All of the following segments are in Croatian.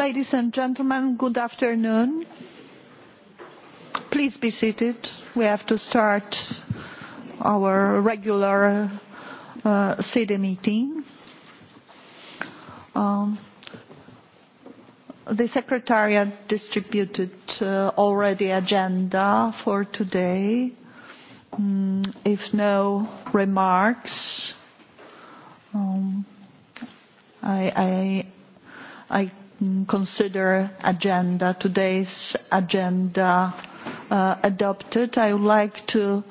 Ladies and gentlemen, good afternoon. Please be seated. We have to start our regular uh, city meeting. Um, the Secretariat distributed uh, already agenda for today. Mm, if no remarks, um, I, I, I consider agenda today's agenda uh, adopted i would like to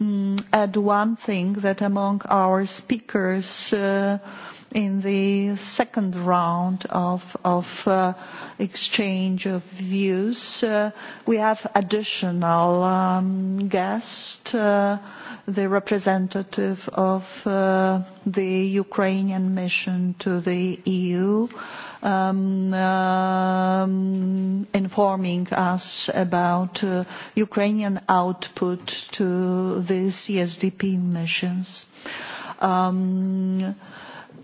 mm, add one thing that among our speakers uh, in the second round of of uh, exchange of views we have additional um, guest the representative of the ukrainian mission to the eu Um, um, informing us about uh, Ukrainian output to the CSDP missions. Um,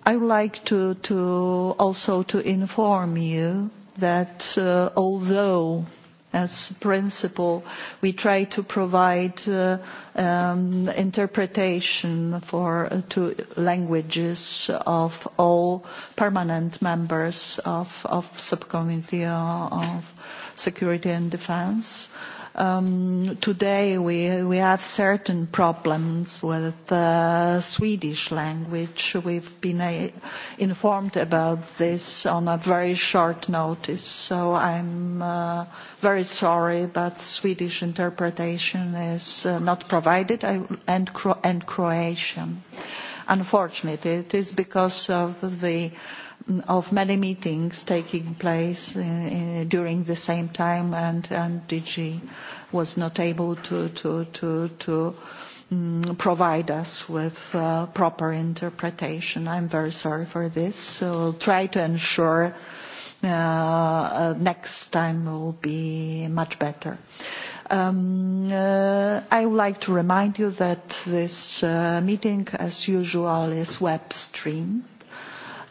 I would like to, to also to inform you that uh, although as principle we try to provide uh, um, interpretation for uh, to languages of all permanent members of of subcommittee uh, of security and defense Um, today we, we have certain problems with the uh, Swedish language. We've been a, uh, informed about this on a very short notice, so I'm uh, very sorry, but Swedish interpretation is uh, not provided, and, Cro and Croatian. Unfortunately, it is because of the of many meetings taking place uh, during the same time and, and DG was not able to, to, to, to um, provide us with uh, proper interpretation. I'm very sorry for this. So we'll try to ensure uh, uh, next time will be much better. Um, uh, I would like to remind you that this uh, meeting, as usual, is web streamed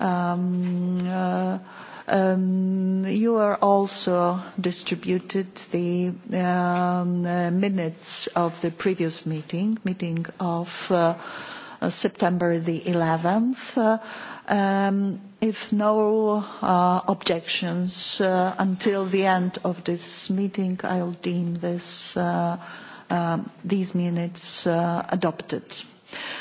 Um, uh, um, you are also distributed the um, uh, minutes of the previous meeting, meeting of uh, uh September the 11th. Uh, um, if no uh, objections uh, until the end of this meeting, I'll deem this, uh, um, these minutes uh, adopted.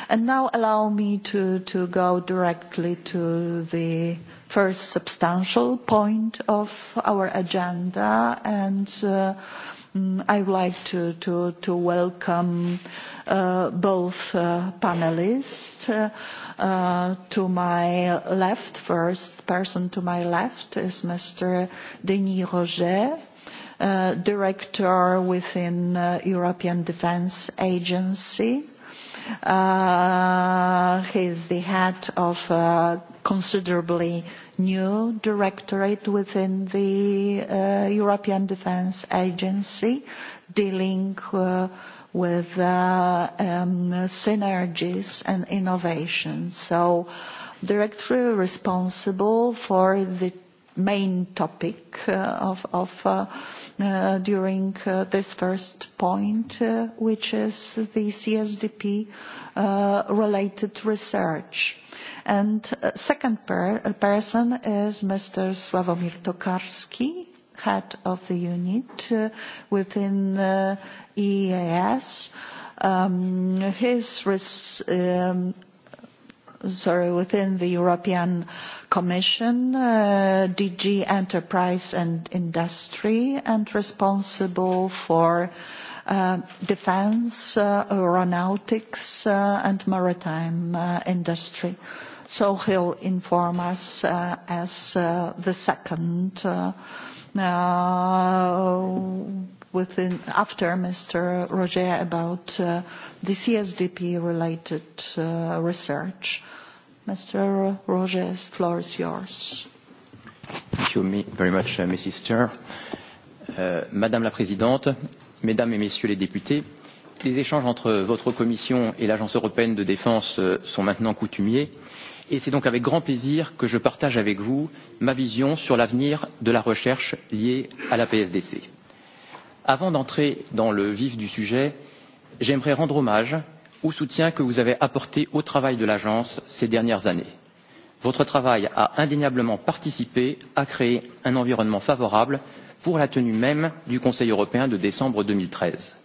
And now allow me to, to go directly to the first substantial point of our agenda and uh, I would like to, to, welcome uh, both uh, panelists. to my left, first person to my left is Mr. Denis Roger, Director within European Defence Agency Uh, he is the head of a considerably new directorate within the uh, European Defence Agency dealing uh, with uh, um, synergies and innovation. So directly responsible for the main topic uh, of, of uh, Uh, during uh, this first point, uh, which is the CSDP related research. And second person is Mr. Sławomir Tokarski, head of the unit within EAS. Um, his um, sorry, within the European Commission, uh, DG Enterprise and Industry, and responsible for defence, uh, defense, uh, aeronautics, and maritime industry. So he'll inform us as the second within, after Mr. Roger about uh, the CSDP-related uh, research. Mr. Roger, the floor is yours. Thank you very much, uh, Mrs. Chair. Madame la Présidente, Mesdames et Messieurs les députés, les échanges entre votre Commission et l'Agence européenne de défense euh, sont maintenant coutumiers et c'est donc avec grand plaisir que je partage avec vous ma vision sur l'avenir de la recherche liée à la psdc avant d'entrer dans le vif du sujet j'aimerais rendre hommage au soutien que vous avez apporté au travail de l'agence ces dernières années. votre travail a indéniablement participé à créer un environnement favorable pour la tenue même du conseil européen de décembre. deux mille treize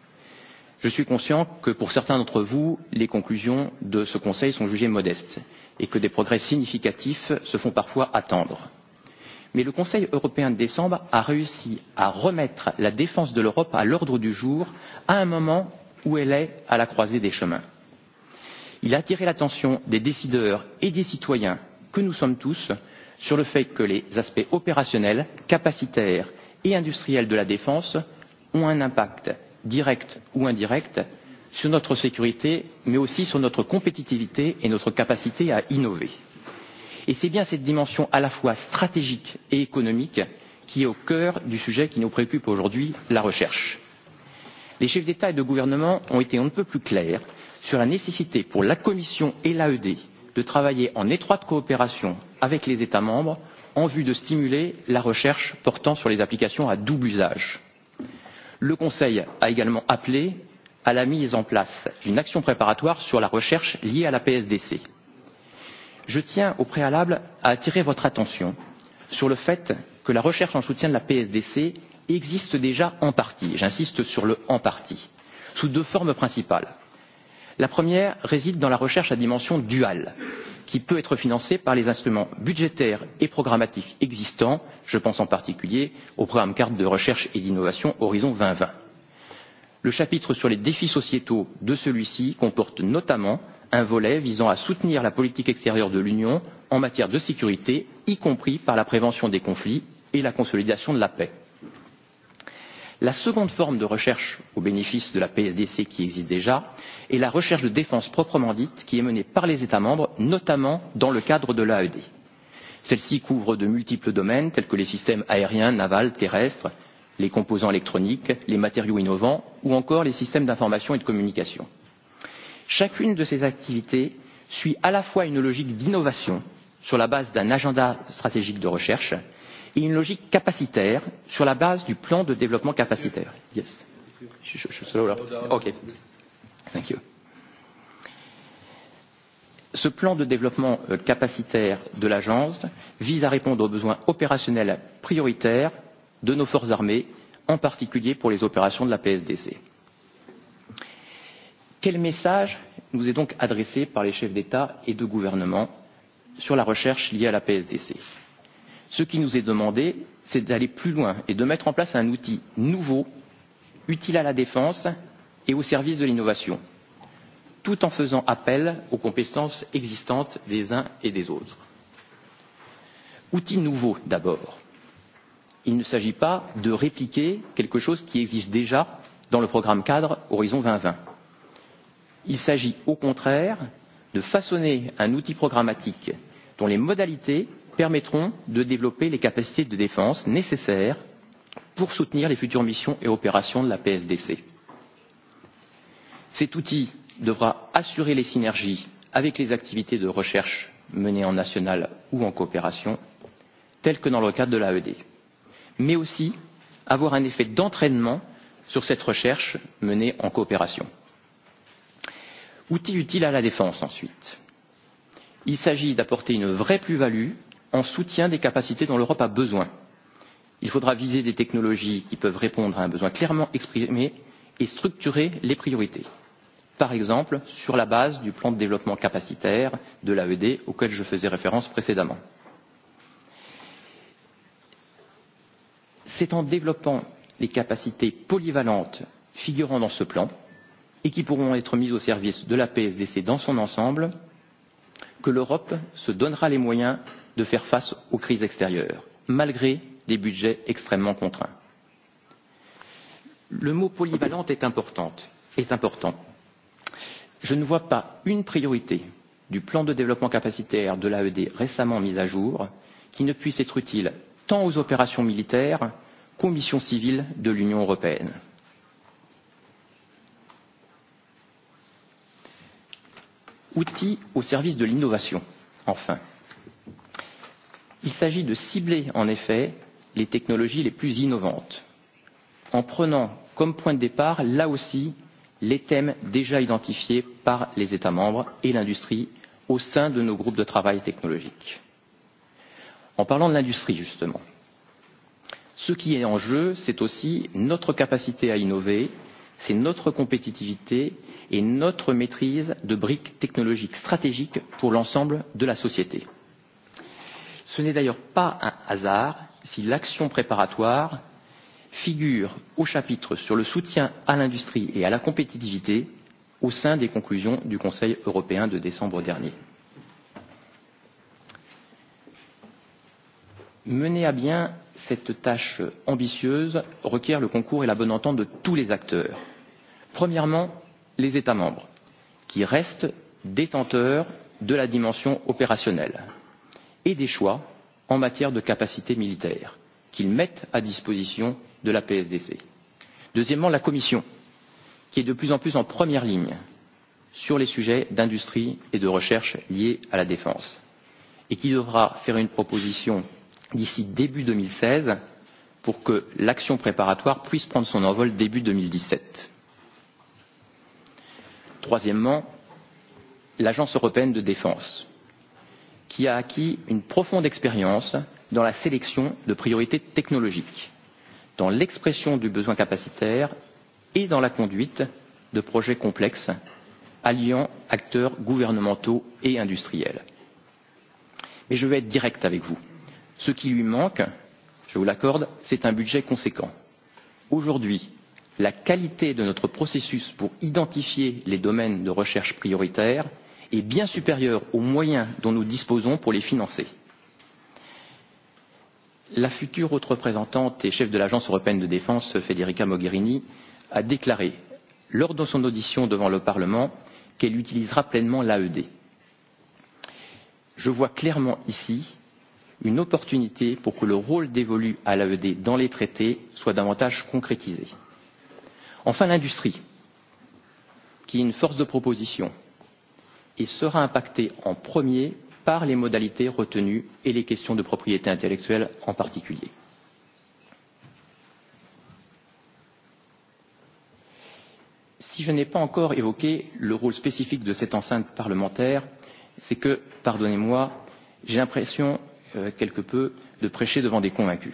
je suis conscient que pour certains d'entre vous les conclusions de ce conseil sont jugées modestes et que des progrès significatifs se font parfois attendre mais le conseil européen de décembre a réussi à remettre la défense de l'europe à l'ordre du jour à un moment où elle est à la croisée des chemins. il a attiré l'attention des décideurs et des citoyens que nous sommes tous sur le fait que les aspects opérationnels capacitaires et industriels de la défense ont un impact direct ou indirect sur notre sécurité mais aussi sur notre compétitivité et notre capacité à innover et c'est bien cette dimension à la fois stratégique et économique qui est au cœur du sujet qui nous préoccupe aujourd'hui la recherche. Les chefs d'État et de gouvernement ont été on ne peut plus clairs sur la nécessité pour la Commission et l'AED de travailler en étroite coopération avec les États membres en vue de stimuler la recherche portant sur les applications à double usage. Le Conseil a également appelé à la mise en place d'une action préparatoire sur la recherche liée à la PSDC je tiens au préalable à attirer votre attention sur le fait que la recherche en soutien de la psdc existe déjà en partie j'insiste sur le en partie sous deux formes principales. la première réside dans la recherche à dimension duale qui peut être financée par les instruments budgétaires et programmatiques existants je pense en particulier au programme carte de recherche et d'innovation horizon. 2020. le chapitre sur les défis sociétaux de celui ci comporte notamment un volet visant à soutenir la politique extérieure de l'union en matière de sécurité y compris par la prévention des conflits et la consolidation de la paix. la seconde forme de recherche au bénéfice de la psdc qui existe déjà est la recherche de défense proprement dite qui est menée par les états membres notamment dans le cadre de l'aed. celle ci couvre de multiples domaines tels que les systèmes aériens navals terrestres les composants électroniques les matériaux innovants ou encore les systèmes d'information et de communication. Chacune de ces activités suit à la fois une logique d'innovation sur la base d'un agenda stratégique de recherche et une logique capacitaire sur la base du plan de développement capacitaire. Yes. Thank you. Ce plan de développement euh, capacitaire de l'agence vise à répondre aux besoins opérationnels prioritaires de nos forces armées, en particulier pour les opérations de la PSDC quel message nous est donc adressé par les chefs d'état et de gouvernement sur la recherche liée à la psdc? ce qui nous est demandé c'est d'aller plus loin et de mettre en place un outil nouveau utile à la défense et au service de l'innovation tout en faisant appel aux compétences existantes des uns et des autres. outil nouveau d'abord il ne s'agit pas de répliquer quelque chose qui existe déjà dans le programme cadre horizon deux mille vingt il s'agit au contraire de façonner un outil programmatique dont les modalités permettront de développer les capacités de défense nécessaires pour soutenir les futures missions et opérations de la PSDC. Cet outil devra assurer les synergies avec les activités de recherche menées en national ou en coopération, telles que dans le cadre de l'AED, mais aussi avoir un effet d'entraînement sur cette recherche menée en coopération. Outil utile à la défense ensuite. Il s'agit d'apporter une vraie plus-value en soutien des capacités dont l'Europe a besoin. Il faudra viser des technologies qui peuvent répondre à un besoin clairement exprimé et structurer les priorités. Par exemple, sur la base du plan de développement capacitaire de l'AED auquel je faisais référence précédemment. C'est en développant les capacités polyvalentes figurant dans ce plan et qui pourront être mises au service de la PSDC dans son ensemble, que l'Europe se donnera les moyens de faire face aux crises extérieures, malgré des budgets extrêmement contraints. Le mot polyvalente est, importante, est important. Je ne vois pas une priorité du plan de développement capacitaire de l'AED récemment mis à jour qui ne puisse être utile tant aux opérations militaires qu'aux missions civiles de l'Union européenne. outils au service de l'innovation. Enfin, il s'agit de cibler en effet les technologies les plus innovantes en prenant comme point de départ, là aussi, les thèmes déjà identifiés par les États membres et l'industrie au sein de nos groupes de travail technologiques. En parlant de l'industrie, justement, ce qui est en jeu, c'est aussi notre capacité à innover c'est notre compétitivité et notre maîtrise de briques technologiques stratégiques pour l'ensemble de la société. Ce n'est d'ailleurs pas un hasard si l'action préparatoire figure au chapitre sur le soutien à l'industrie et à la compétitivité au sein des conclusions du Conseil européen de décembre dernier. mener à bien cette tâche ambitieuse requiert le concours et la bonne entente de tous les acteurs. Premièrement, les États membres, qui restent détenteurs de la dimension opérationnelle et des choix en matière de capacité militaire qu'ils mettent à disposition de la PSDC. Deuxièmement, la Commission, qui est de plus en plus en première ligne sur les sujets d'industrie et de recherche liés à la défense et qui devra faire une proposition d'ici début 2016 pour que l'action préparatoire puisse prendre son envol début 2017. Troisièmement, l'Agence européenne de défense, qui a acquis une profonde expérience dans la sélection de priorités technologiques, dans l'expression du besoin capacitaire et dans la conduite de projets complexes alliant acteurs gouvernementaux et industriels. Mais je vais être direct avec vous ce qui lui manque je vous l'accorde c'est un budget conséquent. aujourd'hui la qualité de notre processus pour identifier les domaines de recherche prioritaires est bien supérieure aux moyens dont nous disposons pour les financer. La future haute représentante et chef de l'Agence européenne de défense, Federica Mogherini, a déclaré lors de son audition devant le Parlement qu'elle utilisera pleinement l'AED. Je vois clairement ici une opportunité pour que le rôle dévolu à l'aed dans les traités soit davantage concrétisé. enfin l'industrie qui est une force de proposition et sera impactée en premier par les modalités retenues et les questions de propriété intellectuelle en particulier. si je n'ai pas encore évoqué le rôle spécifique de cette enceinte parlementaire c'est que pardonnez moi j'ai l'impression Euh, quelque peu de prêcher devant des convaincus.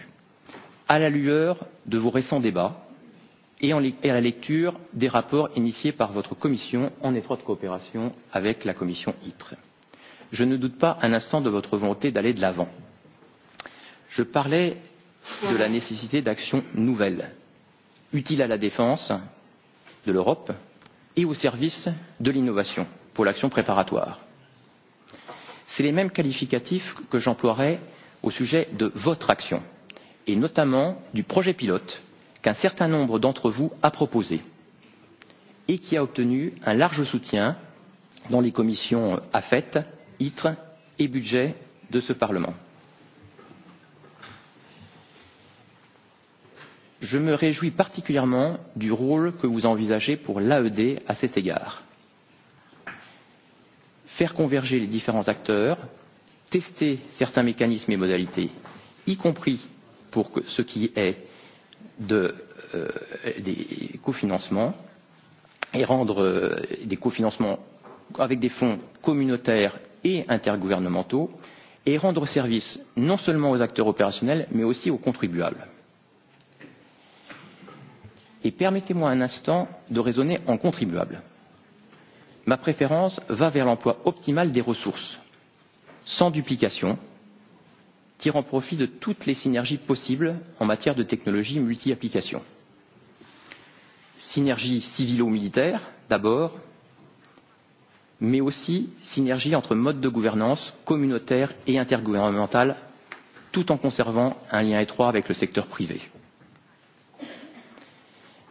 À la lueur de vos récents débats et, en, à la lecture des rapports initiés par votre commission en étroite coopération avec la commission ITRE, je ne doute pas un instant de votre volonté d'aller de l'avant. Je parlais de la nécessité d'actions nouvelles, utiles à la défense de l'Europe et au service de l'innovation pour l'action préparatoire c'est les mêmes qualificatifs que j'emploierai au sujet de votre action et notamment du projet pilote qu'un certain nombre d'entre vous a proposé et qui a obtenu un large soutien dans les commissions AFET, ITRE et Budget de ce Parlement. Je me réjouis particulièrement du rôle que vous envisagez pour l'AED à cet égard faire converger les différents acteurs, tester certains mécanismes et modalités, y compris pour ce qui est de, euh, des cofinancements, et rendre euh, des cofinancements avec des fonds communautaires et intergouvernementaux, et rendre service non seulement aux acteurs opérationnels, mais aussi aux contribuables. Et permettez-moi un instant de raisonner en contribuables ma préférence va vers l'emploi optimal des ressources sans duplication tirant profit de toutes les synergies possibles en matière de technologie multi application synergie civilo militaire d'abord mais aussi synergie entre modes de gouvernance communautaire et intergouvernemental, tout en conservant un lien étroit avec le secteur privé.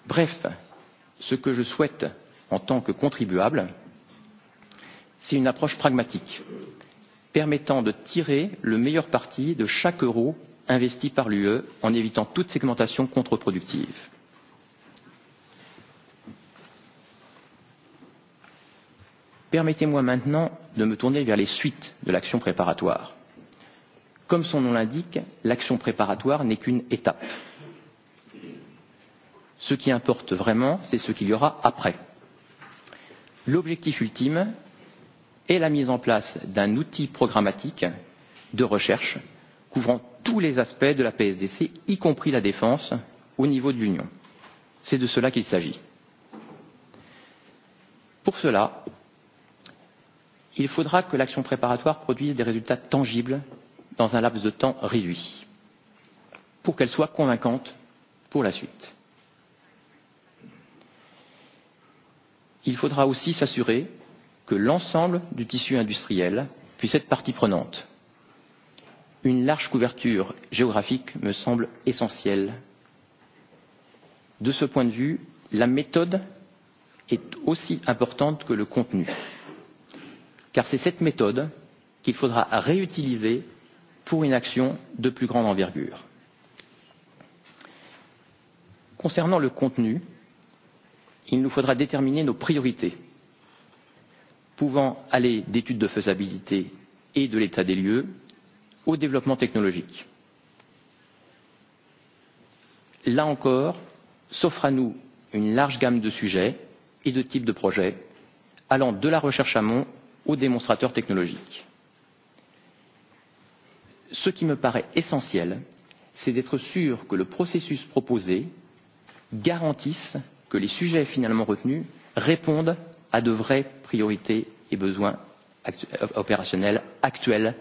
Bref, ce que je souhaite en tant que contribuable, c'est une approche pragmatique permettant de tirer le meilleur parti de chaque euro investi par l'ue en évitant toute segmentation contreproductive. permettez moi maintenant de me tourner vers les suites de l'action préparatoire. comme son nom l'indique l'action préparatoire n'est qu'une étape. ce qui importe vraiment c'est ce qu'il y aura après. l'objectif ultime et la mise en place d'un outil programmatique de recherche couvrant tous les aspects de la PSDC, y compris la défense, au niveau de l'Union. C'est de cela qu'il s'agit. Pour cela, il faudra que l'action préparatoire produise des résultats tangibles dans un laps de temps réduit, pour qu'elle soit convaincante pour la suite. Il faudra aussi s'assurer que l'ensemble du tissu industriel puisse être partie prenante. Une large couverture géographique me semble essentielle. De ce point de vue, la méthode est aussi importante que le contenu, car c'est cette méthode qu'il faudra réutiliser pour une action de plus grande envergure. Concernant le contenu, il nous faudra déterminer nos priorités pouvant aller d'études de faisabilité et de l'état des lieux au développement technologique. Là encore, s'offre à nous une large gamme de sujets et de types de projets allant de la recherche amont aux démonstrateurs technologiques. Ce qui me paraît essentiel, c'est d'être sûr que le processus proposé garantisse que les sujets finalement retenus répondent à de vraies priorités et besoins opérationnels actuels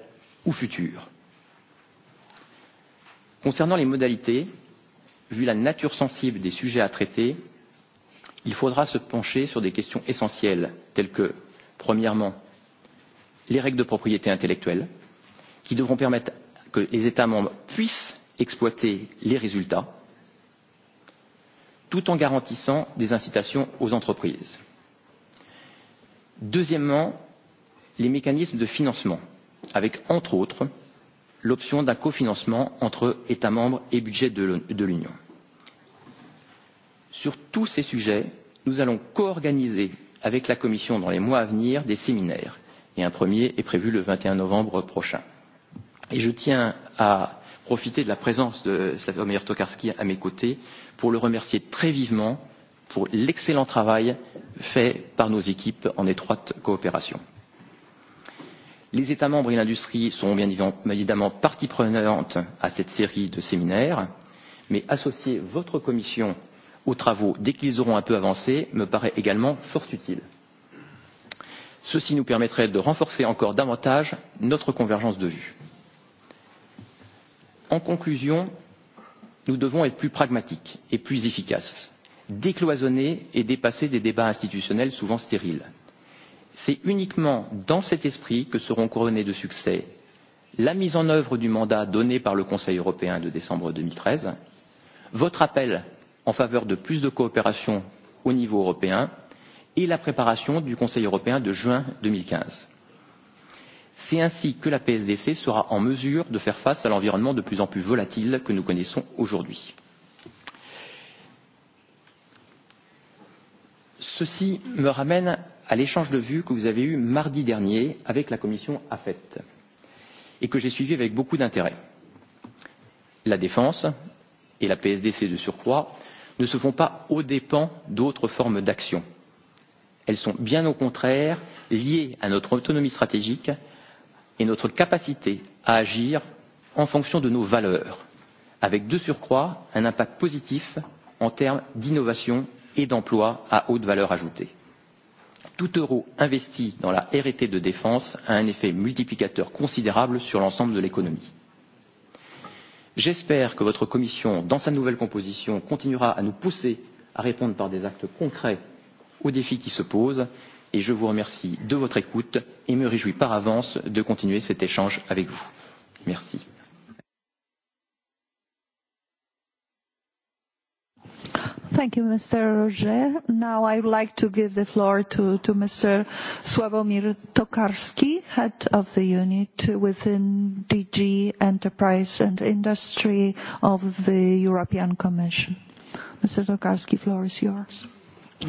ou futurs. Concernant les modalités, vu la nature sensible des sujets à traiter, il faudra se pencher sur des questions essentielles telles que, premièrement, les règles de propriété intellectuelle, qui devront permettre que les États membres puissent exploiter les résultats, tout en garantissant des incitations aux entreprises. Deuxièmement, les mécanismes de financement, avec entre autres l'option d'un cofinancement entre États membres et budget de l'Union. Sur tous ces sujets, nous allons coorganiser avec la Commission dans les mois à venir des séminaires et un premier est prévu le 21 novembre prochain. Et je tiens à profiter de la présence de Slavomir Tokarski à mes côtés pour le remercier très vivement pour l'excellent travail fait par nos équipes en étroite coopération. Les États membres et l'industrie sont bien évidemment partie prenante à cette série de séminaires, mais associer votre commission aux travaux dès qu'ils auront un peu avancé me paraît également fort utile. Ceci nous permettrait de renforcer encore davantage notre convergence de vues. En conclusion, nous devons être plus pragmatiques et plus efficaces décloisonner et dépasser des débats institutionnels souvent stériles. C'est uniquement dans cet esprit que seront couronnés de succès la mise en œuvre du mandat donné par le Conseil européen de décembre 2013, votre appel en faveur de plus de coopération au niveau européen et la préparation du Conseil européen de juin 2015. C'est ainsi que la PSDC sera en mesure de faire face à l'environnement de plus en plus volatile que nous connaissons aujourd'hui. Ceci me ramène à l'échange de vues que vous avez eu mardi dernier avec la commission AFET et que j'ai suivi avec beaucoup d'intérêt. La défense et la PSDC de surcroît ne se font pas aux dépens d'autres formes d'action. Elles sont bien au contraire liées à notre autonomie stratégique et notre capacité à agir en fonction de nos valeurs, avec de surcroît un impact positif en termes d'innovation et d'emplois à haute valeur ajoutée. Tout euro investi dans la RT de défense a un effet multiplicateur considérable sur l'ensemble de l'économie. J'espère que votre commission, dans sa nouvelle composition, continuera à nous pousser à répondre par des actes concrets aux défis qui se posent et je vous remercie de votre écoute et me réjouis par avance de continuer cet échange avec vous. Merci. Thank you, Mr. Roger. Now I would like to give the floor to, to Mr. Sławomir Tokarski, head of the unit within DG Enterprise and Industry of the European Commission. Mr. Tokarski, floor is yours.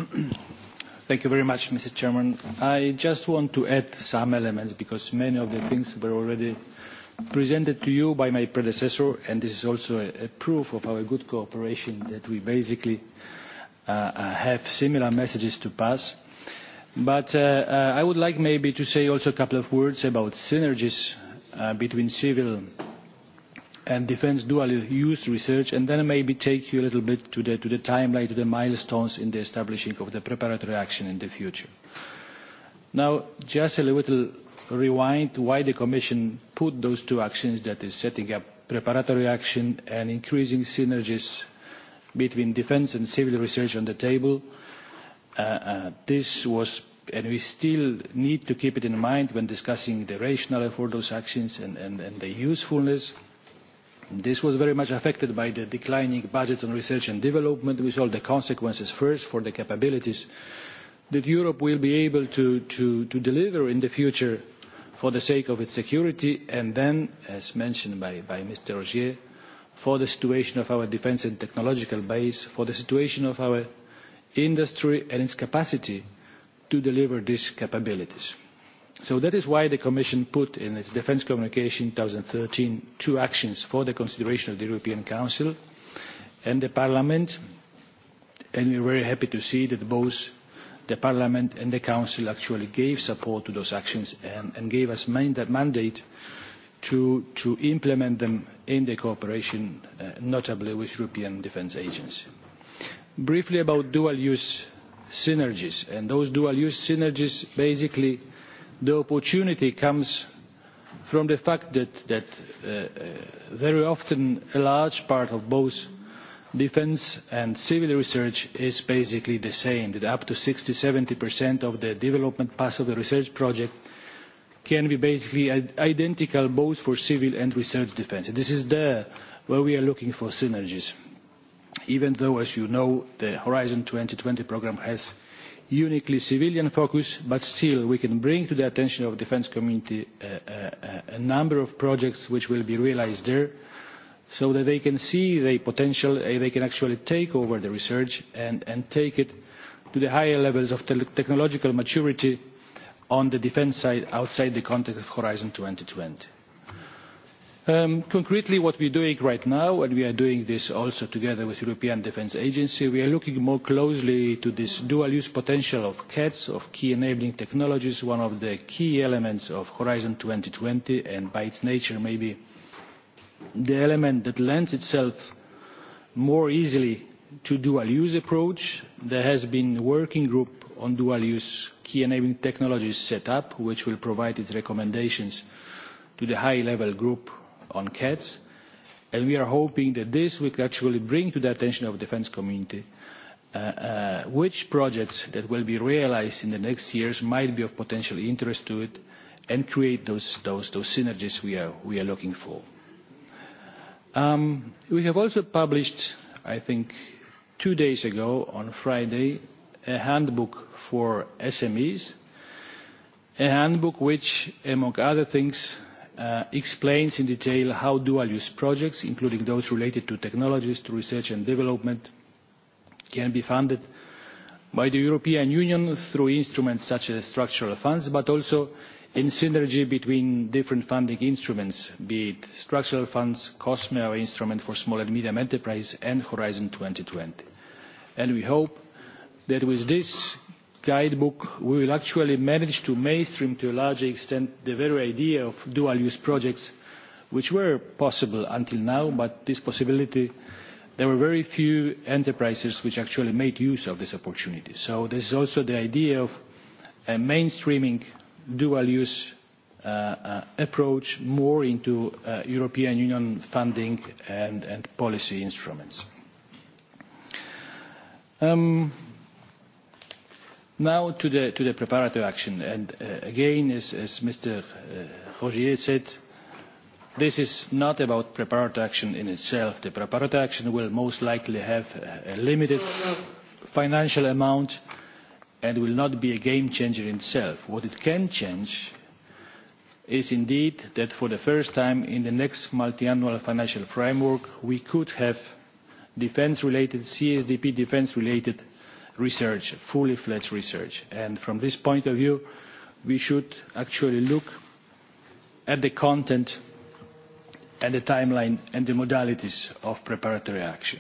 Thank you very much, Mr. Chairman. I just want to add some elements because many of the things were already presented to you by my predecessor, and this is also a, a proof of our good cooperation that we basically uh, uh, have similar messages to pass. But uh, uh, I would like maybe to say also a couple of words about synergies uh, between civil and defence dual-use research, and then maybe take you a little bit to the, to the timeline, to the milestones in the establishing of the preparatory action in the future. Now, just a little rewind why the Commission put those two actions, that is setting up preparatory action and increasing synergies between defence and civil research on the table. Uh, uh, this was and we still need to keep it in mind when discussing the rationale for those actions and, and, and the usefulness. This was very much affected by the declining budget on research and development We saw the consequences first for the capabilities that Europe will be able to, to deliver in the future for the sake of its security and then as mentioned by, by mr rogier for the situation of our defence and technological base for the situation of our industry and its capacity to deliver these capabilities. so that is why the commission put in its defence communication 2013 two actions for the consideration of the european council and the parliament and we are very happy to see that both the Parliament and the Council actually gave support to those actions and, and gave us a mandate to, to implement them in the cooperation, uh, notably with European Defence Agency. Briefly about dual-use synergies, and those dual-use synergies, basically, the opportunity comes from the fact that, that uh, uh very often a large part of both defence and civil research is basically the same, that up to 60-70% of the development path of the research project can be basically identical both for civil and research defence. This is there where we are looking for synergies, even though, as you know, the Horizon 2020 programme has uniquely civilian focus, but still we can bring to the attention of the defence community a, a, a number of projects which will be realised there so that they can see the potential, uh, they can actually take over the research and, and take it to the higher levels of technological maturity on the defence side outside the context of Horizon 2020. Um, concretely, what we are doing right now, and we are doing this also together with the European Defence Agency, we are looking more closely to this dual-use potential of CATS, of key enabling technologies, one of the key elements of Horizon 2020, and by its nature maybe the element that lends itself more easily to dual use approach. There has been a working group on dual use key enabling technologies set up which will provide its recommendations to the high level group on cats and we are hoping that this will actually bring to the attention of the defence community uh, uh, which projects that will be realised in the next years might be of potential interest to it and create those, synergies we are looking for. Um, we have also published, I think, two days ago on Friday, a handbook for SMEs, a handbook which, among other things, uh, explains in detail how dual-use projects, including those related to technologies, to research and development, can be funded by the European Union through instruments such as structural funds, but also in synergy between different funding instruments, be it structural funds, COSME, our instrument for small and medium enterprise, and Horizon 2020. And we hope that with this guidebook, we will actually manage to mainstream to a large extent the very idea of dual-use projects, which were possible until now, but this possibility there were very few enterprises which actually made use of this opportunity. So this is also the idea of a uh, mainstreaming dual use uh, uh, approach more into uh, European Union funding and, and policy instruments. Um, now to the, preparatory action. And again, as, as Mr. Rogier said, this is not about preparatory action in itself. the preparatory action will most likely have a limited financial amount and will not be a game changer in itself. what it can change is indeed that for the first time in the next multiannual financial framework we could have defence related csdp defence related research fully fledged research and from this point of view we should actually look at the content and the timeline and the modalities of preparatory action.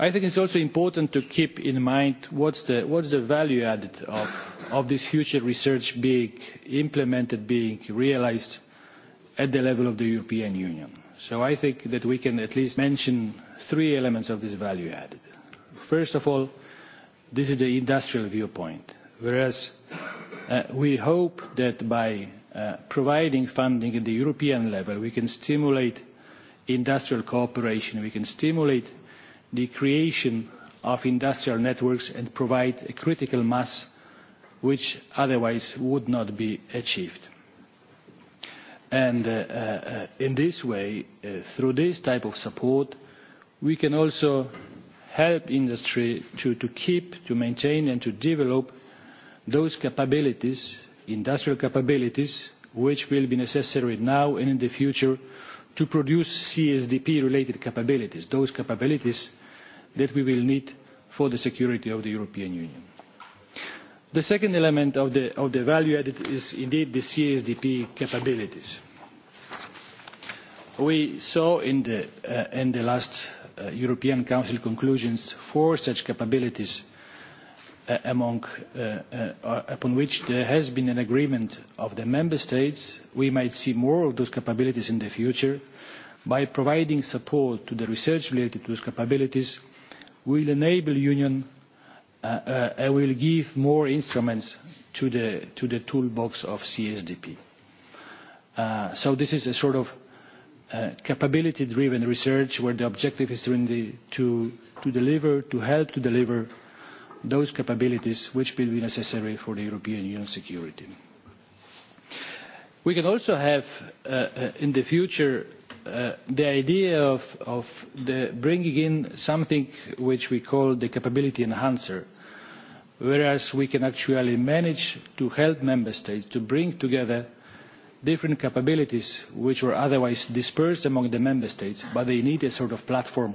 I think it's also important to keep in mind what's the, what's the value added of, of this future research being implemented, being realized at the level of the European Union. So I think that we can at least mention three elements of this value added. First of all, this is the industrial viewpoint, whereas uh, we hope that by uh, providing funding at the European level, we can stimulate industrial cooperation, we can stimulate the creation of industrial networks and provide a critical mass which otherwise would not be achieved. And uh, uh, in this way, uh, through this type of support, we can also help industry to, to keep, to maintain and to develop those capabilities, industrial capabilities, which will be necessary now and in the future to produce CSDP-related capabilities, those capabilities that we will need for the security of the European Union. The second element of the, of the value added is indeed the CSDP capabilities. We saw in the, uh, in the last uh, European Council conclusions four such capabilities uh, among, uh, uh, uh, upon which there has been an agreement of the Member States. We might see more of those capabilities in the future by providing support to the research related to those capabilities will enable union uh, uh, and will give more instruments to the, to the toolbox of CSDP. Uh, so this is a sort of uh, capability driven research where the objective is really to, to deliver, to help to deliver those capabilities which will be necessary for the European Union security. We can also have uh, in the future Uh, the idea of, bringing in something which we call the capability enhancer, whereas we can actually manage to help member states to bring together different capabilities which were otherwise dispersed among the member states, but they need a sort of platform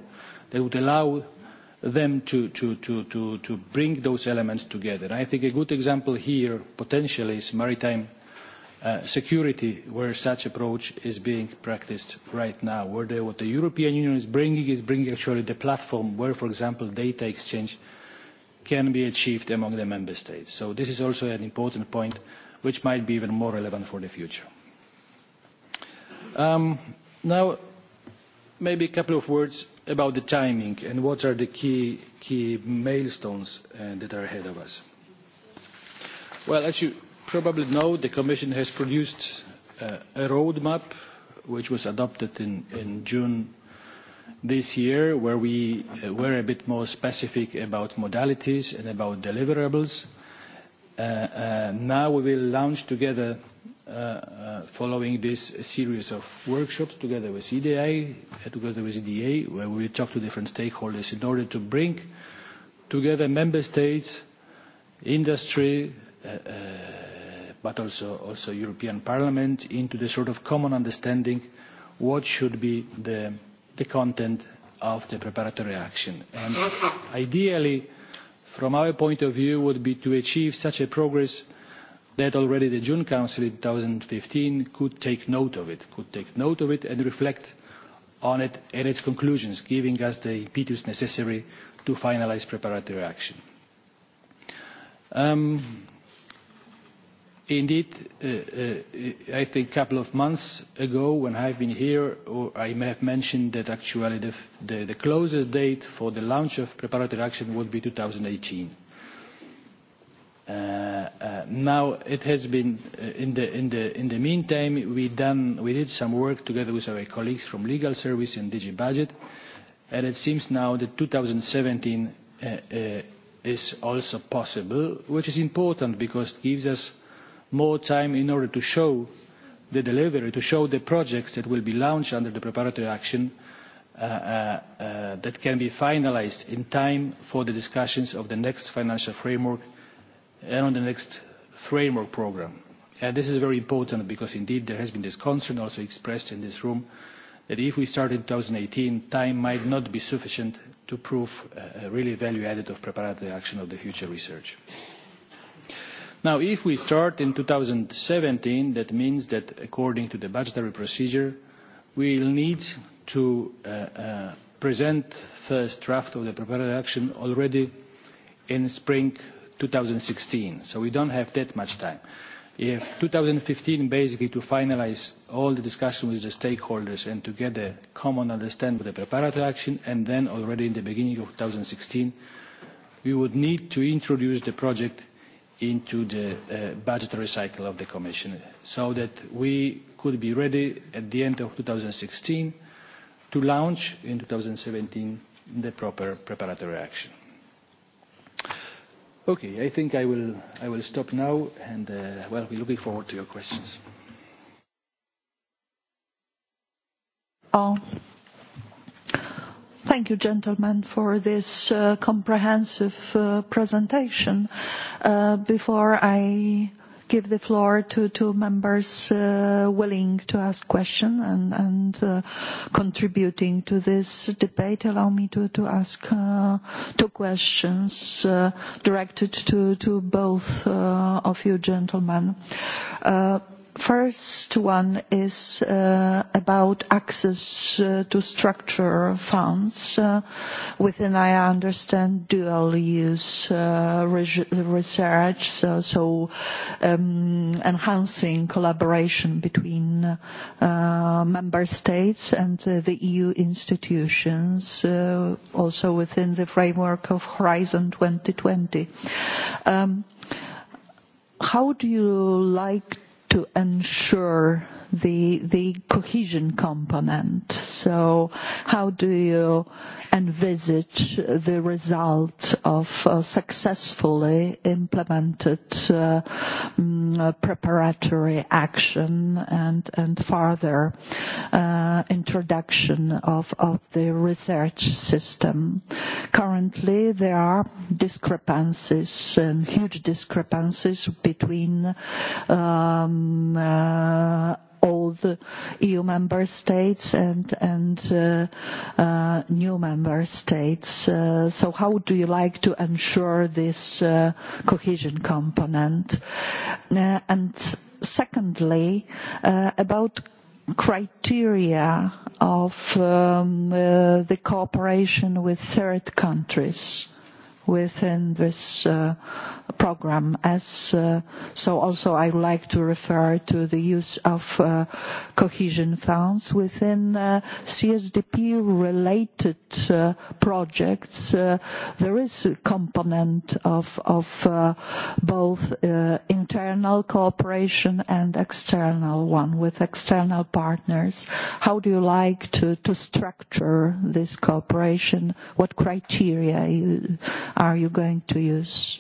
that would allow them to, to, to, to bring those elements together. I think a good example here potentially is maritime Uh, security where such approach is being practiced right now where what the european union is bringing is bringing actually the platform where for example data exchange can be achieved among the member states so this is also an important point which might be even more relevant for the future um, now maybe a couple of words about the timing and what are the key key milestones uh, that are ahead of us well as you probably know, the Commission has produced uh, a roadmap which was adopted in, in June this year, where we uh, were a bit more specific about modalities and about deliverables. Uh, uh now we will launch together, uh, uh, following this series of workshops, together with EDA, together with EDA, where we will talk to different stakeholders in order to bring together member states, industry, Uh, but also, also European Parliament into the sort of common understanding what should be the, content of the preparatory action. ideally, from our point of view, would be to achieve such a progress that already the June Council in 2015 could take note of it, could take note of it and reflect on it and its conclusions, giving us the impetus necessary to finalise preparatory action. Um, Indeed, uh, uh, I think a couple of months ago when have been here, I may have mentioned that actually the, the, the closest date for the launch of preparatory action would be 2018. Uh, uh, now it has been in, the, in, the, meantime we, done, we did some work together with our colleagues from legal service and DG budget and it seems now that 2017 uh, is also possible which is important because it gives us more time in order to show the delivery, to show the projects that will be launched under the preparatory action uh, uh, uh, that can be finalised in time for the discussions of the next financial framework and on the next framework programme. And this is very important because indeed there has been this concern also expressed in this room that if we start in 2018, time might not be sufficient to prove a really value added of preparatory action of the future research. Now, if we start in 2017, that means that according to the budgetary procedure, we will need to uh, uh, present first draft of the preparatory action already in spring 2016. So we don't have that much time. If 2015, basically to finalize all the discussion with the stakeholders and to get a common understanding of the preparatory action, and then already in the beginning of 2016, we would need to introduce the project into the uh, budgetary cycle of the Commission so that we could be ready at the end of 2016 to launch in 2017 the proper preparatory action. Okay, I think I will, I will stop now and uh, well, we're looking forward to your questions. Oh. Thank you, gentlemen, for this uh, comprehensive uh, presentation. Uh, before I give the floor to two members willing to ask questions and, contributing to this debate. Allow me to, ask two questions directed to, both of you gentlemen. First one is uh, about access uh, to structural funds uh, within, I understand, dual use research, so, um, enhancing collaboration between member states and the EU institutions, also within the framework of Horizon 2020. Um, how do you like to ensure the the cohesion component. So how do you envisage the result of uh, successfully implemented uh, mm, uh, preparatory action and and further introduction of the research system? Currently, there are discrepancies and huge discrepancies between um, all the EU member states and, and uh, uh, new member states. Uh, so how do you like to ensure this uh, cohesion component? Uh, and secondly, uh, about criteria of um, uh, the cooperation with third countries within this uh, program as uh, so also I would like to refer to the use of uh, cohesion funds within uh, CSDP related projects there is a component of of both internal cooperation and external one with external partners how do you like to to structure this cooperation what criteria are you going to use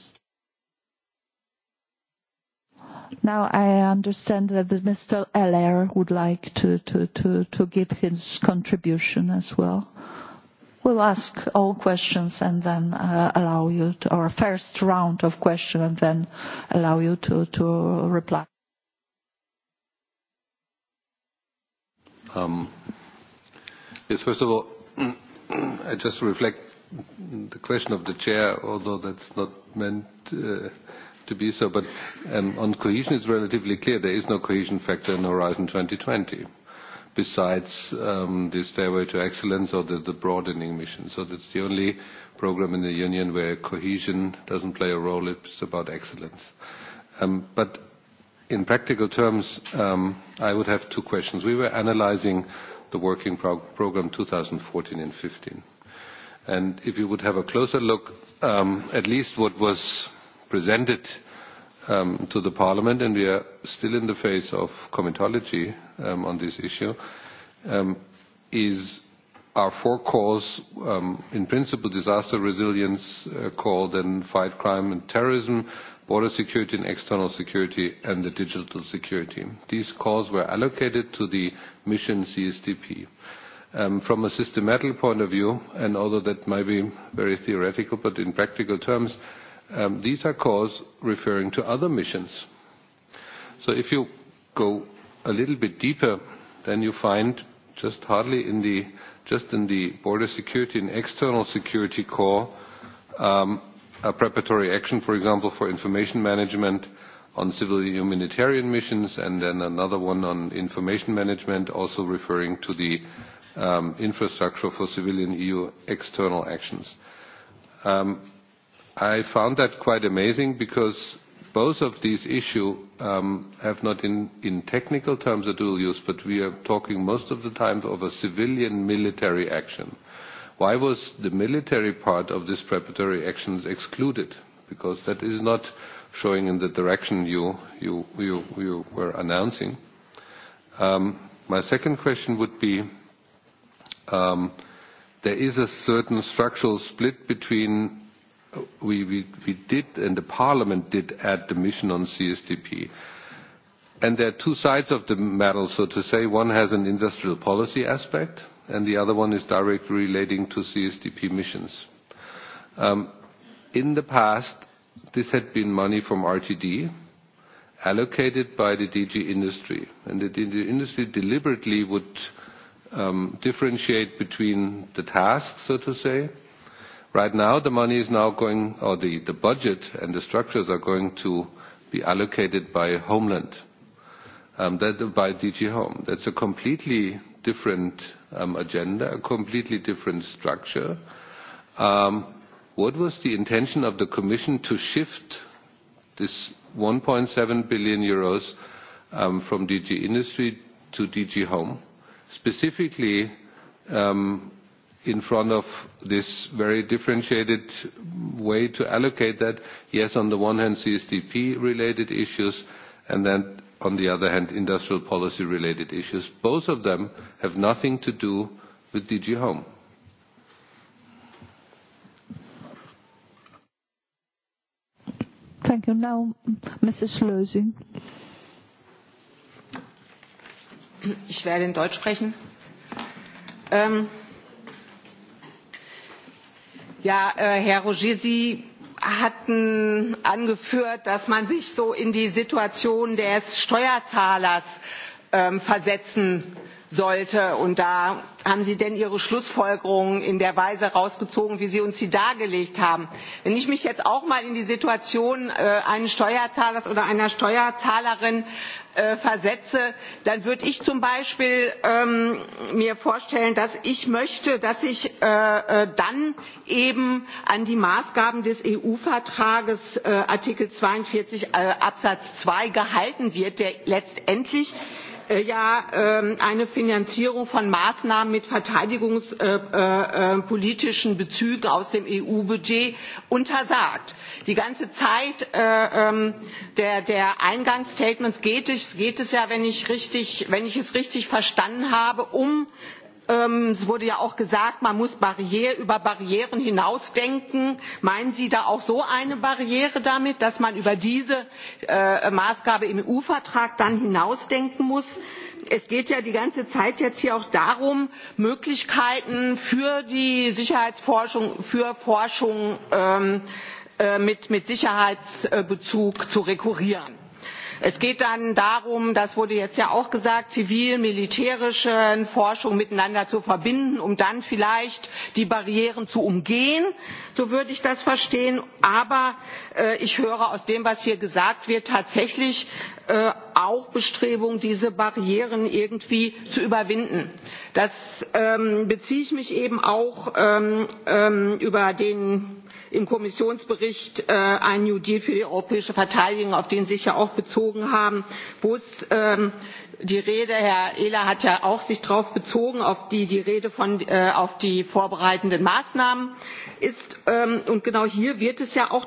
Now I understand that Mr. Eller would like to, to, to, to give his contribution as well. We'll ask all questions and then uh, allow you to, or first round of questions and then allow you to, to reply. Um, yes, first of all, I just reflect the question of the chair, although that's not meant uh, to be so, but um, on cohesion it's relatively clear there is no cohesion factor in Horizon 2020 besides um, the Stairway to Excellence or the, the broadening mission. So that's the only program in the Union where cohesion doesn't play a role, it's about excellence. Um, but in practical terms, um, I would have two questions. We were analyzing the working prog program 2014 and 15. And if you would have a closer look, um, at least what was presented um, to the Parliament, and we are still in the phase of comitology um, on this issue, um, is our four calls, um, in principle, disaster resilience uh, call, then fight crime and terrorism, border security and external security, and the digital security. These calls were allocated to the mission CSDP. Um, from a systematic point of view, and although that might be very theoretical, but in practical terms, Um, these are calls referring to other missions. So if you go a little bit deeper, then you find just hardly in the just in the border security and external security core um, a preparatory action, for example, for information management on civil humanitarian missions and then another one on information management also referring to the um, infrastructure for civilian EU external actions. Um, i found that quite amazing because both of these issues um, have not in, in technical terms a dual use, but we are talking most of the time of a civilian military action. Why was the military part of this preparatory actions excluded? Because that is not showing in the direction you, you, you, you were announcing. Um, my second question would be, um, there is a certain structural split between we, we, we did and the parliament did add the mission on CSDP. And there are two sides of the medal, so to say. One has an industrial policy aspect, and the other one is directly relating to CSDP missions. Um, in the past, this had been money from RTD, allocated by the DG industry. And the DG industry deliberately would um, differentiate between the tasks, so to say, Right now, the money is now going, or the, the budget and the structures are going to be allocated by Homeland, um, that, by DG Home. That's a completely different um, agenda, a completely different structure. Um, what was the intention of the Commission to shift this 1.7 billion euros um, from DG Industry to DG Home, specifically um, in front of this very differentiated way to allocate that. Yes, on the one hand, CSDP-related issues, and then on the other hand, industrial policy-related issues. Both of them have nothing to do with DG Home. Thank you. Now, Mrs. Lösing. Ich werde in Deutsch sprechen. Ähm, ja, äh, herr rouget sie hatten angeführt dass man sich so in die situation des steuerzahlers ähm, versetzen sollte und da haben sie denn ihre schlussfolgerungen in der weise herausgezogen wie sie uns sie dargelegt haben? wenn ich mich jetzt auch mal in die situation äh, eines steuerzahlers oder einer steuerzahlerin äh, versetze dann würde ich zum beispiel ähm, mir vorstellen dass ich möchte dass ich äh, dann eben an die maßgaben des eu Vertrags, artikel zweiundvierzig absatz zwei gehalten wird der letztendlich Äh, ja ähm, eine finanzierung von maßnahmen mit verteidigungspolitischen bezügen aus dem eu budget untersagt. die ganze zeit äh, ähm, der eingangsstatements geht es ja wenn ich es richtig verstanden habe um Ähm, es wurde ja auch gesagt man muss barriere, über barrieren hinausdenken meinen sie da auch so eine barriere damit dass man über diese äh, maßgabe im eu vertrag dann hinausdenken muss? es geht ja die ganze zeit jetzt hier auch darum möglichkeiten für die sicherheitsforschung für forschung ähm, äh, mit sicherheitsbezug zu rekurrieren es geht dann darum das wurde jetzt ja auch gesagt zivil militärische forschung miteinander zu verbinden um dann vielleicht die barrieren zu umgehen so würde ich das verstehen aber äh, ich höre aus dem was hier gesagt wird tatsächlich äh, auch bestrebungen diese barrieren irgendwie zu überwinden. das ähm, beziehe ich mich eben auch ähm, ähm, über den im kommissionsbericht äh, ein new deal für die europäische verteidigung auf den sie sich ja auch bezogen haben wo es ähm, die rede herr ehler hat ja auch sich darauf bezogen auf die, die rede von, äh, auf die vorbereitenden maßnahmen ist ähm, und genau hier wird, es ja auch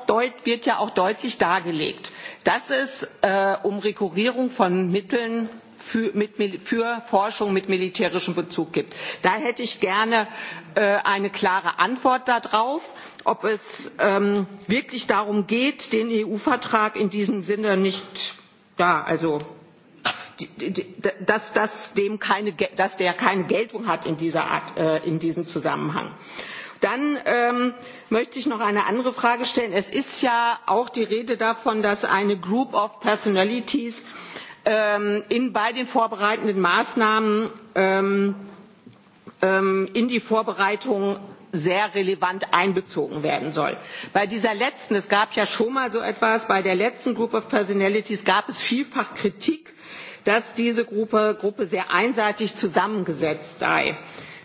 deutlich dargelegt dass es äh, um rekurrierung von mitteln für, forschung mit militärischem bezug geht. da hätte ich gerne äh, eine klare antwort darauf ob es ähm, wirklich darum geht den eu vertrag in diesem sinne nicht ja, also dass, dem keine, dass der keine geltung hat in, dieser äh, in diesem zusammenhang. dann ähm, möchte ich noch eine andere frage stellen es ist ja auch die rede davon dass eine group of personalities ähm, in, bei den vorbereitenden maßnahmen ähm, in die vorbereitung sehr relevant einbezogen werden soll. bei dieser letzten es gab ja schon mal so etwas bei der letzten group of personalities gab es vielfach kritik dass diese gruppe, gruppe sehr einseitig zusammengesetzt sei.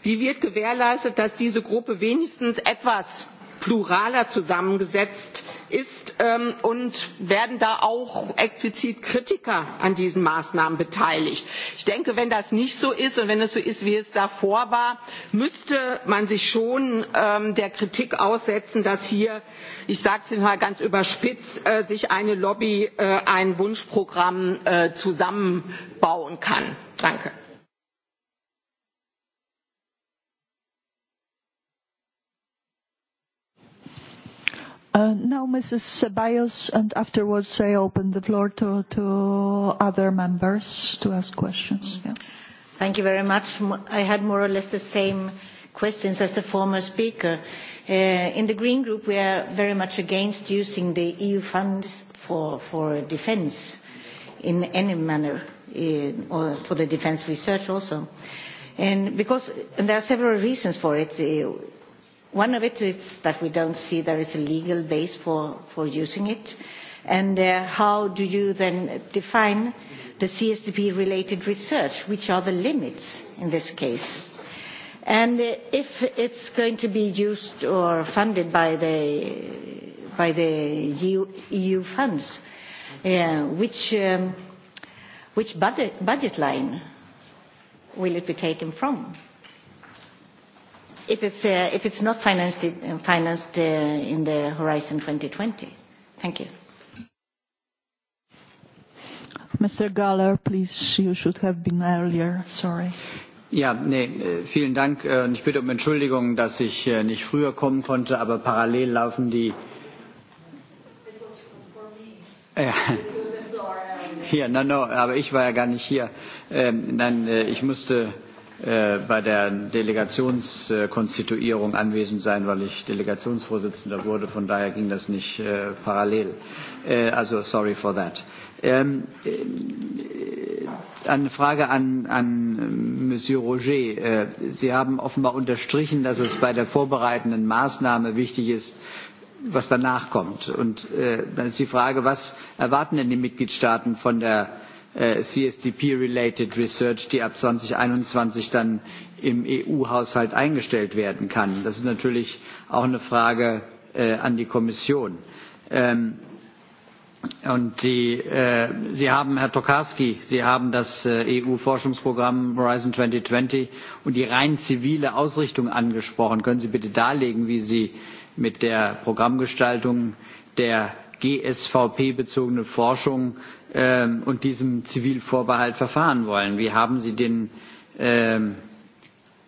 wie wird gewährleistet dass diese gruppe wenigstens etwas pluraler zusammengesetzt ist ähm, und werden da auch explizit kritiker an diesen maßnahmen beteiligt. ich denke wenn das nicht so ist und wenn es so ist wie es davor war müsste man sich schon ähm, der kritik aussetzen dass hier ich sage es mal ganz überspitzt äh, sich eine lobby äh, ein wunschprogramm äh, zusammenbauen kann. danke. Uh, now, Mrs. Ceballos, and afterwards I open the floor to, to other members to ask questions. Yeah. Thank you very much. I had more or less the same questions as the former speaker. Uh, in the Green Group, we are very much against using the EU funds for, for defence in any manner, uh, or for the defence research also. And because and there are several reasons for it. Uh, one of it is that we don't see there is a legal base for, for using it. And uh, how do you then define the CSDP related research? Which are the limits in this case? And uh, if it's going to be used or funded by the, by the EU, EU funds, uh, which, um, which budget, budget line will it be taken from? if it's, uh, if it's not financed, uh, financed uh, in the Horizon 2020? Thank you. Mr. Galler, please, you should have been earlier. Sorry. Ja, nee, äh, vielen Dank. Äh, ich bitte um Entschuldigung, dass ich äh, nicht früher kommen konnte, aber parallel laufen die. Ja. Hier, no, no, aber ich war ja gar nicht hier. Ähm, nein, ich musste Äh, bei der Delegationskonstituierung anwesend sein, weil ich Delegationsvorsitzender wurde. Von daher ging das nicht äh, parallel. Äh, also sorry for that. Ähm, eine Frage an, an Monsieur Roger. Sie haben offenbar unterstrichen, dass es bei der vorbereitenden Maßnahme wichtig ist, was danach kommt. Und dann ist die Frage, was erwarten denn die Mitgliedstaaten von der Äh, CSDP-related Research, die ab 2021 dann im EU-Haushalt eingestellt werden kann. Das ist natürlich auch eine Frage äh, an die Kommission. Ähm, und äh, Sie haben, Herr Tokarski, Sie haben das EU-Forschungsprogramm Horizon 2020 und die rein zivile Ausrichtung angesprochen. Können Sie bitte darlegen, wie Sie mit der Programmgestaltung der gsvp bezogene forschung ähm, und diesem zivilvorbehalt verfahren wollen. wie haben sie den ähm,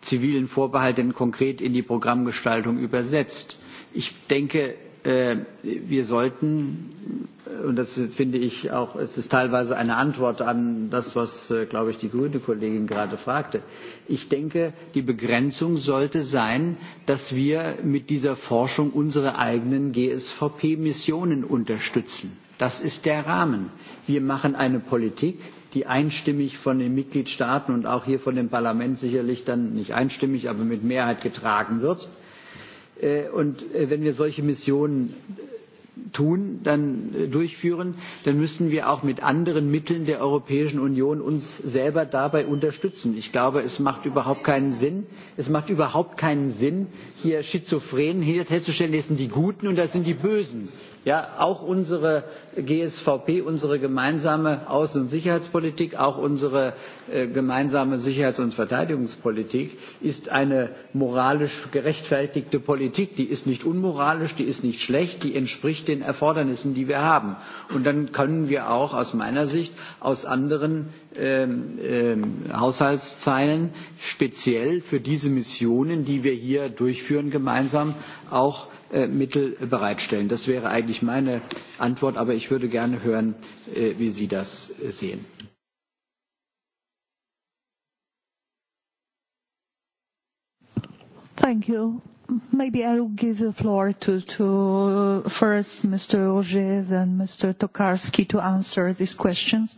zivilen vorbehalt denn konkret in die programmgestaltung übersetzt? ich denke Äh, wir sollten und das finde ich auch es ist teilweise eine antwort an das was äh, glaube ich die grüne kollegin gerade fragte ich denke die begrenzung sollte sein dass wir mit dieser forschung unsere eigenen gsvp missionen unterstützen das ist der rahmen wir machen eine politik die einstimmig von den mitgliedstaaten und auch hier von dem parlament sicherlich dann nicht einstimmig aber mit mehrheit getragen wird Äh, und äh, wenn wir solche Missionen äh, tun, dann durchführen, dann müssen wir auch mit anderen Mitteln der Europäischen Union uns selber dabei unterstützen. Ich glaube, es macht überhaupt keinen Sinn, es macht überhaupt keinen Sinn, hier Schizophrenen herzustellen, das sind die Guten und das sind die Bösen ja auch unsere gsvp unsere gemeinsame außen und sicherheitspolitik auch unsere äh, gemeinsame sicherheits und verteidigungspolitik ist eine moralisch gerechtfertigte politik die ist nicht unmoralisch die ist nicht schlecht die entspricht den erfordernissen die wir haben und dann können wir auch aus meiner sicht aus anderen ähm, ähm, haushaltszeilen speziell für diese missionen die wir hier durchführen gemeinsam auch Äh, mittel bereitstellen. das wäre eigentlich meine antwort aber ich würde gerne hören äh, wie sie das sehen. Thank you. Maybe I will give the floor to, to uh, first Mr. Roger, then Mr. Tokarski to answer these questions.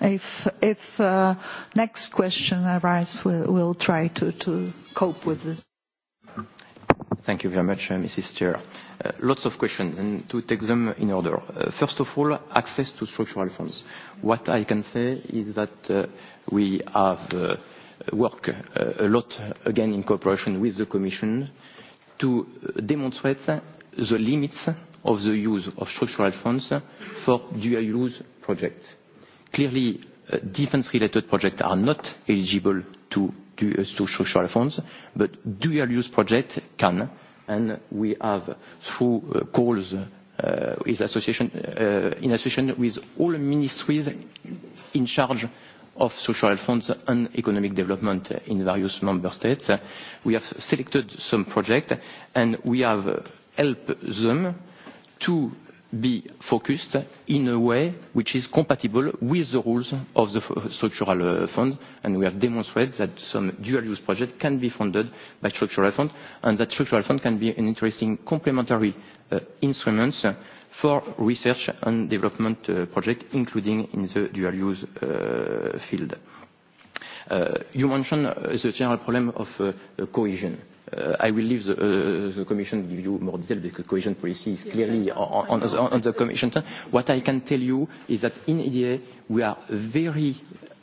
If, if uh, next question arises, we'll, we'll try to, to cope with this. Thank you very much, uh, Mrs. Chair. Uh, lots of questions, and to take them in order. Uh, first of all, access to structural funds. What I can say is that we have worked a lot, again, in cooperation with the Commission, to demonstrate the limits of the use of structural funds for dual-use projects. Clearly, defense-related projects are not eligible to Uh, to social funds, but dual use project can, and we have through uh, calls uh, association, in association with all ministries in charge of social funds and economic development in various member states. We have selected some projects and we have helped them to be focused in a way which is compatible with the rules of the uh, structural uh, fund and we have demonstrated that some dual use projects can be funded by structural fund and that structural fund can be an interesting complementary uh, instrument for research and development uh, projects including in the dual use uh, field. You mentioned the general problem of cohesion Uh, I will leave the, uh, Commission give you more detail because cohesion policy is clearly on, the Commission. What I can tell you is that in EDA we are very,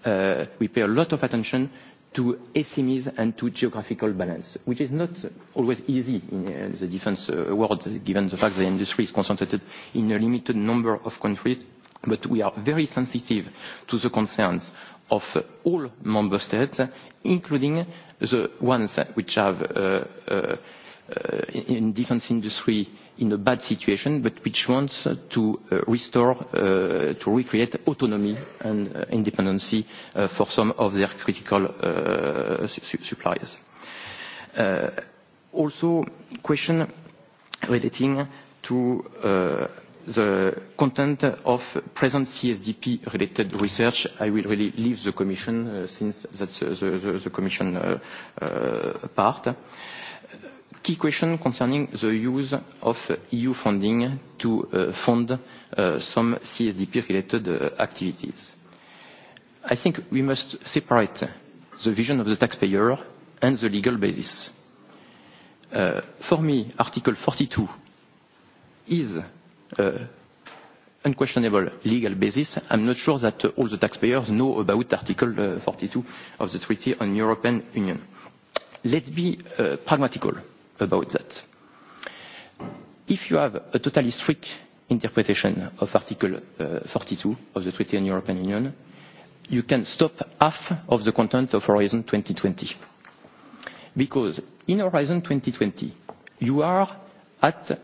uh, we pay a lot of attention to SMEs and to geographical balance, which is not always easy in the defense world, given the fact that the industry is concentrated in a limited number of countries. But we are very sensitive to the concerns of all member states, including the ones which have uh, uh, uh, in defense industry in a bad situation, but which wants to restore, uh, to recreate autonomy and independency for some of their critical suppliers. Also, question relating to the content of present CSDP related research, I will really leave the Commission uh, since that's uh, the, Commission uh, uh, part. Key question concerning the use of EU funding to fund some CSDP related activities. I think we must separate the vision of the taxpayer and the legal basis. For me, Article 42 is uh, unquestionable legal basis, I'm not sure that all the taxpayers know about Article 42 uh, of the Treaty on European Union. Let's be uh, pragmatical about that. If you have a totally strict interpretation of Article uh, 42 of the Treaty on European Union, you can stop half of the content of Horizon 2020. Because in Horizon 2020, you are at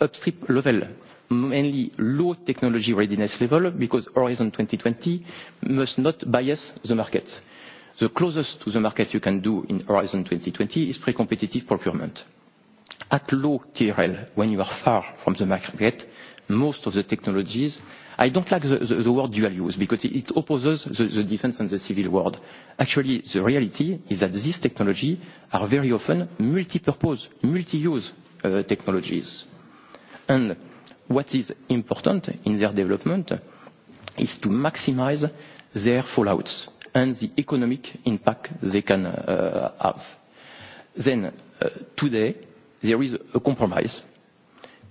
upstream level mainly low technology readiness level because Horizon 2020 must not bias the market. The closest to the market you can do in Horizon 2020 is pre-competitive procurement. At low TRL, when you are far from the market, most of the technologies I don't like the, the, word dual use because it opposes the, the defense and the civil world. Actually, the reality is that these technologies are very often multi-purpose, multi-use uh, technologies. And what is important in their development is to maximize their fallouts and the economic impact they can uh, have. Then, uh, today, there is a compromise,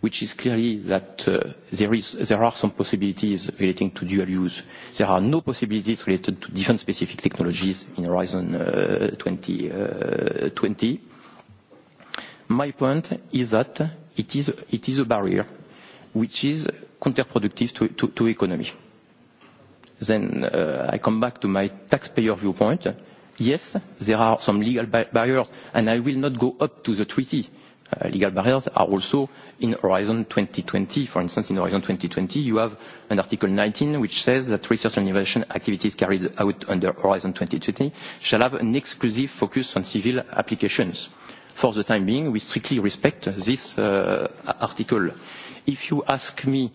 which is clearly that uh, there, is, there are some possibilities relating to dual use. There are no possibilities related to different-specific technologies in Horizon uh, 2020. Uh, My point is that it is, it is a barrier which is counterproductive to, to, economy. Then uh, I come back to my taxpayer viewpoint. Yes, there are some legal barriers, and I will not go up to the treaty. Uh, legal barriers are also in Horizon 2020. For instance, in Horizon 2020, you have an Article 19 which says that research and innovation activities carried out under Horizon 2020 shall have an exclusive focus on civil applications. For the time being, we strictly respect this uh, article If you ask me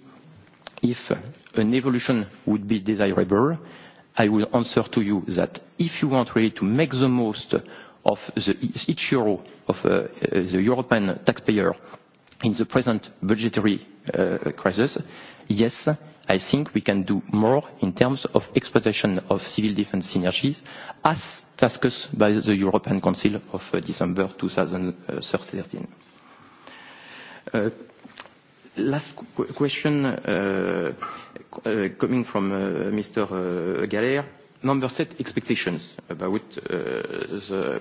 if an evolution would be desirable, I will answer to you that if you want really to make the most of the, each euro of uh, uh, the European taxpayer in the present budgetary uh, crisis, yes, I think we can do more in terms of exploitation of civil defense synergies as tasked by the European Council of December 2013. Last question uh, uh, coming from uh, Mr. Uh, Galer. Number set expectations about the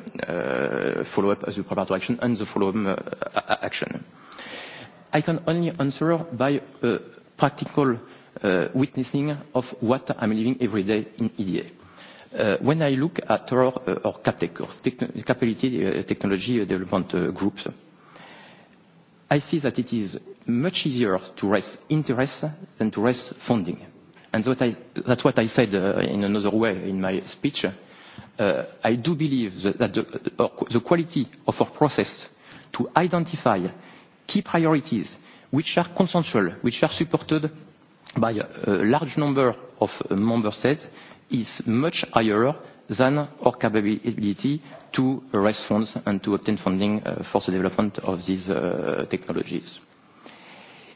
follow-up as the preparatory action and the follow-up action. I can only answer by practical witnessing of what I'm living every day in EDA. when I look at our, or CapTech, our technology development groups, i see that it is much easier to raise interest than to raise funding. And that I, that's what I said uh, in another way in my speech. Uh, I do believe that, that the, uh, uh the quality of our process to identify key priorities which are consensual, which are supported by a large number of uh, member states is much higher than our capability to raise funds and to obtain funding uh, for the development of these uh, technologies.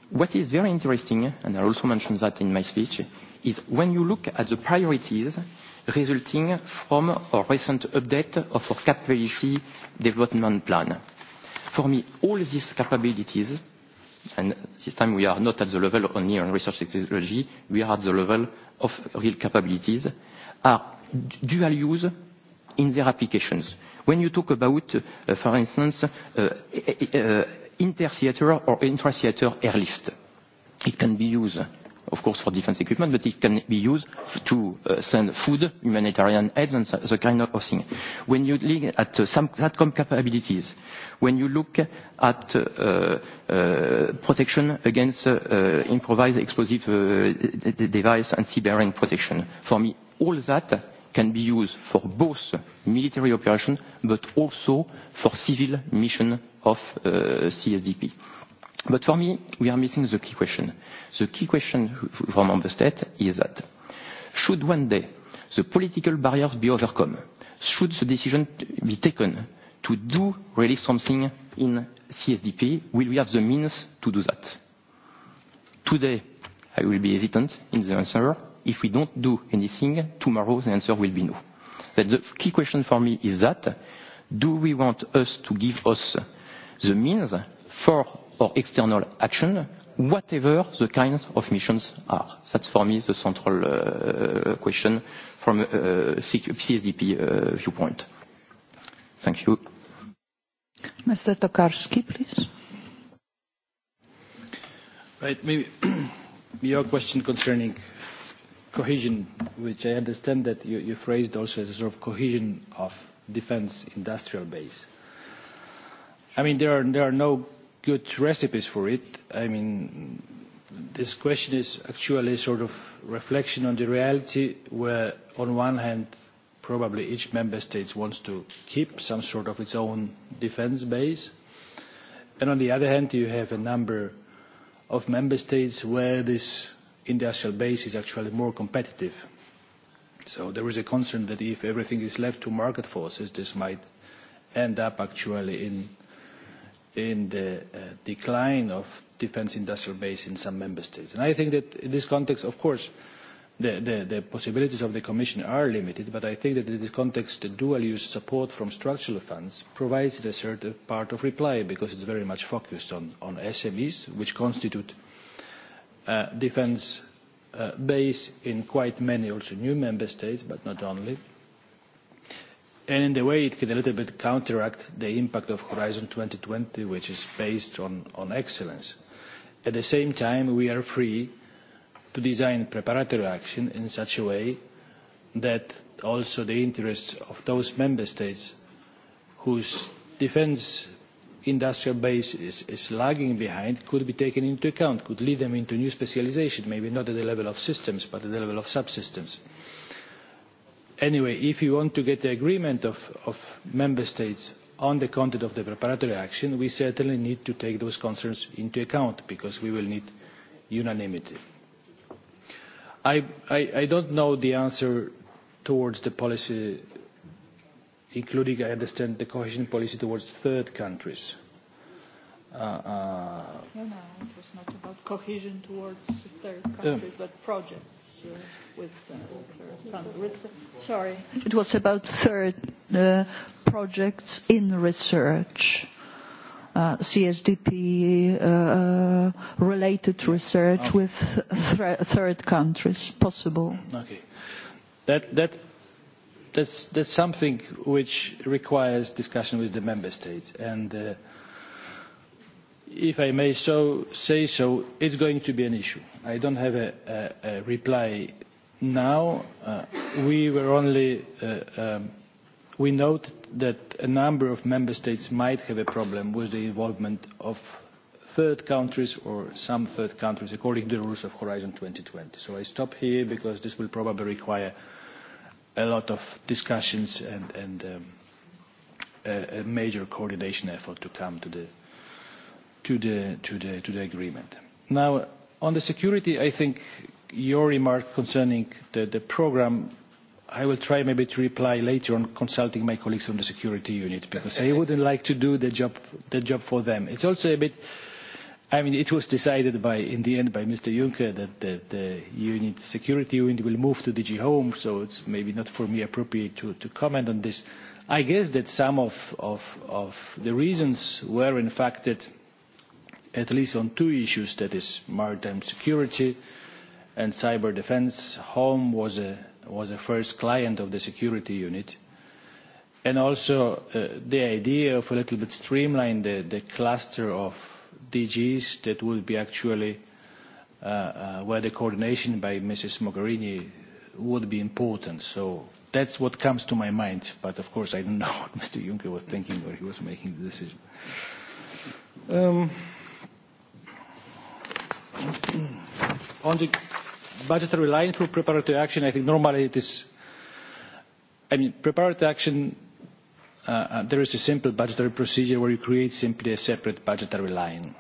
What is very interesting, and I also mentioned that in my speech, is when you look at the priorities resulting from a recent update of our capability development plan. For me, all these capabilities, and this time we are not at the level only on research technology, we are at the level of real capabilities, are dual use in their applications. When you talk about, uh, for instance, uh, uh, uh, inter-theater or intra-theater airlift, it can be used, of course, for defense equipment, but it can be used to send food, humanitarian aids, and the kind of thing. When you look at uh, some SATCOM capabilities, when you look at protection against improvised explosive uh, device and cyber protection, for me, all that can be used for both military operations but also for civil mission of uh, CSDP. But for me, we are missing the key question. The key question from Member State is that should one day the political barriers be overcome, should the decision be taken to do really something in CSDP, will we have the means to do that? Today, I will be hesitant in the answer if we don't do anything, tomorrow the answer will be no. That the key question for me is that, do we want us to give us the means for our external action, whatever the kinds of missions are? That's for me the central uh, question from a uh, CSDP uh, viewpoint. Thank you. Mr. Tokarski, please. Right, maybe your question concerning cohesion, which I understand that you, you phrased also as a sort of cohesion of defense industrial base. I mean, there are, there are no good recipes for it. I mean, this question is actually sort of reflection on the reality where, on one hand, probably each member state wants to keep some sort of its own defense base. And on the other hand, you have a number of member states where this industrial base is actually more competitive. So there is a concern that if everything is left to market forces, this might end up actually in, in the uh, decline of defense industrial base in some member states. And I think that in this context, of course, the, the, the possibilities of the Commission are limited, but I think that in this context, the dual-use support from structural funds provides a certain part of reply because it's very much focused on, on SMEs, which constitute – Uh, defence uh, base in quite many also new member states but not only and in a way it can a little bit counteract the impact of horizon 2020 which is based on, on excellence at the same time we are free to design preparatory action in such a way that also the interests of those member states whose defence industrial base is, is lagging behind could be taken into account, could lead them into new specialisation, maybe not at the level of systems, but at the level of subsystems. Anyway, if you want to get the agreement of, member states on the content of the preparatory action, we certainly need to take those concerns into account because we will need unanimity. I, I, I don't know the answer towards the policy including, I understand, the cohesion policy towards third countries. Uh, uh, no, no, it was not about cohesion towards third countries, but projects uh, with uh, third countries. Sorry, it was about third uh, projects in research. Uh, CSDP uh, uh, related research okay. with th third countries possible. Okay, that that that's, that's something which requires discussion with the member states. And uh, if I may so say so, it's going to be an issue. I don't have a, reply now. Uh, we were only, uh, um, we note that a number of member states might have a problem with the involvement of third countries or some third countries according to the rules of Horizon 2020. So I stop here because this will probably require a lot of discussions and, and um, a, a major coordination effort to come to the, to, the, to, the, to the agreement. Now, on the security, I think your remark concerning the, the program, I will try maybe to reply later on consulting my colleagues from the security unit because I wouldn't like to do the job, the job for them. It's also a bit i mean, it was decided by, in the end by Mr. Juncker that the, the unit, security unit will move to DG Home, so it's maybe not for me appropriate to, to comment on this. I guess that some of, of, of the reasons were in fact that at least on two issues, that is maritime security and cyber defense, Home was a, was a first client of the security unit and also uh, the idea of a little bit streamline the, the cluster of DGs that would be actually uh, uh, where the coordination by Mrs. Mogherini would be important. So that's what comes to my mind. But of course, I don't know what Mr. Juncker was thinking when he was making the decision. Um, on the budgetary line through preparatory action, I think normally it is, I mean, preparatory action Uh, uh, there is a simple budgetary procedure where you create simply a separate budgetary line.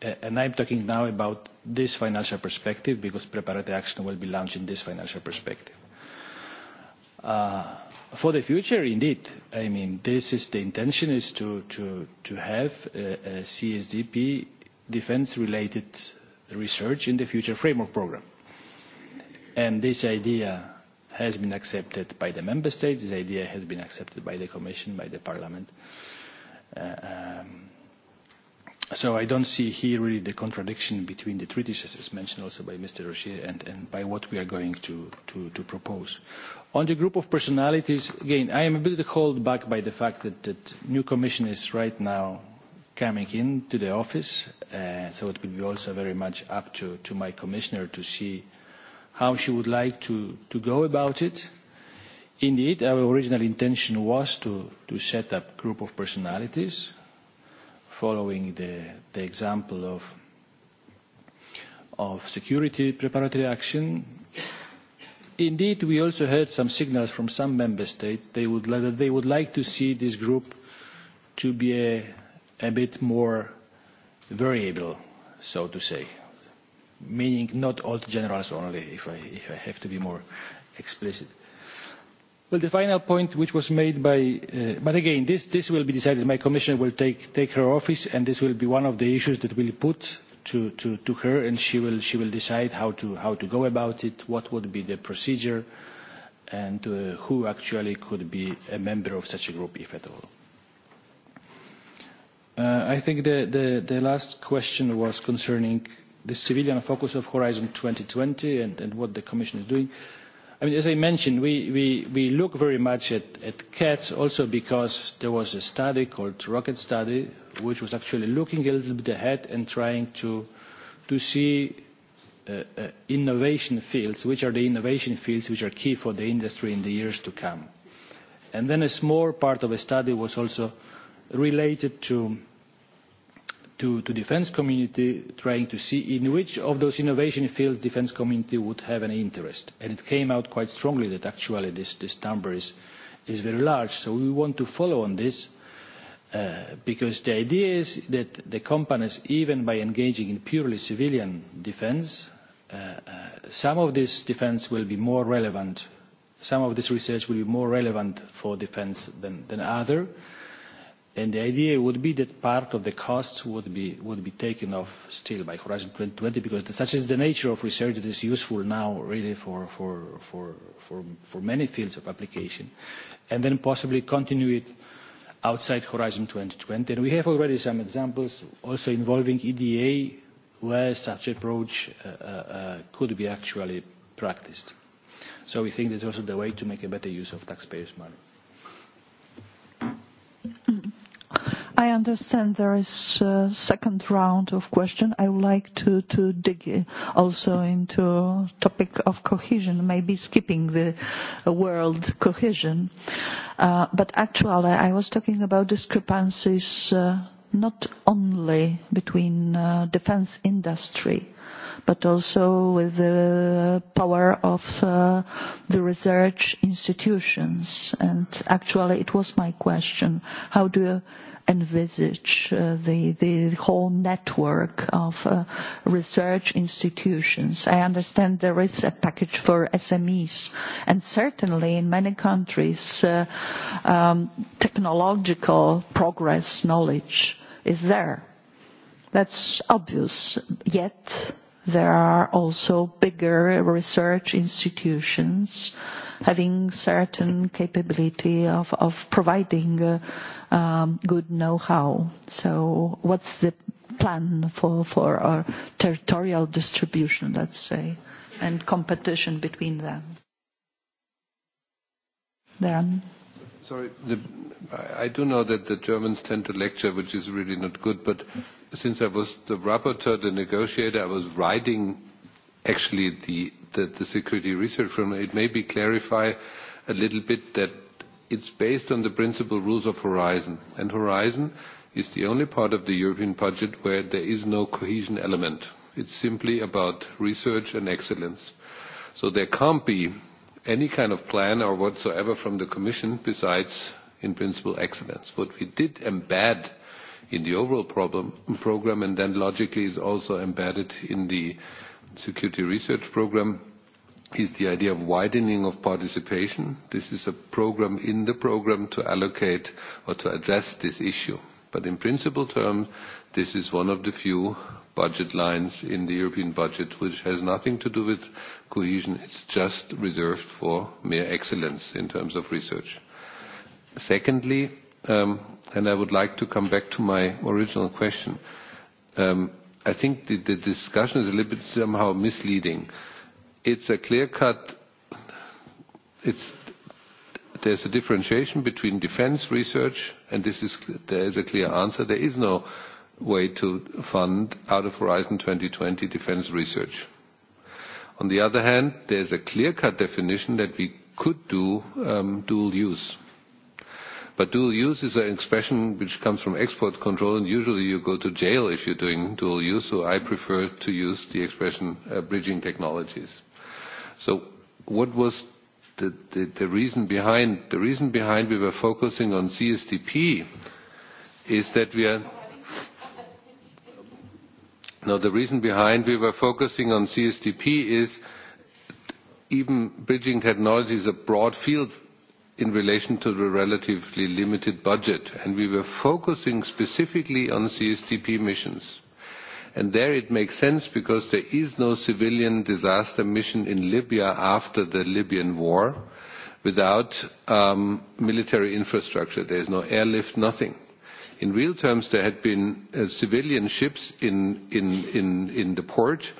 Uh, and I'm talking now about this financial perspective because preparatory action will be launched in this financial perspective. Uh, for the future, indeed, I mean, this is the intention is to, to, to have a, a CSDP defence related research in the future framework program. And this idea has been accepted by the member states this idea has been accepted by the commission by the parliament uh, um, so i don't see here really the contradiction between the treaties as mentioned also by mr rocher and, and by what we are going to, to, to propose. on the group of personalities again i am a bit held back by the fact that the new commission is right now coming into the office uh, so it will be also very much up to, to my commissioner to see how she would like to, to go about it. Indeed, our original intention was to, to set up a group of personalities following the, the example of, of security preparatory action. Indeed, we also heard some signals from some member states they would, that they would like to see this group to be a, a bit more variable, so to say meaning not all generals only, if I, if I have to be more explicit. Well, the final point which was made by, uh, but again, this, this will be decided. My commissioner will take, take her office and this will be one of the issues that will put to, to, to her and she will, she will decide how to, how to go about it, what would be the procedure and uh, who actually could be a member of such a group, if at all. Uh, I think the, the, the last question was concerning the civilian focus of Horizon 2020 and, and what the Commission is doing. I mean, as I mentioned, we, we, we look very much at, at cats also because there was a study called Rocket Study, which was actually looking a little bit ahead and trying to, to see uh, uh, innovation fields, which are the innovation fields which are key for the industry in the years to come. And then a small part of a study was also related to to the defence community trying to see in which of those innovation fields the defence community would have an interest. And it came out quite strongly that actually this, this number is, is very large. So we want to follow on this uh, because the idea is that the companies, even by engaging in purely civilian defence, uh, uh, some of this defence will be more relevant, some of this research will be more relevant for defence than, than other and the idea would be that part of the costs would be would be taken off still by Horizon 2020 because such is the nature of research that is useful now really for for for for for many fields of application and then possibly continue it outside Horizon 2020 and we have already some examples also involving EDA where such approach uh, uh, uh, could be actually practiced so we think that's also the way to make a better use of taxpayers money I understand there is a second round of question. I would like to, to dig also into topic of cohesion, maybe skipping the world cohesion. Uh, but actually, I was talking about discrepancies uh, not only between uh, defense industry but also with the power of uh, the research institutions. And actually, it was my question. How do you envisage uh, the, the whole network of uh, research institutions? I understand there is a package for SMEs, and certainly in many countries, um, technological progress knowledge is there. That's obvious, yet There are also bigger research institutions having certain capability of, of providing uh, um, good know-how. So what's the plan for, for our territorial distribution, let's say, and competition between them? Then. Sorry, the, I do know that the Germans tend to lecture, which is really not good, but since I was the rapporteur, the negotiator, I was writing actually the, the, the security research from It maybe clarify a little bit that it's based on the principal rules of Horizon. And Horizon is the only part of the European budget where there is no cohesion element. It's simply about research and excellence. So there can't be any kind of plan or whatsoever from the Commission besides in principle excellence. What we did embed in the overall problem, program and then logically is also embedded in the security research program is the idea of widening of participation. This is a program in the program to allocate or to address this issue. But in principle terms, this is one of the few budget lines in the European budget which has nothing to do with cohesion. It's just reserved for mere excellence in terms of research. Secondly, Um, and I would like to come back to my original question. Um, I think the, the discussion is a little bit somehow misleading. It's a clear cut, it's, there's a differentiation between defense research, and this is, there is a clear answer. There is no way to fund out of Horizon 2020 defense research. On the other hand, there's a clear cut definition that we could do um, dual use But dual use is an expression which comes from export control, and usually you go to jail if you're doing dual use, so I prefer to use the expression uh, bridging technologies. So what was the, the, the reason behind? The reason behind we were focusing on CSDP is that we are no the reason behind we were focusing on csdp is even bridging technology is a broad field in relation to the relatively limited budget and we were focusing specifically on CSTP missions and there it makes sense because there is no civilian disaster mission in libya after the libyan war without um, military infrastructure there is no airlift nothing in real terms there had been uh, civilian ships in in in in the port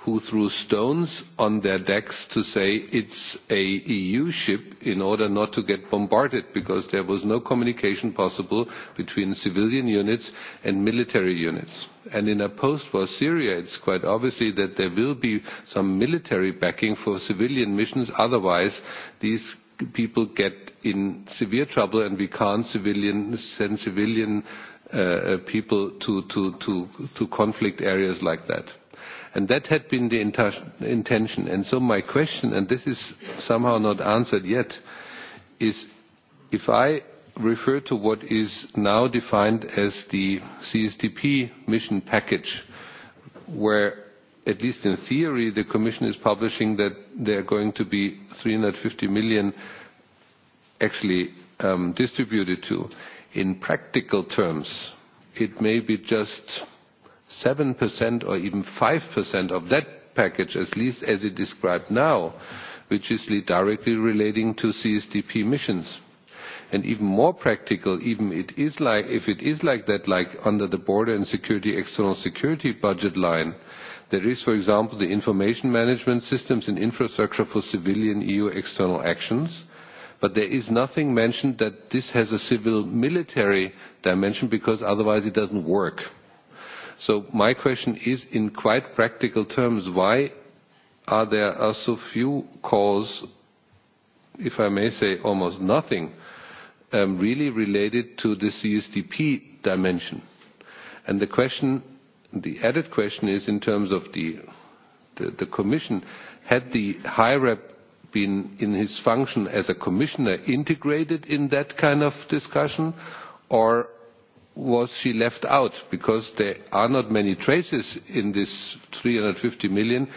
who threw stones on their decks to say it's a EU ship in order not to get bombarded because there was no communication possible between civilian units and military units. And in a post-war Syria, it's quite obvious that there will be some military backing for civilian missions. Otherwise, these people get in severe trouble and we can't send civilian uh, uh, people to conflict areas like that. And that had been the intention. And so my question, and this is somehow not answered yet, is if I refer to what is now defined as the CSTP mission package, where at least in theory the Commission is publishing that there are going to be 350 million actually um, distributed to. In practical terms, it may be just 7% or even 5% of that package, at least as it described now, which is directly relating to CSDP missions. And even more practical, even is if it is like that, like under the border and security, external security budget line, there is, for example, the information management systems and infrastructure for civilian EU external actions, but there is nothing mentioned that this has a civil military dimension because otherwise it doesn't work So my question is, in quite practical terms, why are there so few calls, if I may say almost nothing, um, really related to the CSDP dimension? And the question, the added question is in terms of the, the, the Commission, had the high rep been in his function as a commissioner integrated in that kind of discussion or was she left out because there are not many traces in this 350 million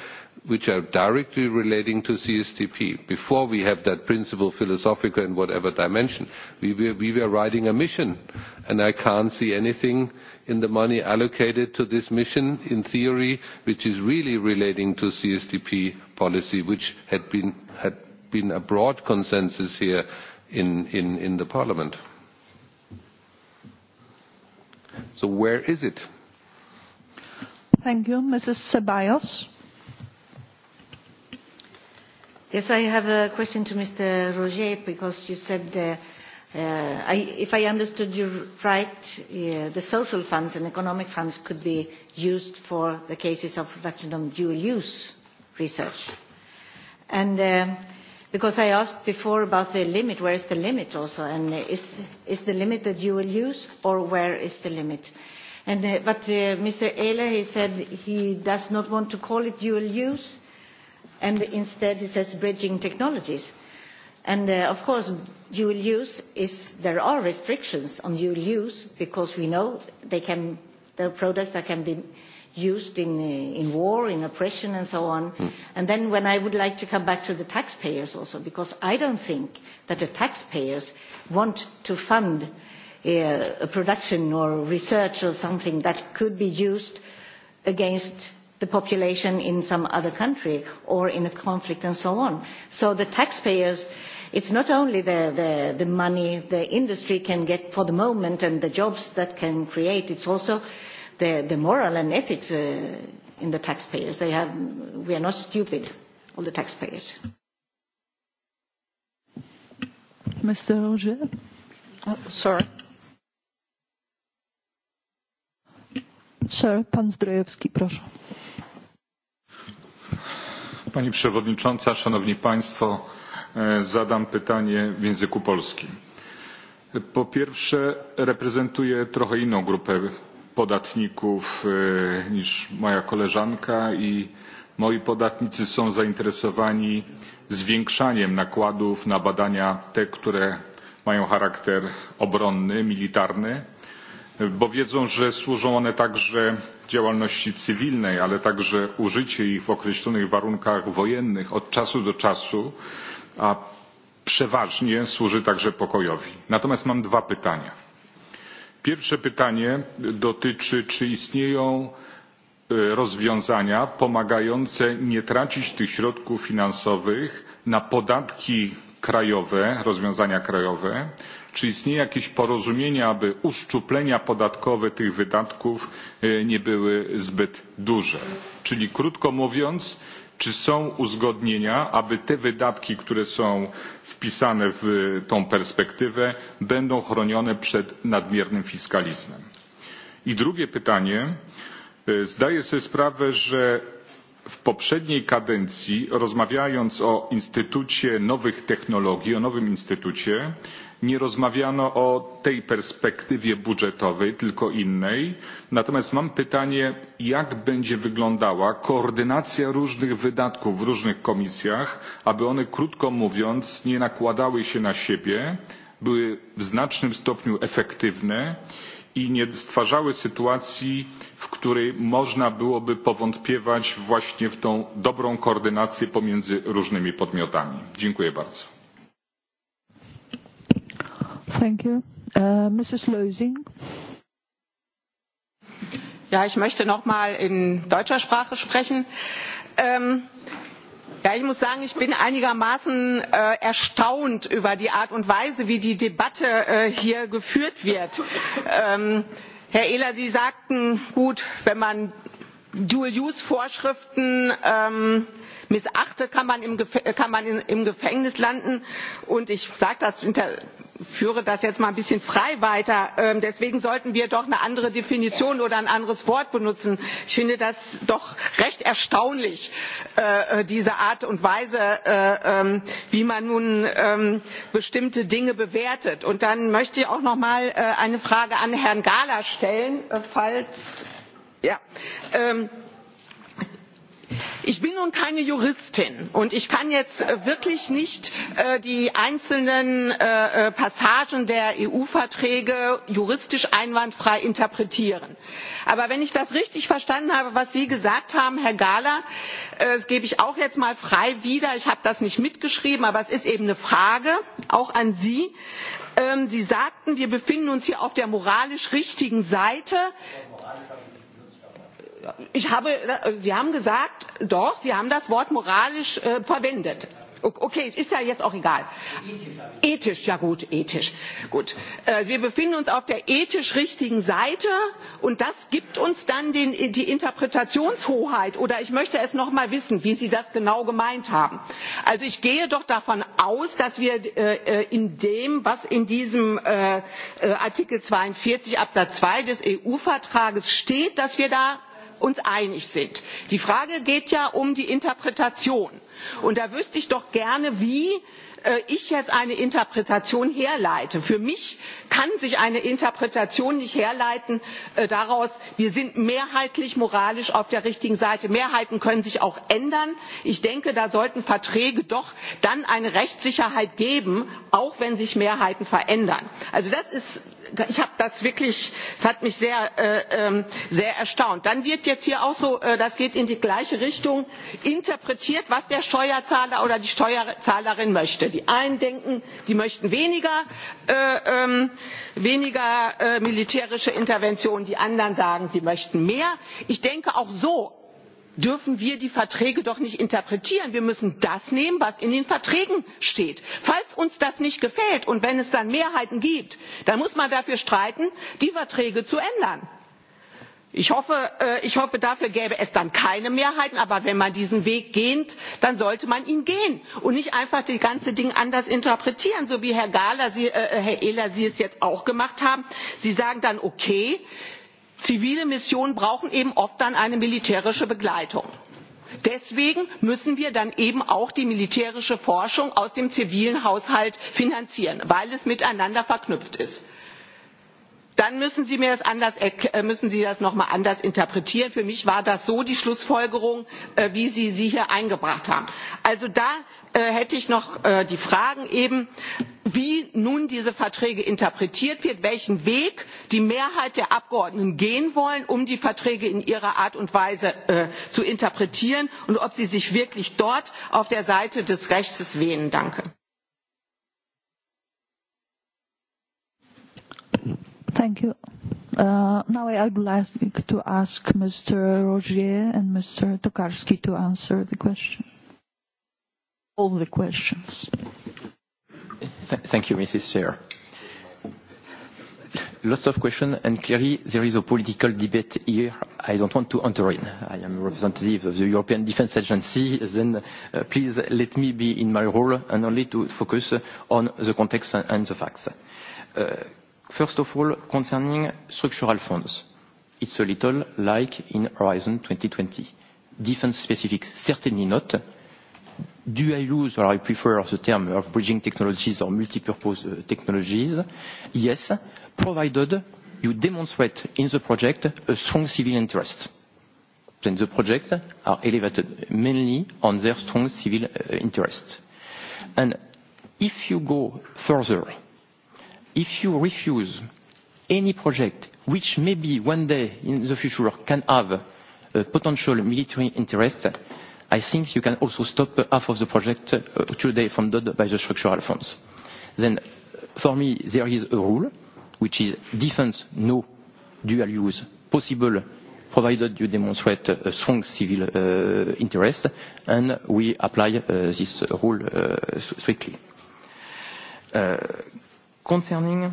which are directly relating to CSTP. Before we have that principle, philosophical in whatever dimension, we were, we were riding a mission, and I can't see anything in the money allocated to this mission, in theory, which is really relating to CSTP policy, which had been, had been a broad consensus here in, in, in the Parliament. So where is it? Thank you. Mrs. Ceballos. Yes, I have a question to Mr. Roger because you said, uh, uh, I, if I understood you right, the social funds and economic funds could be used for the cases of reduction of dual use research. And um, because i asked before about the limit where is the limit also and uh, is, is the limit that you will use or where is the limit? And, uh, but uh, mr ehler he said he does not want to call it dual use and instead he says bridging technologies and of course dual use is there are restrictions on dual use because we know they can there products that can be used in, uh, in war, in oppression and so on. Mm. And then when I would like to come back to the taxpayers also, because I don't think that the taxpayers want to fund a, uh, a production or research or something that could be used against the population in some other country or in a conflict and so on. So the taxpayers it's not only the, the, the money the industry can get for the moment and the jobs that can create, it's also the, the moral and ethics uh, in the taxpayers. They have, we are not stupid, all the taxpayers. Mr. Roger? Oh, sorry. Sir, pan Zdrojewski, proszę. Pani Przewodnicząca, Szanowni Państwo, e, zadam pytanie w języku polskim. Po pierwsze, reprezentuję trochę inną grupę podatników e, niż moja koleżanka i moi podatnicy są zainteresowani zwiększaniem nakładów na badania te które mają charakter obronny militarny bo wiedzą że służą one także działalności cywilnej ale także użycie ich w określonych warunkach wojennych od czasu do czasu a przeważnie służy także pokojowi. natomiast mam dwa pytania pierwsze pytanie dotyczy czy istnieją e, rozwiązania pomagające nie tracić tych środków finansowych na podatki krajowe rozwiązania krajowe czy istnieje jakieś porozumienie aby uszczuplenia podatkowe tych wydatków e, nie były zbyt duże czyli krótko mówiąc czy są uzgodnienia aby te wydatki które są wpisane w tą perspektywę będą chronione przed nadmiernym fiskalizmem? i drugie pytanie zdaję sobie sprawę że w poprzedniej kadencji rozmawiając o instytucie nowych technologii o nowym instytucie nie rozmawiano o tej perspektywie budżetowej tylko innej natomiast mam pytanie jak będzie wyglądała koordynacja różnych wydatków w różnych komisjach aby one krótko mówiąc nie nakładały się na siebie były w znacznym stopniu efektywne i nie stwarzały sytuacji w której można byłoby powątpiewać właśnie w tą dobrą koordynację pomiędzy różnymi podmiotami. dziękuję bardzo. Thank you. Uh, Mrs. Lösing. Ja, ich möchte noch mal in deutscher Sprache sprechen. Ähm, ja, ich muss sagen, ich bin einigermaßen äh, erstaunt über die Art und Weise, wie die Debatte äh, hier geführt wird. Ähm, Herr Ehler, Sie sagten, gut, wenn man Dual-Use-Vorschriften ähm, missachtet kann man im, kann man im gefängnis landen und ich sage das führe das jetzt mal ein bisschen frei weiter ähm, deswegen sollten wir doch eine andere definition oder ein anderes wort benutzen. ich finde das doch recht erstaunlich äh, äh, diese art und weise äh, ähm, wie man nun ähm, bestimmte dinge bewertet. und dann möchte ich auch noch mal eine frage an herrn gahler stellen falls ja ich bin nun keine juristin und ich kann jetzt äh, wirklich nicht äh, die einzelnen äh, passagen der eu verträge juristisch einwandfrei interpretieren. aber wenn ich das richtig verstanden habe was sie gesagt haben herr gahler das gebe ich auch jetzt mal frei wieder ich habe das nicht mitgeschrieben aber es ist eben eine frage auch an sie ähm, sie sagten wir befinden uns hier auf der moralisch richtigen seite ich habe, sie haben gesagt doch sie haben das wort moralisch äh, verwendet. Okay, ist ja jetzt auch egal. Ethisch, ja gut, ethisch. Gut. Äh, wir befinden uns auf der ethisch richtigen Seite und das gibt uns dann den, die Interpretationshoheit. Oder ich möchte es noch mal wissen, wie Sie das genau gemeint haben. Also ich gehe doch davon aus, dass wir äh, in dem, was in diesem Artikel 42 Absatz 2 des EU-Vertrages steht, dass wir da uns einig sind. die frage geht ja um die interpretation und da wüsste ich doch gerne wie äh, ich jetzt eine interpretation herleite. für mich kann sich eine interpretation nicht herleiten äh, daraus wir sind mehrheitlich moralisch auf der richtigen seite. mehrheiten können sich auch ändern. ich denke da sollten verträge doch dann eine rechtssicherheit geben auch wenn sich mehrheiten verändern. also das ich habe das wirklich es hat mich äh, ähm, sehr, erstaunt. dann wird jetzt hier auch so äh, das geht in die gleiche richtung interpretiert was der steuerzahler oder die steuerzahlerin möchte. die einen denken sie möchten weniger, äh, ähm, weniger militärische intervention die anderen sagen sie möchten mehr. ich denke auch so dürfen wir die verträge doch nicht interpretieren wir müssen das nehmen was in den verträgen steht. falls uns das nicht gefällt und wenn es dann mehrheiten gibt dann muss man dafür streiten die verträge zu ändern. Ich hoffe, äh, dafür gäbe es dann keine mehrheiten aber wenn man diesen weg geht dann sollte man ihn gehen und nicht einfach das ganze ding anders interpretieren so wie herr gahler äh, herr ehler sie es jetzt auch gemacht haben. sie sagen dann okay zivile missionen brauchen eben oft dann eine militärische begleitung. deswegen müssen wir dann eben auch die militärische forschung aus dem zivilen haushalt finanzieren weil es miteinander verknüpft ist dann müssen sie mir das anders äh, müssen sie das noch mal anders interpretieren für mich war das so die schlussfolgerung äh, wie sie sie hier eingebracht haben also da äh, hätte ich noch die fragen eben wie nun diese verträge interpretiert wird welchen weg die mehrheit der abgeordneten gehen wollen um die verträge in ihrer art und weise zu interpretieren und ob sie sich wirklich dort auf der seite des rechts wähnen danke Thank you. Uh, now I would like to ask Mr. Rogier and Mr. Tokarski to answer the question. All the questions. thank you, Mrs. Chair. Lots of questions, and clearly there is a political debate here. I don't want to enter in. I am a representative of the European Defence Agency, then uh, please let me be in my role and only to focus on the context and the facts. Uh, First of all, concerning structural funds, it's a little like in Horizon 2020. Defense specific, certainly not. Do I use, or I prefer the term of bridging technologies or multipurpose uh, technologies? Yes, provided you demonstrate in the project a strong civil interest. Then the projects are elevated mainly on their strong civil uh, interest. And if you go further if you refuse any project which maybe one day in the future can have a potential military interest, I think you can also stop half of the project uh, today funded by the structural funds. Then, uh, for me, there is a rule, which is defense, no dual use, possible, provided you demonstrate a strong civil uh, interest, and we apply this rule uh, strictly. Concerning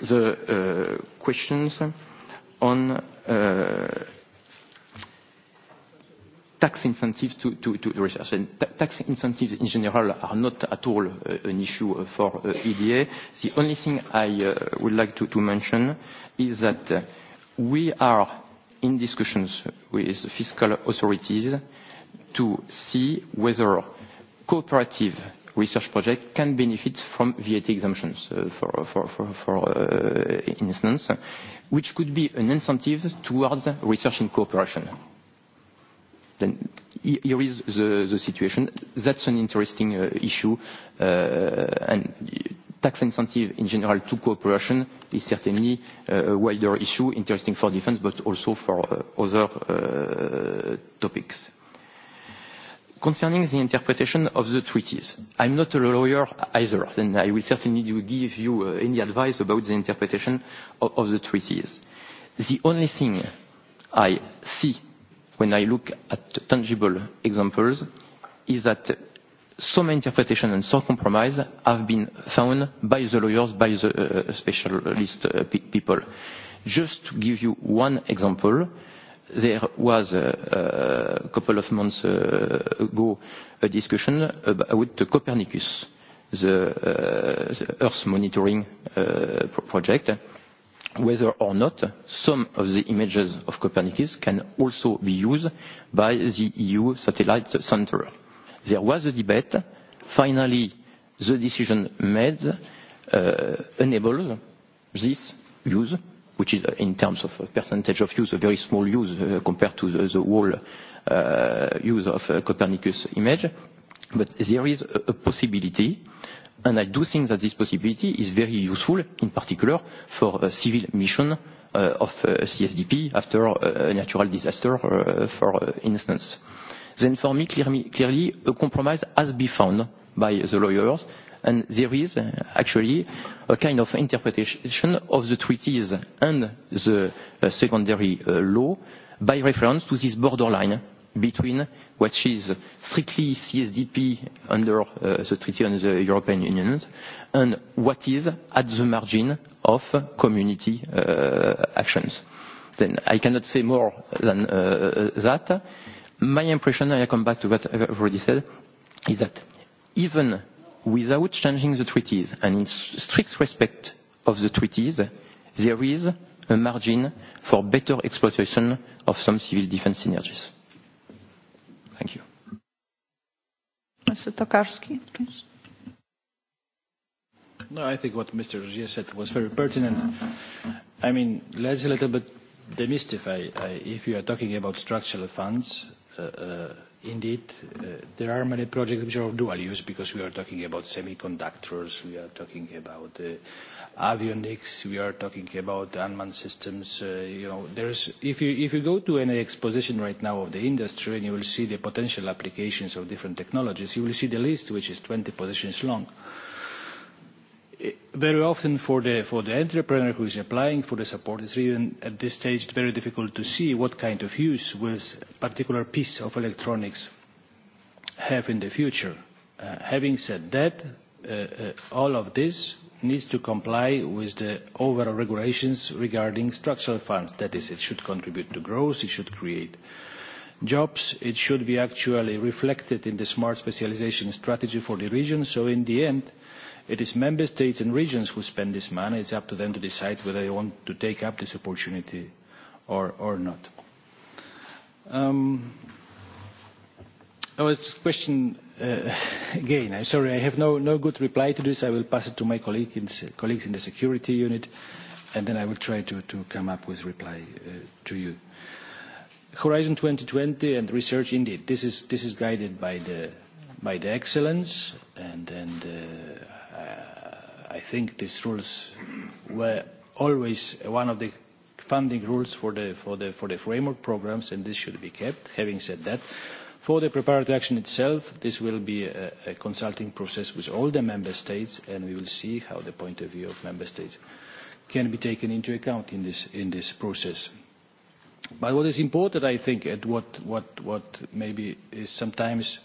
the uh, questions on uh, tax incentives to, research. And tax incentives in general are not at all uh, an issue for EDA. The only thing I would like to, mention is that we are in discussions with fiscal authorities to see whether cooperative research project can benefit from VAT exemptions, uh, for, for, for, uh, instance, which could be an incentive towards research and cooperation. Then here is the, situation. That's an interesting uh, issue, and tax incentive in general to cooperation is certainly a wider issue, interesting for defense, but also for other topics. Concerning the interpretation of the treaties, I'm not a lawyer either, and I will certainly give you uh, any advice about the interpretation of, the treaties. The only thing I see when I look at tangible examples is that some interpretation and some compromise have been found by the lawyers, by the uh, specialist uh, people. Just to give you one example, there was a, couple of months uh, ago a discussion about Copernicus, the, uh, Earth monitoring uh, project, whether or not some of the images of Copernicus can also be used by the EU Satellite Center. There was a debate. Finally, the decision made uh, enables this use which is in terms of percentage of use, a very small use uh, compared to the, the whole uh, use of uh, Copernicus image. But there is a, possibility, and I do think that this possibility is very useful, in particular for a civil mission of CSDP after a natural disaster, for instance. Then for me, clearly, clearly a compromise has been found by the lawyers And there is uh, actually a kind of interpretation of the treaties and the uh, secondary uh, law by reference to this borderline between what is strictly CSDP under uh, the Treaty on the European Union and what is at the margin of community uh, actions. Then I cannot say more than uh, that. My impression, and I come back to what I've already said, is that even without changing the treaties and in strict respect of the treaties, there is a margin for better exploitation of some civil defense synergies. Thank you. Mr. Tokarski, please. No, I think what Mr. Rogier said was very pertinent. I mean, let's a little bit demystify. if you are talking about structural funds, uh, uh, indeed uh, there are many projects which are of dual use because we are talking about semiconductors we are talking about uh, avionics we are talking about unmanned systems uh, you know there's if you if you go to any exposition right now of the industry and you will see the potential applications of different technologies you will see the list which is 20 positions long very often for the, for the entrepreneur who is applying for the support, it's even at this stage very difficult to see what kind of use will a particular piece of electronics have in the future. Uh, having said that, uh, uh, all of this needs to comply with the overall regulations regarding structural funds. That is, it should contribute to growth, it should create jobs, it should be actually reflected in the smart specialization strategy for the region. So in the end, it is member states and regions who spend this money it is up to them to decide whether they want to take up this opportunity or, or not. Um, I was just question uh, again. I'm sorry, I have no, no good reply to this. I will pass it to my colleague colleagues in the security unit, and then I will try to, to come up with reply uh, to you. Horizon 2020 and research, indeed, this is, this is guided by the, by the excellence, and, and uh, Uh, I think these rules were always one of the funding rules for the, for the, for the framework programmes and this should be kept. Having said that, for the preparatory action itself, this will be a, a consulting process with all the member states and we will see how the point of view of member states can be taken into account in this, in this process. But what is important, I think, and what, what, what maybe is sometimes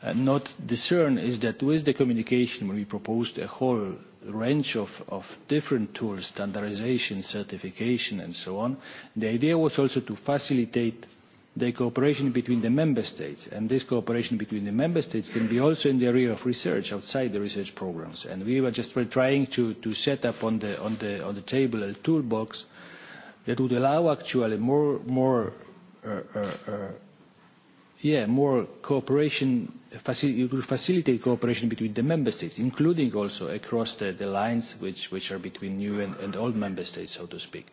Uh, not discern is that with the communication when we proposed a whole range of, of different tools, standardization, certification and so on. The idea was also to facilitate the cooperation between the member states and this cooperation between the member states can be also in the area of research outside the research programmes and we were just trying to, to set up on the, on, the, on the table a toolbox that would allow actually more, more, uh, uh, uh, yeah, more cooperation it will facilitate cooperation between the member states including also across the, lines which, which are between new and, old member states so to speak.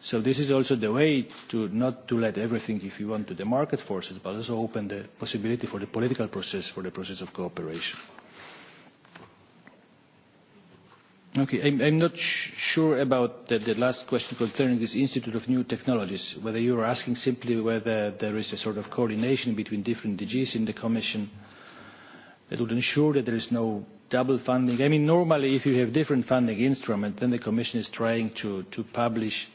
so this is also the way to not to let everything if you want to the market forces but also open the possibility for the political process for the process of cooperation. Okay, I'm, I'm not sure about the, the last question concerning this Institute of New Technologies, whether you are asking simply whether there is a sort of coordination between different DGs in the Commission that would ensure that there is no double funding. I mean, normally if you have different funding instruments, then the Commission is trying to, to publish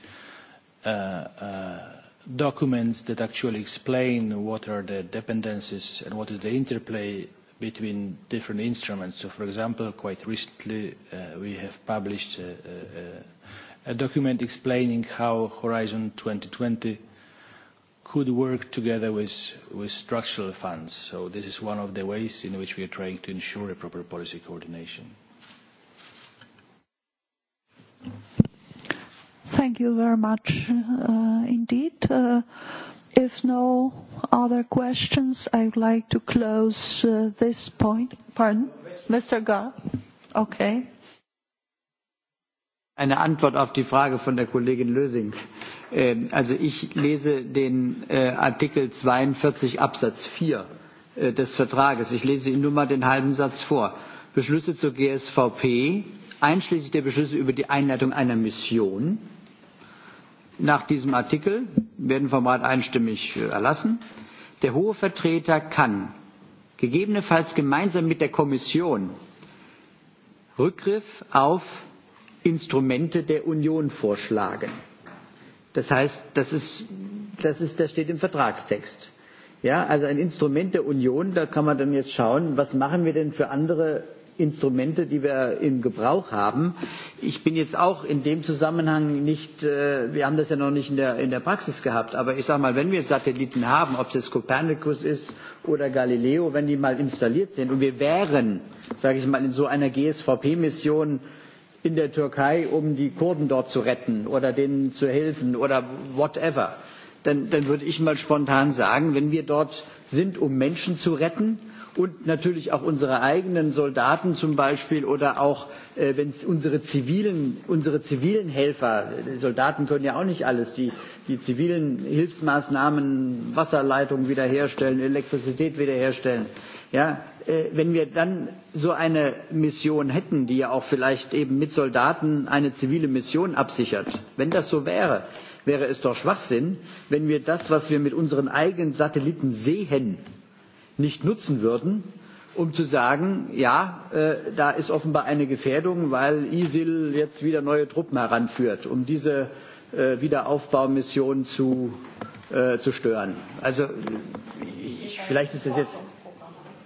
uh, uh, documents that actually explain what are the dependencies and what is the interplay between different instruments. So, for example, quite recently uh, we have published a, document explaining how Horizon 2020 could work together with, with structural funds. So this is one of the ways in which we are trying to ensure a proper policy coordination. Thank you very much uh, indeed. Uh, If no other questions, I would like to close uh, this point. Pardon? Mr. Okay. Eine Antwort auf die Frage von der Kollegin Lösing. Ähm, also ich lese den äh, Artikel 42 Absatz 4 äh, des Vertrages. Ich lese Ihnen nur mal den halben Satz vor. Beschlüsse zur GSVP, einschließlich der Beschlüsse über die Einleitung einer Mission, nach diesem Artikel, werden vom Rat einstimmig äh, erlassen. Der hohe Vertreter kann gegebenenfalls gemeinsam mit der Kommission Rückgriff auf Instrumente der Union vorschlagen. Das heißt, das, ist, das, steht im Vertragstext. Ja, also ein Instrument der Union, da kann man dann jetzt schauen, was machen wir denn für andere Instrumente, die wir im Gebrauch haben. Ich bin jetzt auch in dem Zusammenhang nicht, äh, wir haben das ja noch nicht in der, in der Praxis gehabt, aber ich sage mal, wenn wir Satelliten haben, ob es Kopernikus ist oder Galileo, wenn die mal installiert sind und wir wären, sage ich mal, in so einer GSVP-Mission in der Türkei, um die Kurden dort zu retten oder denen zu helfen oder whatever, dann, dann würde ich mal spontan sagen, wenn wir dort sind, um Menschen zu retten, und natürlich auch unsere eigenen soldaten zum beispiel oder auch äh, wenn unsere zivilen unsere zivilen helfer die soldaten können ja auch nicht alles die die zivilen hilfsmaßnahmen wasserleitungen wiederherstellen elektrizität wiederherstellen ja äh, wenn wir dann so eine mission hätten die ja auch vielleicht eben mit soldaten eine zivile mission absichert wenn das so wäre wäre es doch schwachsinn wenn wir das was wir mit unseren eigenen satelliten sehen nicht nutzen würden um zu sagen ja äh, da ist offenbar eine gefährdung weil isil jetzt wieder neue truppen heranführt um diese äh, wiederaufbaumission zu, äh, zu stören. also ich, vielleicht ist es jetzt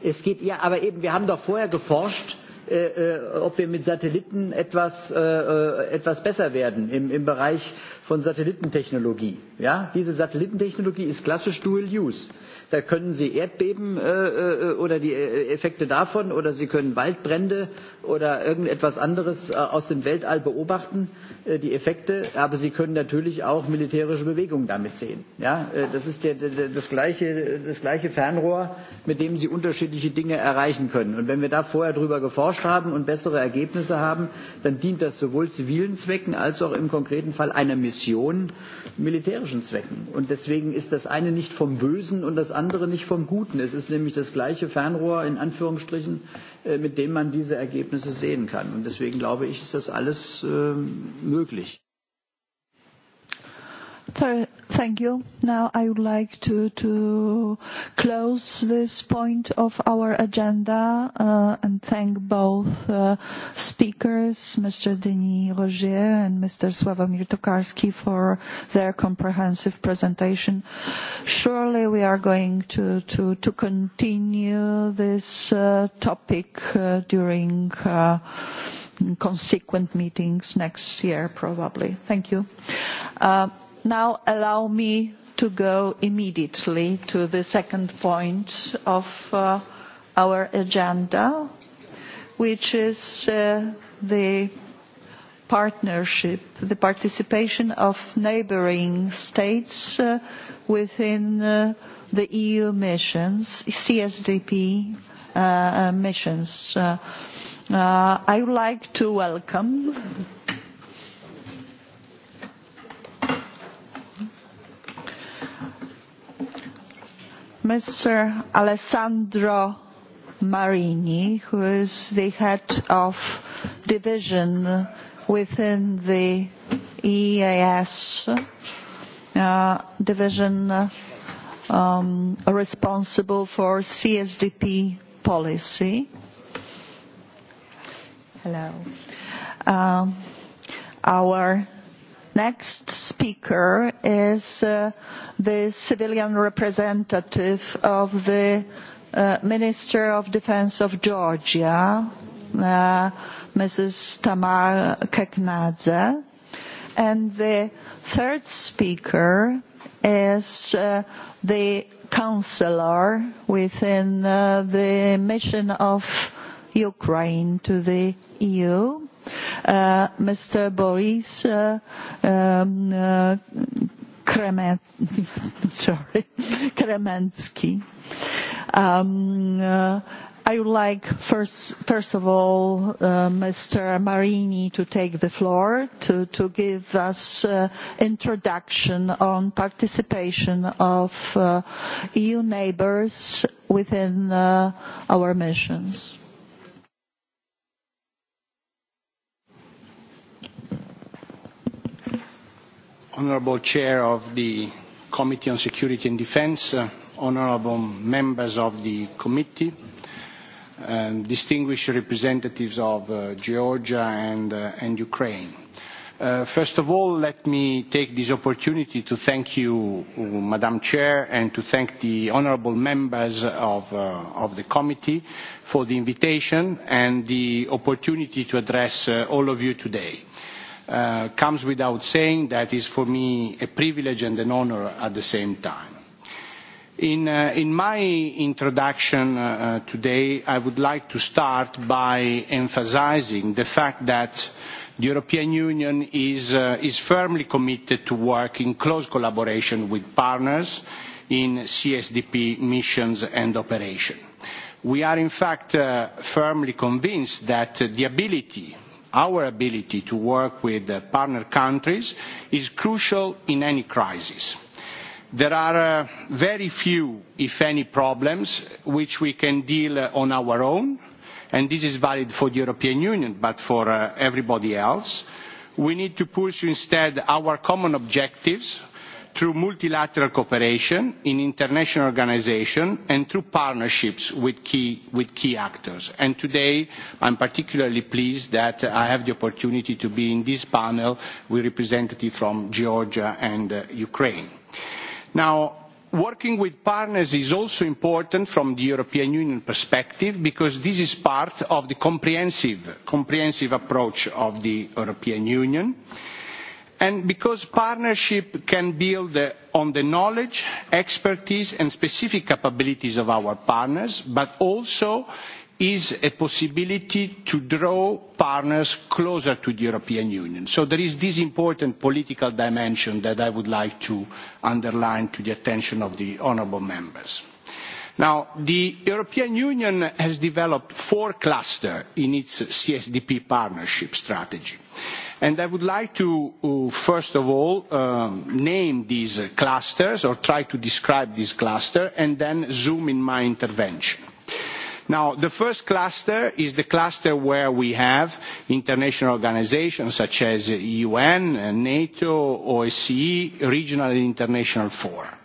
es geht ja aber eben wir haben doch vorher geforscht äh, äh, ob wir mit satelliten etwas, äh, etwas besser werden im, im bereich von satellitentechnologie. Ja? diese satellitentechnologie ist klassisch dual use da können sie erdbeben äh, äh oder die äh, effekte davon oder sie können waldbrände oder irgendetwas anderes äh, aus dem weltall beobachten Äh, die Effekte, aber sie können natürlich auch militärische Bewegungen damit sehen. Ja, äh, das ist der, der, das, gleiche, das gleiche Fernrohr, mit dem sie unterschiedliche Dinge erreichen können. Und wenn wir da vorher drüber geforscht haben und bessere Ergebnisse haben, dann dient das sowohl zivilen Zwecken als auch im konkreten Fall einer Mission militärischen Zwecken. Und deswegen ist das eine nicht vom Bösen und das andere nicht vom Guten. Es ist nämlich das gleiche Fernrohr in Anführungsstrichen, Äh, mit dem man diese Ergebnisse sehen kann. Und deswegen glaube ich, ist das alles ähm, möglich. Thank you. Now I would like to, to close this point of our agenda uh, and thank both uh, speakers, Mr. Denis Rogier and Mr. Sławomir Tokarski for their comprehensive presentation. Surely we are going to, to, to continue this uh, topic during consequent meetings next year probably. Thank you now allow me to go immediately to the second point of uh, our agenda which is uh, the partnership the participation of neighboring states uh, within the EU missions CSDP missions I would like to welcome Mr. Alessandro Marini, who is the head of division within the EAS uh, division um, responsible for CSDP policy. Hello. Um, our next speaker is uh, the civilian representative of the uh, minister of defense of georgia uh, mrs tamar keknadze and the third speaker is uh, the counselor within the mission of ukraine to the eu Uh, Mr. Boris uh, um, uh, um uh, I would like first, of all Mr. Marini to take the floor to, give us uh, introduction on participation of EU neighbors within our missions. honourable chair of the committee on security and defence uh, honourable members of the committee and distinguished representatives of uh, georgia and, uh, and ukraine uh, first of all let me take this opportunity to thank you madam chair and to thank the honourable members of, uh, of the committee for the invitation and the opportunity to address all of you today Uh, comes without saying that is for me a privilege and an honor at the same time. In, uh, my introduction uh, today, I would like to start by emphasizing the fact that the European Union is, firmly committed to working in close collaboration with partners in CSDP missions and operations. We are in fact firmly convinced that the ability our ability to work with uh, partner countries is crucial in any crisis. There are uh, very few, if any, problems which we can deal uh, on our own, and this is valid for the European Union but for everybody else. We need to pursue instead our common objectives through multilateral cooperation in international organisation and through partnerships with key, with key actors. And today I am particularly pleased that I have the opportunity to be in this panel with representatives from Georgia and uh, Ukraine. Now working with partners is also important from the european union perspective because this is part of the comprehensive, comprehensive approach of the european union and because partnership can build uh, on the knowledge expertise and specific capabilities of our partners but also is a possibility to draw partners closer to the European Union. So there is this important political dimension that I would like to underline to the attention of the honourable members. Now, the European Union has developed four clusters in its CSDP partnership strategy. And I would like to, uh, first of all, uh, name these clusters or try to describe this cluster and then zoom in my intervention. Now, the first cluster is the cluster where we have international organisations such as UN, NATO, OSCE, regional and international fora.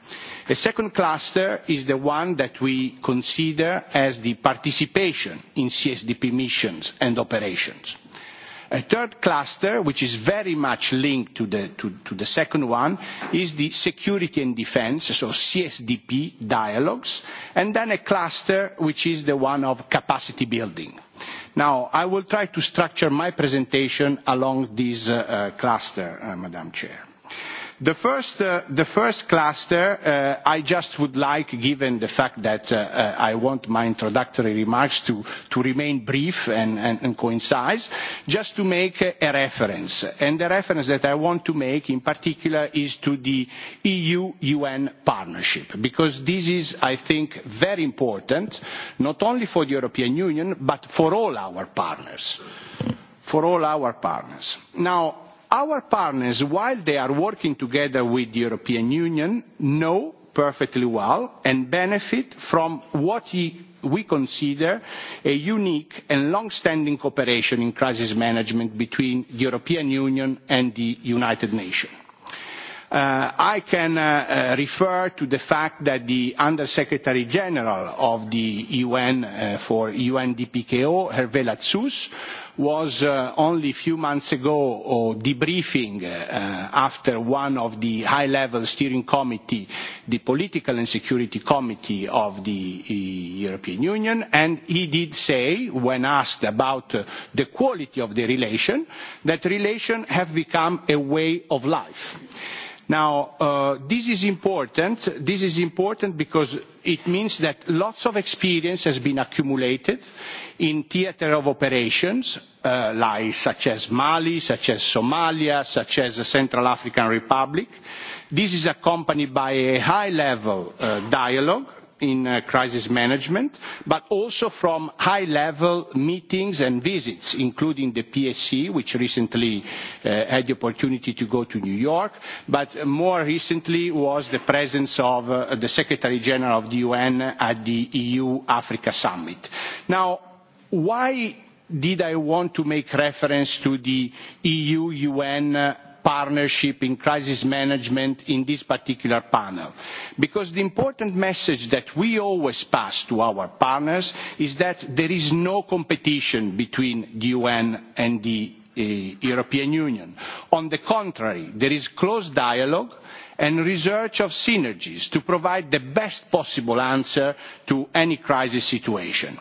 The second cluster is the one that we consider as the participation in CSDP missions and operations. A third cluster, which is very much linked to the, second one, is the security and defence so CSDP dialogues, and then a cluster which is the one of capacity building. Now, I will try to structure my presentation along this uh, uh, cluster, uh, Madam Chair. Uh, the first, cluster, uh, I just would like, given the fact that uh, I want my introductory remarks to, remain brief and, concise, just to make a reference. And the reference that I want to make in particular is to the EU-UN partnership, because this is, I think, very important, not only for the European Union, but for all our partners. For all our partners. Now, our partners while they are working together with the european union know perfectly well and benefit from what we consider a unique and long standing cooperation in crisis management between the european union and the united nations. Uh, I can uh, uh, refer to the fact that the Under Secretary General of the UN for UNDPKO, Hervé Latsous, was uh, only a few months ago or debriefing uh, after one of the high level steering committee the political and security committee of the uh, european union and he did say when asked about uh, the quality of the relation that relations have become a way of life now uh, this is important this is important because it means that lots of experience has been accumulated in theatre of operations uh, like such as mali such as somalia such as the central african republic this is accompanied by a high level uh, dialogue in uh, crisis management but also from high level meetings and visits including the psc which recently uh, had the opportunity to go to new york but more recently was the presence of uh, the secretary general of the un at the eu africa summit now why did i want to make reference to the eu un uh, partnership in crisis management in this particular panel because the important message that we always pass to our partners is that there is no competition between the un and the uh, european union. on the contrary there is close dialogue and research of synergies to provide the best possible answer to any crisis situation.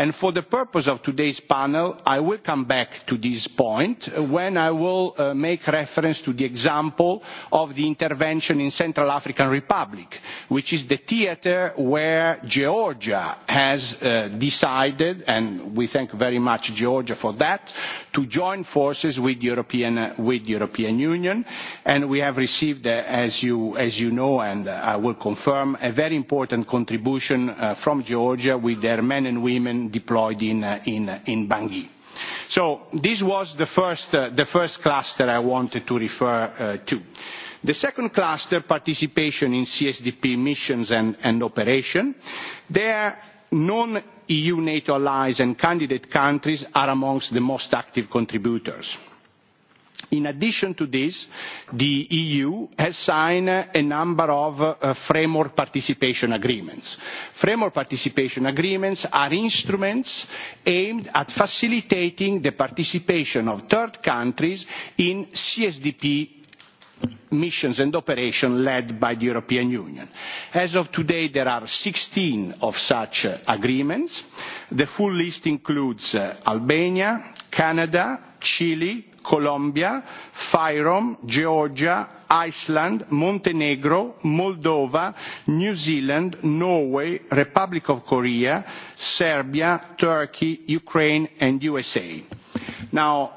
And for the purpose of today's panel, I will come back to this point when I will uh, make reference to the example of the intervention in Central African Republic, which is the theater where Georgia has uh, decided, and we thank very much Georgia for that, to join forces with the European, uh, with European Union. And we have received, uh, as you, as you know, and uh, I will confirm, a very important contribution uh, from Georgia with their men and women deployed uh, uh, in, Bangui. So this was the first, uh, cluster I wanted to refer to. The second cluster, participation in CSDP missions and, operation, there non-EU NATO allies and candidate countries are among the most active contributors in addition to this the eu has signed a number of uh, framework participation agreements framework participation agreements are instruments aimed at facilitating the participation of third countries in csdp missions and operations led by the European Union. As of today, there are 16 of such agreements. The full list includes uh, Albania, Canada, Chile, Colombia, Fyrom, Georgia, Iceland, Montenegro, Moldova, New Zealand, Norway, Republic of Korea, Serbia, Turkey, Ukraine and USA. Now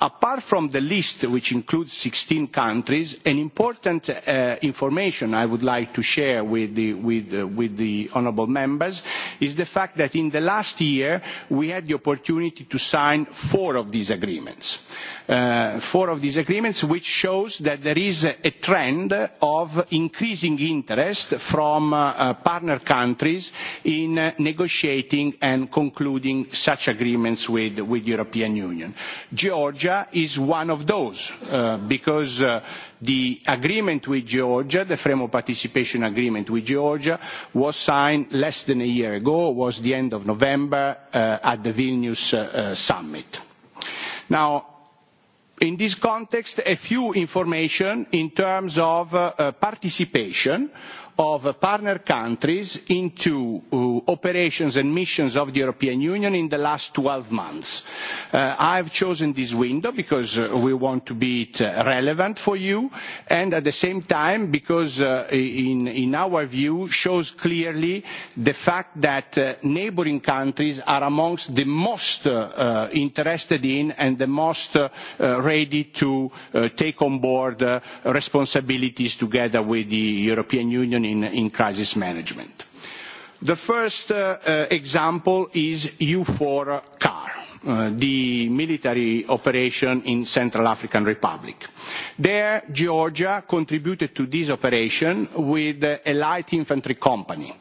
apart from the list which includes 16 countries an important uh, information i would like to share with the with uh, honorable members is the fact that in the last year we had the opportunity to sign four of these agreements uh, four of these agreements which shows that there is a trend of increasing interest from partner countries in negotiating and concluding such agreements with with the european union georgia Georgia is one of those uh, because uh, the agreement with Georgia, the framework participation agreement with Georgia, was signed less than a year ago, was the end of November uh, at the Vilnius summit. Now, in this context, a few information in terms of participation of partner countries into uh, operations and missions of the European Union in the last 12 months. Uh, I have chosen this window because uh, we want to be relevant for you and at the same time because in, our view shows clearly the fact that neighbouring countries are amongst the most interested in and the most ready to take on board responsibilities together with the European Union in, crisis management. The first uh, uh, example is U CAR. Uh, the military operation in Central African Republic. There, Georgia contributed to this operation with a light infantry company,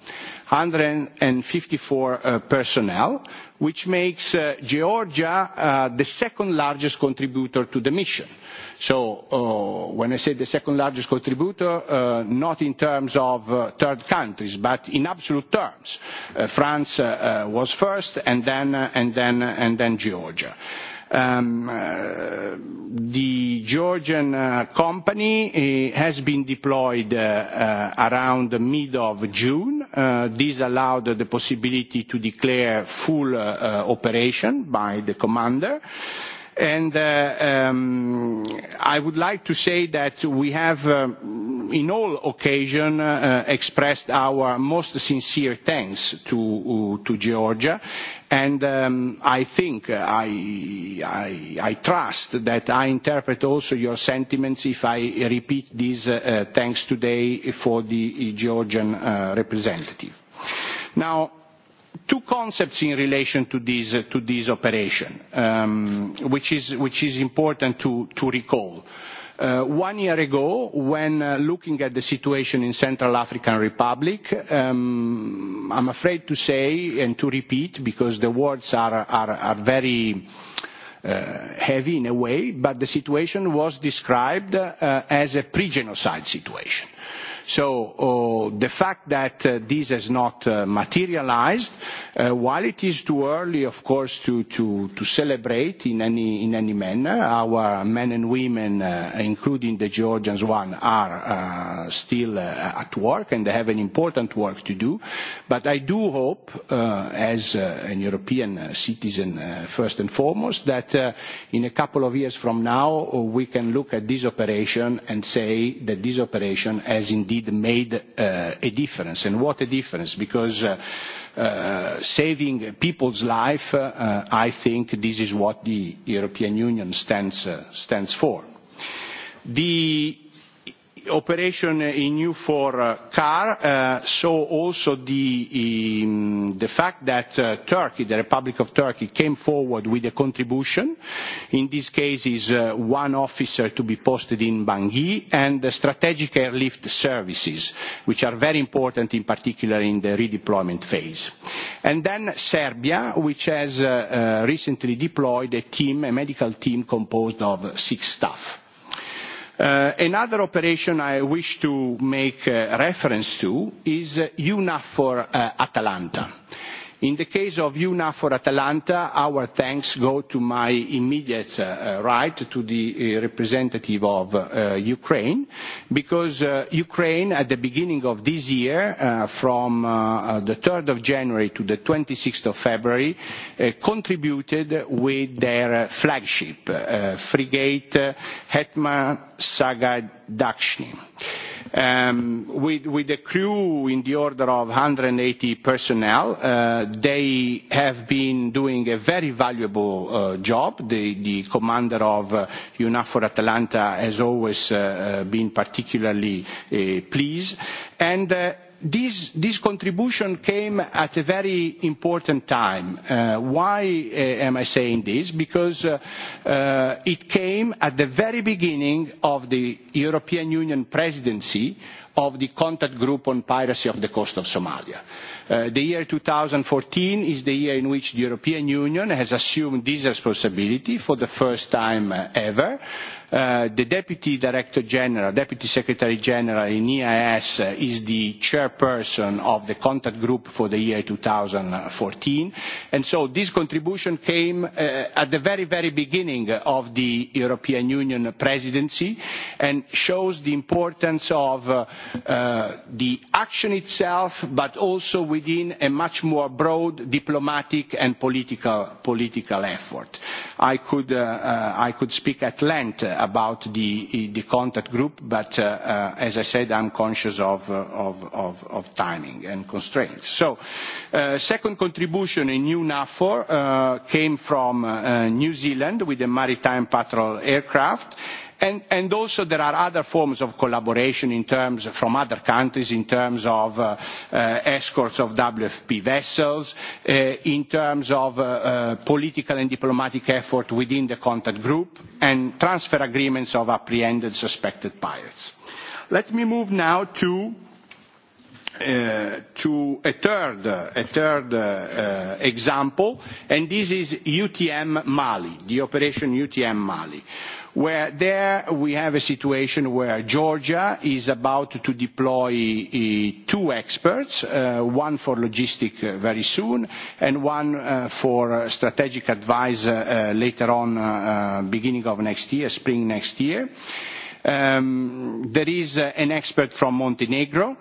154 uh, personnel, which makes Georgia the second largest contributor to the mission So uh, when I say the second largest contributor, uh, not in terms of uh, third countries, but in absolute terms. France was first and then Georgia. Um, the Georgian company has been deployed around the mid of June. This allowed the possibility to declare full operation by the commander and uh, um, i would like to say that we have on um, in all occasions uh, expressed our most sincere thanks to, uh, to georgia and um, i think I, I, trust that i interpret also your sentiments if i repeat these thanks today for the georgian representative. now two concepts in relation to this, uh, to this operation, um, which, is, which is important to, to recall. Uh, one year ago, when uh, looking at the situation in Central African Republic, um, I'm afraid to say and to repeat, because the words are, are, are very uh, heavy in a way, but the situation was described uh, as a pre-genocide situation So uh, the fact that uh, this has not uh, materialized, while it is too early, of course, to, to, to celebrate in any, in any manner, our men and women, including the Georgians one, are still at work and they have an important work to do. But I do hope, as an European citizen first and foremost, that in a couple of years from now, we can look at this operation and say that this operation has indeed indeed made uh, a difference and what a difference because uh, uh, saving people's life i think this is what the european union stands stands for the operation in eu for uh, car uh, so also the um, fact that uh, turkey the republic of turkey came forward with a contribution in this case is one officer to be posted in bangui and the strategic airlift services which are very important in particular in the redeployment phase and then serbia which has recently deployed a team a medical team composed of six staff Uh, another operation i wish to make uh, reference to is eunavfor uh, atalanta In the case of for Atalanta, our thanks go to my immediate uh, right, to the uh, representative of uh, Ukraine, because Ukraine at the beginning of this year, from the 3rd of January to the 26th of February, contributed with their flagship frigate Hetman Saga Um, with, with a crew in the order of 180 personnel, uh, they have been doing a very valuable uh, job. The, commander of uh, UNAFOR Atalanta has always been particularly pleased. And This, this contribution came at a very important time. Uh, why uh, am I saying this? Because uh, uh, it came at the very beginning of the European Union presidency of the contact group on piracy of the coast of Somalia. Uh, the year 2014 is the year in which the European Union has assumed this responsibility for the first time uh, ever Uh, the Deputy Director General, Deputy Secretary General in EIS is the chairperson of the contact group for the year 2014. And so this contribution came uh, at the very, very beginning of the European Union presidency and shows the importance of uh, the action itself, but also within a much more broad diplomatic and political, effort. I could, I could speak at length about the, the contact group, but uh, uh, as I said, I'm conscious uh, of, of, of, timing and constraints. So, second contribution in new NAFOR came from New Zealand with the maritime patrol aircraft and, also there are other forms of collaboration in terms from other countries in terms of uh, uh, escorts of wfp vessels uh, in terms of uh, uh, political and diplomatic effort within the contact group and transfer agreements of apprehended suspected pirates let me move now to Uh, to a third, a third uh, uh, example, and this is UTM Mali, the operation UTM Mali where there we have a situation where Georgia is about to deploy eh, two experts, eh, one for logistics eh, very soon and one for strategic advice later on beginning of next year, spring next year. Um, there is an expert from Montenegro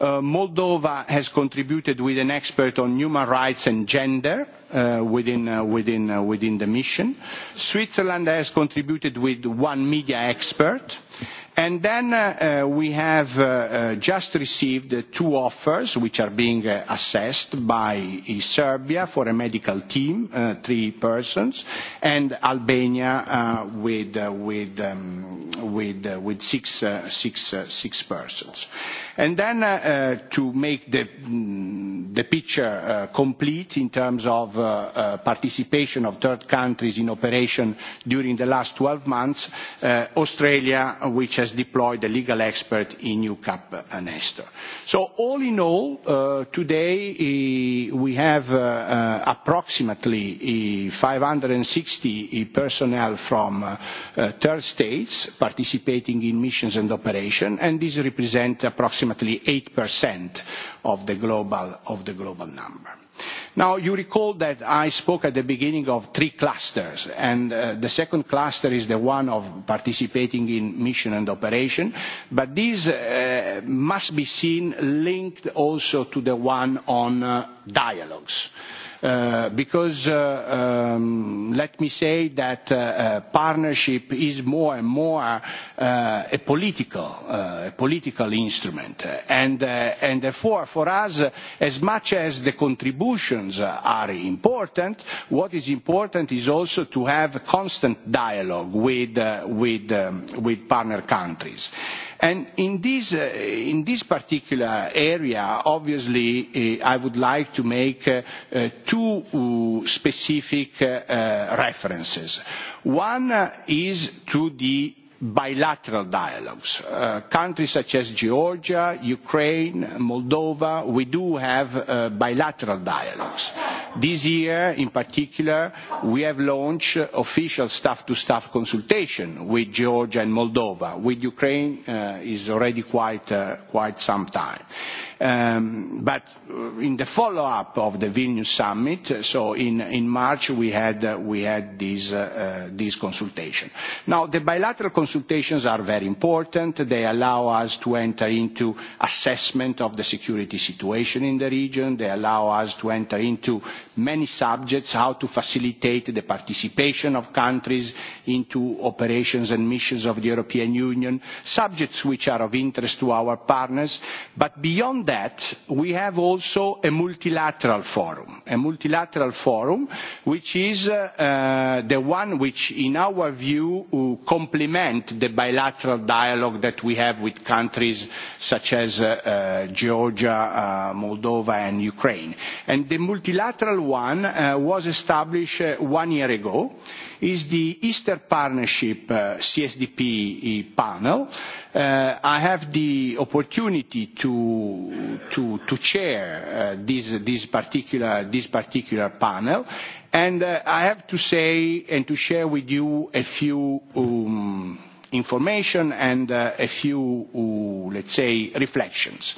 Uh, Moldova has contributed with an expert on human rights and gender uh, within, uh, within, uh, within the mission. Switzerland has contributed with one media expert then uh, uh, we have uh, just received two offers which are being assessed by Serbia for a medical team, three persons, and Albania with, six, persons. And then to make the mm, the picture uh, complete in terms of uh, uh, participation of third countries in operation during the last 12 months, Australia, which has deployed a legal expert in UCAP Nestor. So all in all, today eh, we have approximately 560 eh, eh, personnel from third states participating in missions and operations, and this represents approximately 8% of the global, of the global number. Now, you recall that I spoke at the beginning of three clusters, and uh, the second cluster is the one of participating in mission and operation, but these uh, must be seen linked also to the one on uh, dialogues. Uh, because uh, um, let me say that uh, uh partnership is more and more uh, a political a political instrument and and therefore for us as much as the contributions are important what is important is also to have constant dialogue with with um, with partner countries And in this, uh, in this particular area, obviously, uh, I would like to make uh, two specific references. One is to the bilateral dialogues. Uh, countries such as Georgia, Ukraine, Moldova, we do have uh, bilateral dialogues. This year, in particular, we have launched official staff-to-staff consultation with Georgia and Moldova. With Ukraine, uh, is already quite, quite some time Um, but in the follow up of the Vilnius summit, so in, in March we had, uh, we had these, uh, uh, these consultation. Now the bilateral consultations are very important. They allow us to enter into assessment of the security situation in the region. They allow us to enter into many subjects, how to facilitate the participation of countries into operations and missions of the European Union, subjects which are of interest to our partners. But beyond that we have also a multilateral forum a multilateral forum which is uh, uh the one which in our view uh, complements the bilateral dialogue that we have with countries such as uh, Georgia Moldova and Ukraine and the multilateral one was established one year ago is the Easter Partnership uh, CSDP panel. Uh, I have the opportunity to, to, to chair uh, this, this, particular, this particular panel and I have to say and to share with you a few um, information and uh, a few, uh, let's say, reflections.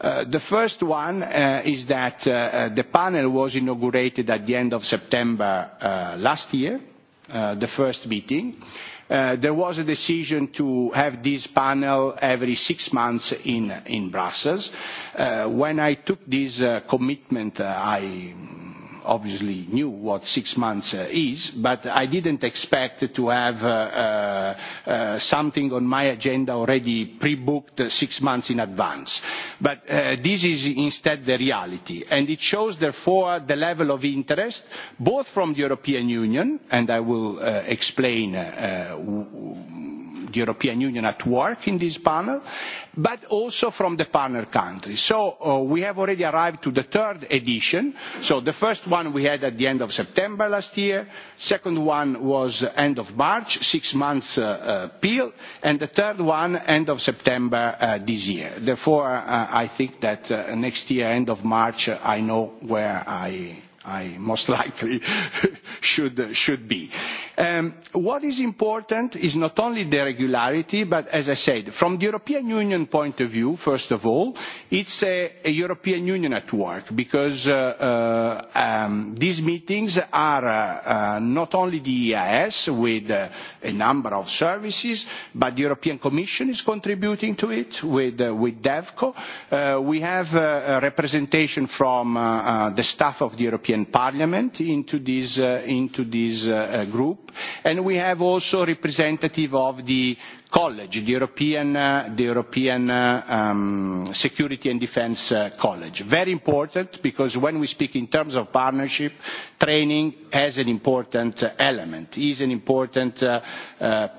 Uh, the first one is that the panel was inaugurated at the end of September last year Uh, the first meeting. Uh, there was a decision to have this panel every six months in, in Brussels. Uh, when I took this commitment, I obviously knew what six months uh, is, but I didn't expect to have uh, uh, something on my agenda already pre-booked six months in advance. But this is instead the reality, and it shows therefore the level of interest, both from the European Union, and I will explain the European Union at work in this panel, but also from the partner countries. So uh, we have already arrived to the third edition. So the first one we had at the end of September last year, second one was end of March, six months uh, uh appeal, and the third one end of September uh, this year. Therefore, I think that next year, end of March, I know where I i most likely should, should be. Um, what is important is not only the regularity, but as I said, from the European Union point of view, first of all, it's a, a European Union at work because uh, uh, um, these meetings are uh, not only the EIS with a number of services, but the European Commission is contributing to it with, with DEVCO. We have a representation from the staff of the European European Parliament into this, uh, into this uh, uh, group and we have also representative of the college the european uh, the european uh, um, security and defence uh, college very important because when we speak in terms of partnership training has an important element is an important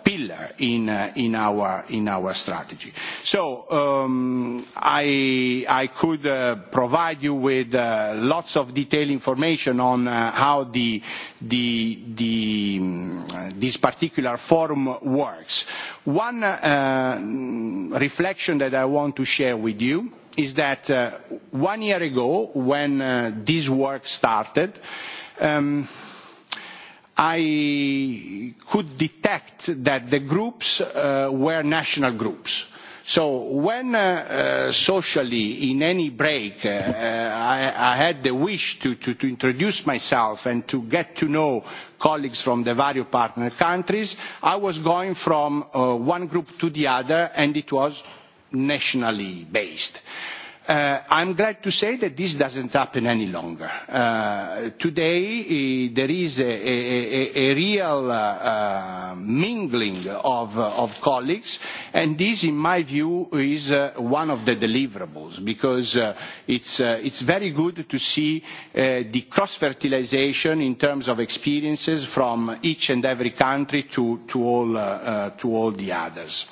pillar in in our in our strategy so um, i i could provide you with lots of detailed information on how the the the um, this particular forum works one uh, reflection that i want to share with you is that uh, one year ago when uh, this work started um, i could detect that the groups uh, were national groups So when uh, uh, socially in any break uh, I, had the wish to, to, to introduce myself and to get to know colleagues from the various partner countries, I was going from one group to the other and it was nationally based. Uh, I'm glad to say that this doesn't happen any longer. Uh, today uh, there is a, a, a real uh, uh, mingling of, uh, of colleagues and this in my view is one of the deliverables because it's, it's very good to see the cross-fertilization in terms of experiences from each and every country to, to, all, to all the others.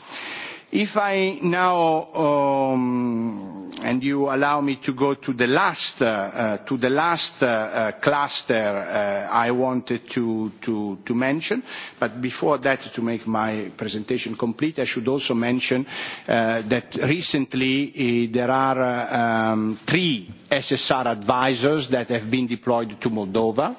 If I now um, and you allow me to go to the last uh, uh to the last uh, uh, cluster uh, I wanted to, to, to mention, but before that to make my presentation complete, I should also mention uh, that recently there are um, three SSR advisors that have been deployed to Moldova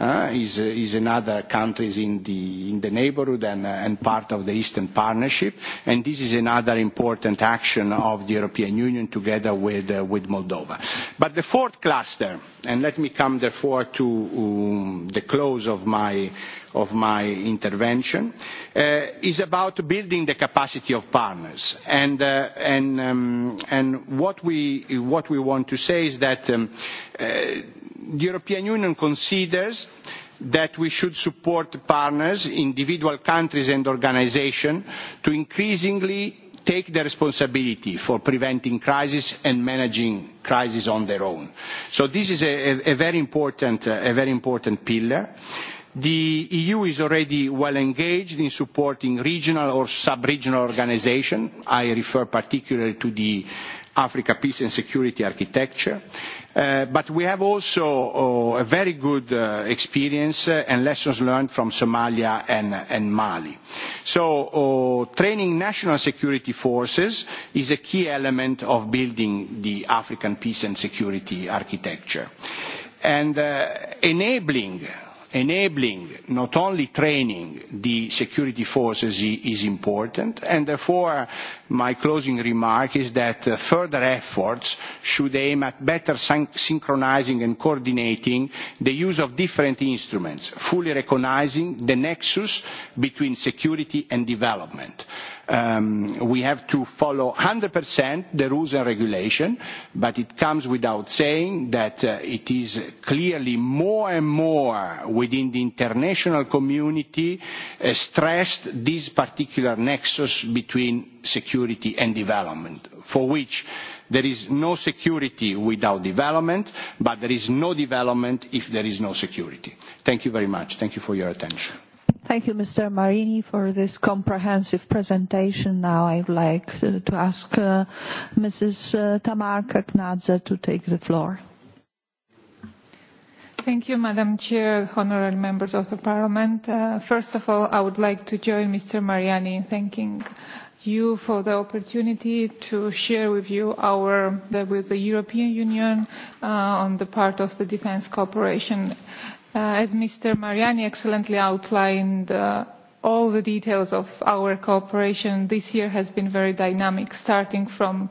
Uh, is, uh, is another country in the, in the neighborhood and, uh, and part of the Eastern Partnership. And this is another important action of the European Union together with, with Moldova. But the fourth cluster, and let me come therefore to um, the close of my, of my intervention, is about building the capacity of partners. And, and, um, and what, we, what we want to say is that um, the european union considers that we should support partners individual countries and organisations to increasingly take the responsibility for preventing crises and managing crises on their own. so this is a, very, important, a very important pillar. the eu is already well engaged in supporting regional or sub regional organisations i refer particularly to the africa peace and security architecture. Uh, but we have also uh, a very good uh, experience and lessons learned from Somalia and, Mali. So training national security forces is a key element of building the African peace and security architecture. And enabling enabling not only training the security forces is important and therefore my closing remark is that uh, further efforts should aim at better synchronizing and coordinating the use of different instruments fully recognizing the nexus between security and development Um, we have to follow 100% the rules and regulation, but it comes without saying that uh, it is clearly more and more within the international community uh, stressed this particular nexus between security and development, for which there is no security without development, but there is no development if there is no security. Thank you very much. Thank you for your attention. Thank you, Mr. Marini, for this comprehensive presentation. Now I would like uh, to ask uh, Mrs. Uh, Tamar Kaknadze to take the floor. Thank you, Madam Chair, honorable members of the Parliament. first of all, I would like to join Mr. Mariani in thanking you for the opportunity to share with you our with the European Union on the part of the defense cooperation Uh, as Mr Mariani excellently outlined uh, all the details of our cooperation this year has been very dynamic starting from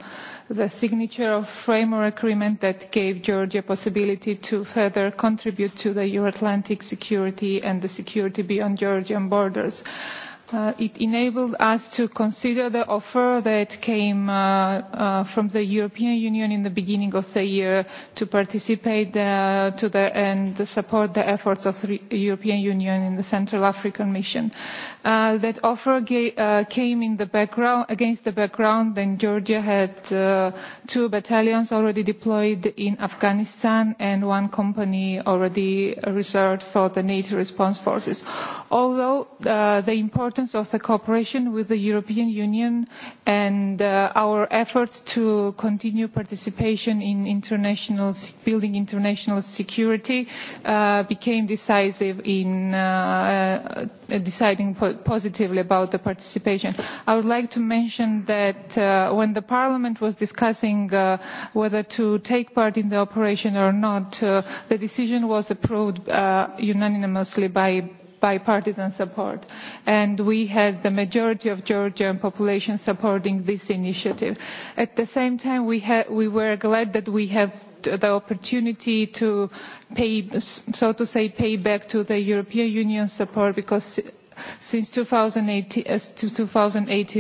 the signature of framework agreement that gave Georgia possibility to further contribute to the Euro-Atlantic security and the security beyond Georgian borders Uh, it enabled us to consider the offer that came uh, uh, from the European Union in the beginning of the year to participate uh, to the, and support the efforts of the European Union in the Central African Mission. Uh, that offer came in the background, against the background that Georgia had two battalions already deployed in Afghanistan and one company already reserved for the NATO response forces although uh, the importance of the cooperation with the European Union and uh, our efforts to continue participation in international building international security uh, became decisive in deciding positively about the participation. I would like to mention that when the Parliament was discussing whether to take part in the operation or not, the decision was approved unanimously by bipartisan support and we had the majority of georgian population supporting this initiative. at the same time we, we were glad that we have the opportunity to pay so to say pay back to the european union support because Since 2018,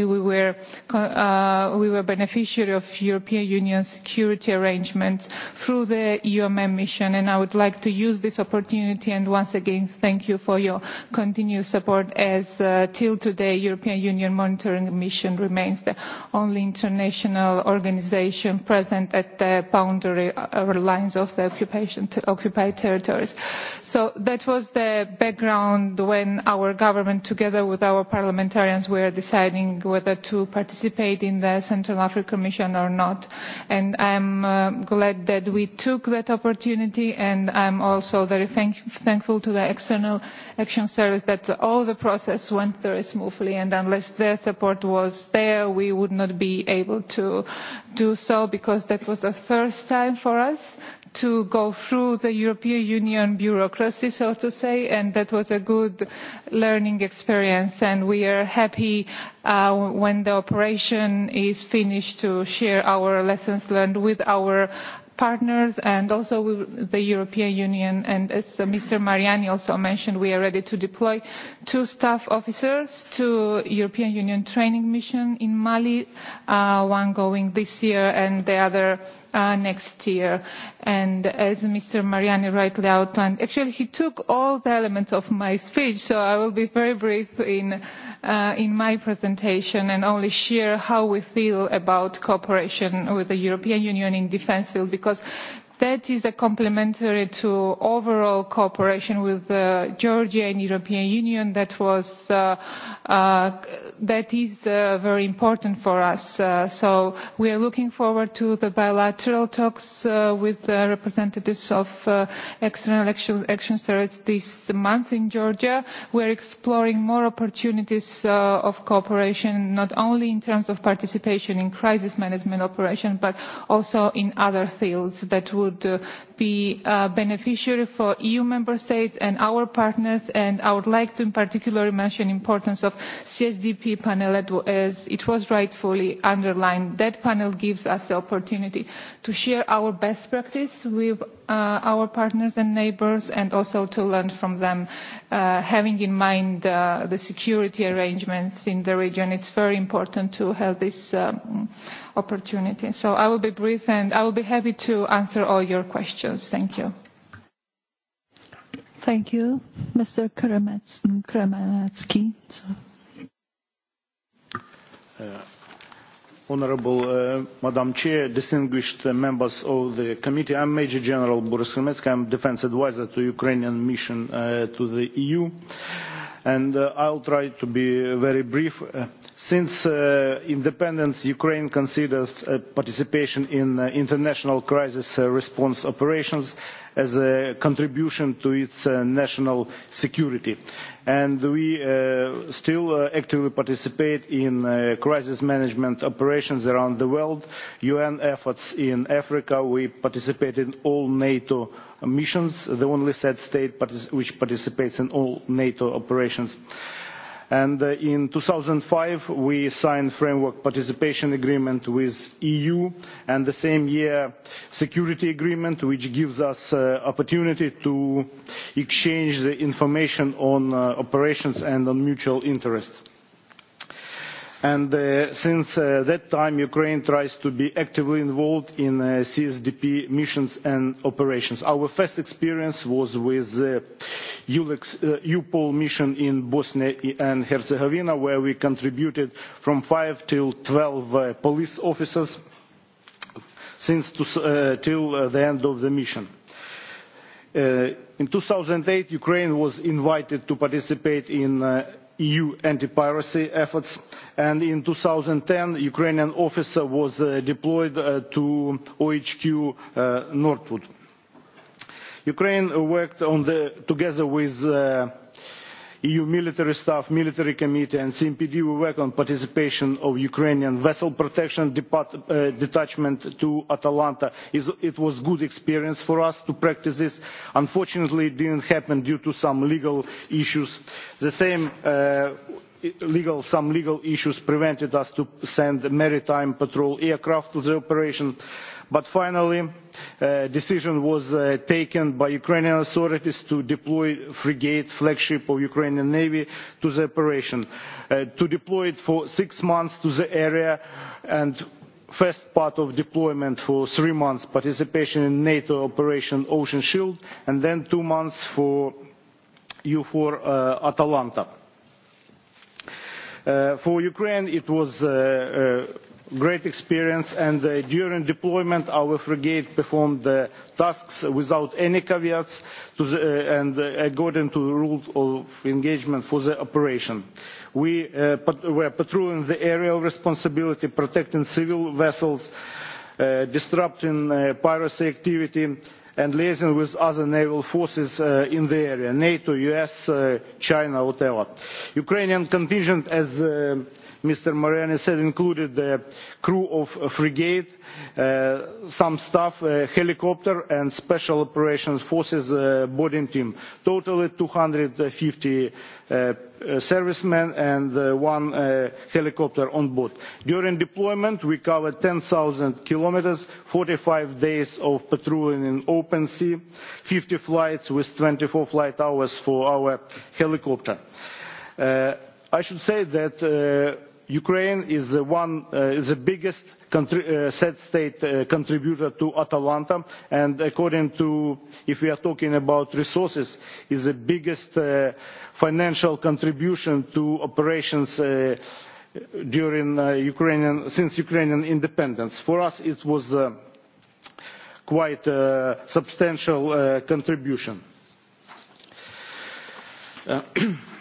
uh, we were, uh, we were beneficiary of European Union security arrangements through the UMM mission, and I would like to use this opportunity and once again thank you for your continued support as uh, till today European Union monitoring mission remains the only international organisation present at the boundary uh, lines of the occupied territories. So that was the background when our government government together with our parliamentarians we are deciding whether to participate in the central african mission or not and i am uh, glad that we took that opportunity and i am also very thank thankful to the external action service that all the process went very smoothly and unless their support was there we would not be able to do so because that was the first time for us to go through the European Union bureaucracy, so to say, and that was a good learning experience. And we are happy uh, when the operation is finished to share our lessons learned with our partners and also with the European Union. And as Mr. Mariani also mentioned, we are ready to deploy two staff officers to European Union training mission in Mali, uh, one going this year and the other Uh, next year. And as Mr. Mariani rightly outlined, actually he took all the elements of my speech, so I will be very brief in, uh, in my presentation and only share how we feel about cooperation with the European Union in defence field, because that is a complementary to overall cooperation with uh, georgia and european union that was uh, uh, that is very important for us so we are looking forward to the bilateral talks with representatives of external action, action service this month in georgia we are exploring more opportunities of cooperation not only in terms of participation in crisis management operation but also in other fields that will could be a beneficiary for EU member states and our partners and I would like to in particular mention the importance of the CSDP panel as it was rightfully underlined. That panel gives us the opportunity to share our best practice with uh, our partners and neighbours and also to learn from them uh, having in mind uh, the security arrangements in the region. It's very important to have this um, opportunity. So I will be brief and I will be happy to answer all your questions questions. Thank you. Thank you. Mr. Kremenetsky. Uh, honorable uh, Madam Chair, distinguished members of the committee, I'm Major General Boris I I'm defense advisor to Ukrainian mission uh, to the EU and uh, I'll try to be very brief. Uh, since uh, independence, Ukraine considers uh, participation in uh, international crisis uh, response operations as a contribution to its national security. And we still actively participate in crisis management operations around the world, UN efforts in Africa. We participate in all NATO missions, the only said state which participates in all NATO operations. And uh, in 2005, we signed framework participation agreement with EU and the same year security agreement, which gives us uh, opportunity to exchange the information on uh, operations and on mutual interest and uh, since uh, that time ukraine tries to be actively involved in uh, csdp missions and operations. our first experience was with the uh, eupol uh, mission in bosnia and herzegovina where we contributed from five to twelve uh, police officers since to, till the end of the mission. in 2008, ukraine was invited to participate in eu anti piracy efforts and in 2010 a ukrainian officer was uh, deployed uh, to ohq uh, Northwood. ukraine worked on together with eu military staff military committee and cmpd we work on participation of ukrainian vessel protection uh, detachment to atalanta. it was a good experience for us to practice this. unfortunately it did not happen due to some legal issues. the same uh, legal, some legal issues prevented us from sending maritime patrol aircraft to the operation but finally a uh, decision was uh, taken by ukrainian authorities to deploy frigate flagship of ukrainian navy to the operation uh, to deploy it for six months to the area and first part of deployment for three months participation in nato operation ocean shield and then two months for eufor for atalanta. for ukraine it was great experience and uh, during deployment our frigate performed the tasks without any caveats uh, and uh, according to the rules of engagement for the operation. We were patrolling the area of responsibility, protecting civil vessels, disrupting piracy activity and liaising with other naval forces in the area, NATO, US, China, whatever. Ukrainian contingent as Mr. Mariani said, included the crew of a frigate, uh, some staff, a helicopter and special operations forces uh, boarding team. Totally fifty uh, servicemen and one helicopter on board. During deployment, we covered ten 10,000 kilometers, five days of patrolling in open sea, fifty flights with twenty four flight hours for our helicopter. I should say that Ukraine is the, one, uh, the biggest uh, said state uh, contributor to Atalanta and according to, if we are talking about resources, is the biggest uh, financial contribution to operations during Ukrainian, since Ukrainian independence. For us it was quite a substantial contribution.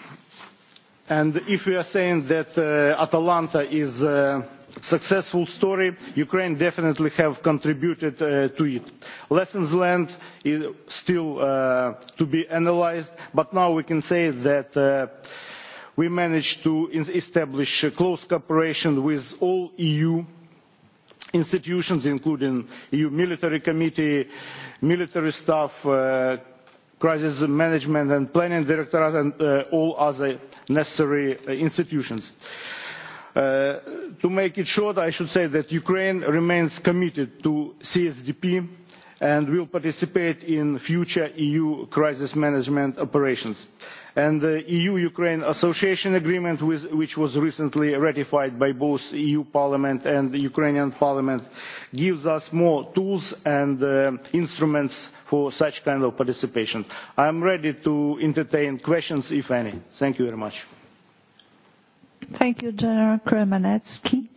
and if we are saying that uh, atalanta is a successful story ukraine definitely have contributed uh, to it. lessons learned is still uh, to be analysed but now we can say that we managed to establish close cooperation with all eu institutions including the eu military committee military staff crisis management and planning directorate and uh, all other necessary uh, institutions. Uh, to make it short i should say that ukraine remains committed to csdp and will participate in future eu crisis management operations and the eu ukraine association agreement with, which was recently ratified by both eu parliament and the ukrainian parliament gives us more tools and uh, instruments for such kind of participation. I am ready to entertain questions, if any. Thank you very much. Thank you, General Kremenetsky.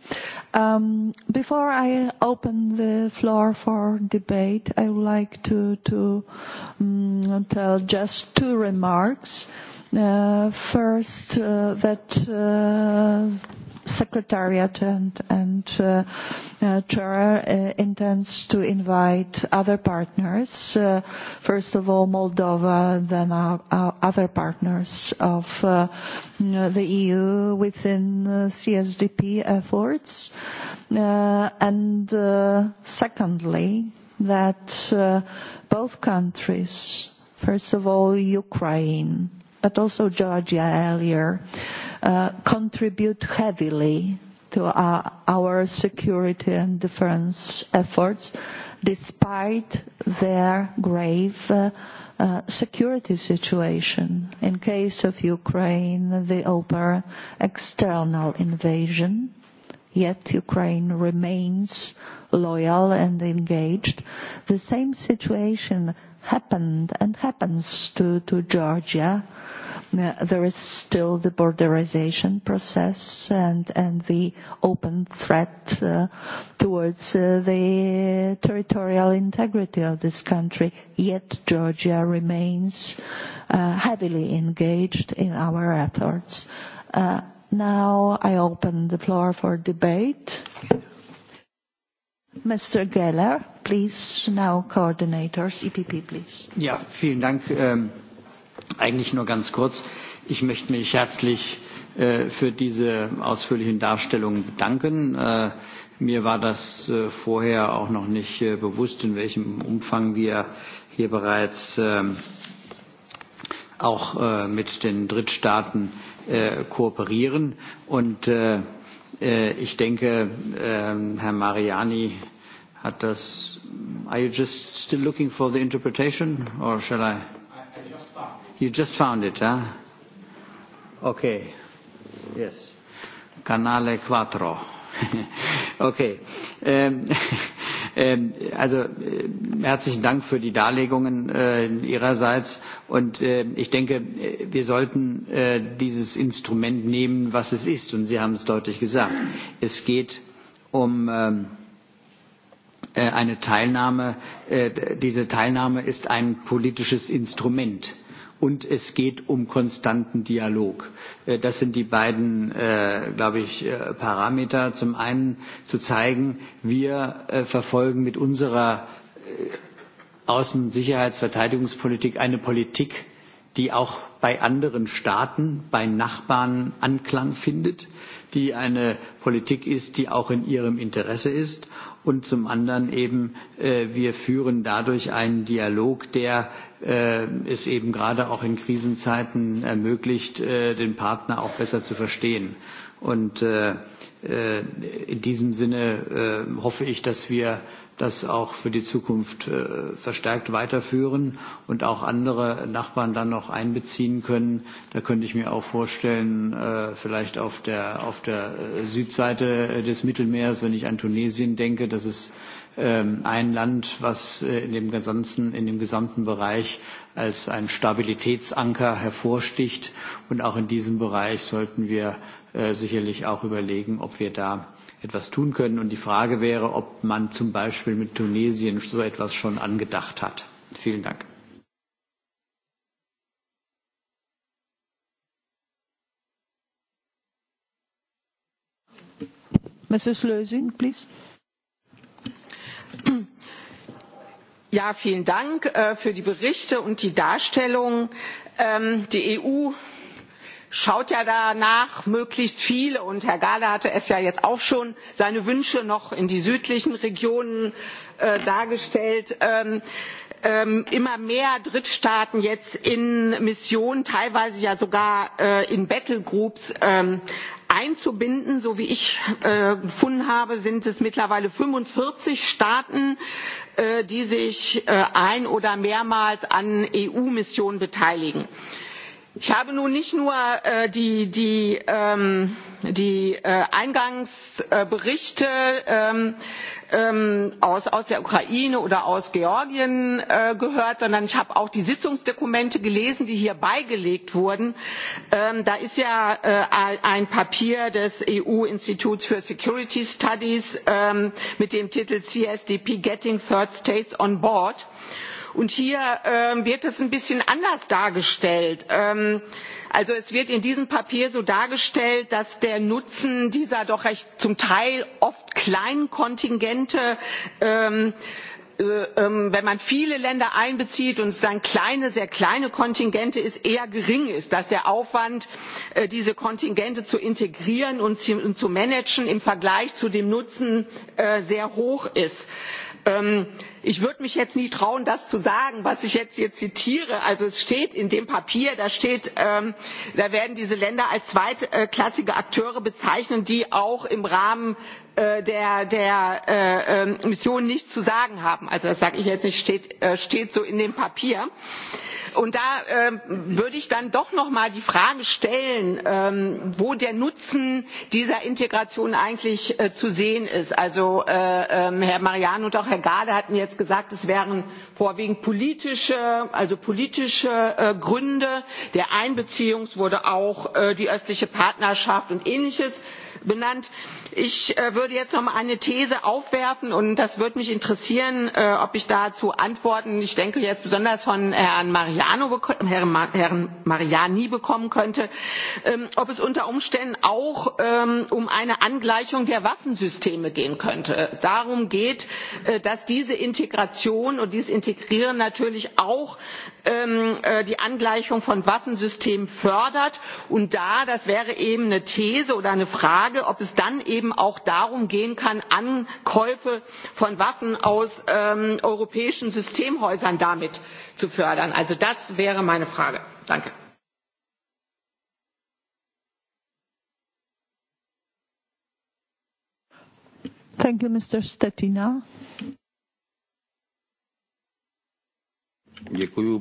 Um, before I open the floor for debate, I would like to, to um, tell just two remarks. Uh, first, uh, that uh, Secretariat and, and uh, uh, Chair uh, intends to invite other partners, uh, first of all Moldova, then our, our other partners of uh, the EU within uh, CSDP efforts. And secondly, that both countries, first of all Ukraine, but also Georgia earlier, Uh, contribute heavily to our, our security and defense efforts despite their grave uh, uh, security situation. In case of Ukraine, the open external invasion, yet Ukraine remains loyal and engaged. The same situation happened and happens to, to Georgia. Uh, there is still the borderization process and, and the open threat uh, towards uh, the territorial integrity of this country. Yet Georgia remains uh, heavily engaged in our efforts. Uh, now I open the floor for debate. Mr. Geller, please, now coordinators, EPP, please. Ja, vielen Dank. Ähm, eigentlich nur ganz kurz. Ich möchte mich herzlich äh, für diese ausführlichen Darstellungen bedanken. Äh, mir war das äh, vorher auch noch nicht bewusst, in welchem Umfang wir hier bereits ähm, auch mit den Drittstaaten kooperieren. Und Äh, ich denke, ähm, Herr Mariani hat das. Are you just still looking for the interpretation or shall I? I, I just found it. You just found it, huh? Okay. Yes. Canale 4. okay. Um, Ähm, also äh, herzlichen Dank für die Darlegungen äh, Ihrerseits. Und äh, ich denke, wir sollten dieses Instrument nehmen, was es ist. Und Sie haben es deutlich gesagt. Es geht um ähm, eine Teilnahme. Diese Teilnahme ist ein politisches Instrument und es geht um konstanten Dialog. Äh, das sind die beiden, äh, glaube ich, äh, Parameter. Zum einen zu zeigen, wir verfolgen mit unserer Außen-, Verteidigungspolitik eine Politik, die auch bei anderen Staaten, bei Nachbarn Anklang findet, die eine Politik ist, die auch in ihrem Interesse ist und zum anderen eben äh, wir führen dadurch einen dialog der äh, es eben gerade auch in krisenzeiten ermöglicht äh, den partner auch besser zu verstehen und in diesem sinne hoffe ich dass wir das auch für die Zukunft äh, verstärkt weiterführen und auch andere Nachbarn dann noch einbeziehen können. Da könnte ich mir auch vorstellen, äh, vielleicht auf der, auf der äh, Südseite des Mittelmeers, wenn ich an Tunesien denke, dass es ähm, ein Land, was in dem, gesamten, in dem gesamten Bereich als ein Stabilitätsanker hervorsticht. Und auch in diesem Bereich sollten wir sicherlich auch überlegen, ob wir da etwas tun können. Und die Frage wäre, ob man zum Beispiel mit Tunesien so etwas schon angedacht hat. Vielen Dank. Mrs. Lösing, please. Ja, vielen Dank äh, für die Berichte und die Darstellung. Ähm, die EU schaut ja danach möglichst viele, und herr gahler hatte es ja jetzt auch schon seine wünsche noch in die südlichen regionen äh, dargestellt ähm, ähm, immer mehr drittstaaten jetzt in missionen teilweise ja sogar äh, in battlegroups ähm, einzubinden. so wie ich äh, gefunden habe sind es mittlerweile fünfundvierzig staaten die sich ein oder mehrmals an eu missionen beteiligen ich habe nun nicht nur äh, die, ähm, äh, eingangsberichte ähm, ähm, aus, der ukraine oder aus georgien äh, gehört sondern ich habe auch die sitzungsdokumente gelesen die hier beigelegt wurden. da ist ja ein papier des eu instituts for security studies mit dem titel csdp getting third states on board und hier ähm, wird es ein bisschen anders dargestellt. Ähm, also es wird in diesem papier so dargestellt dass der nutzen dieser doch recht zum teil oft kleinen kontingente ähm, äh, wenn man viele länder einbezieht und es dann kleine sehr kleine kontingente ist eher gering ist dass der aufwand äh, diese kontingente zu integrieren und zu managen im vergleich zu dem nutzen äh, sehr hoch ist. Ähm, ich würde mich jetzt nicht trauen das zu sagen was ich jetzt hier zitiere also es steht in dem papier da steht ähm, da werden diese länder als zweitklassige akteure bezeichnet die auch im rahmen äh, der, äh, ähm, mission nichts zu sagen haben also das sage ich jetzt nicht steht, äh, steht so in dem papier und da ähm, würde ich dann doch noch mal die frage stellen ähm, wo der nutzen dieser integration eigentlich äh, zu sehen ist. also äh, ähm, herr mariano und auch herr gahler hatten jetzt gesagt es wären vorwiegend politische also politische äh, gründe der einbeziehung es wurde auch die östliche partnerschaft und ähnliches benannt ich äh, würde jetzt noch mal eine these aufwerfen und das würde mich interessieren äh, ob ich dazu antworten ich denke jetzt besonders von herrn, Mariano, herrn mariani bekommen könnte ähm, ob es unter umständen auch ähm, um eine angleichung der waffensysteme gehen könnte. es darum geht äh, dass diese integration und dieses integrieren natürlich auch ähm, die angleichung von waffensystemen fördert und da das wäre eben eine these oder eine frage ob es dann eben auch darum gehen kann ankäufe von waffen aus ähm, europäischen systemhäusern damit zu fördern. also das wäre meine frage. danke. Thank you, Mr. Stetina.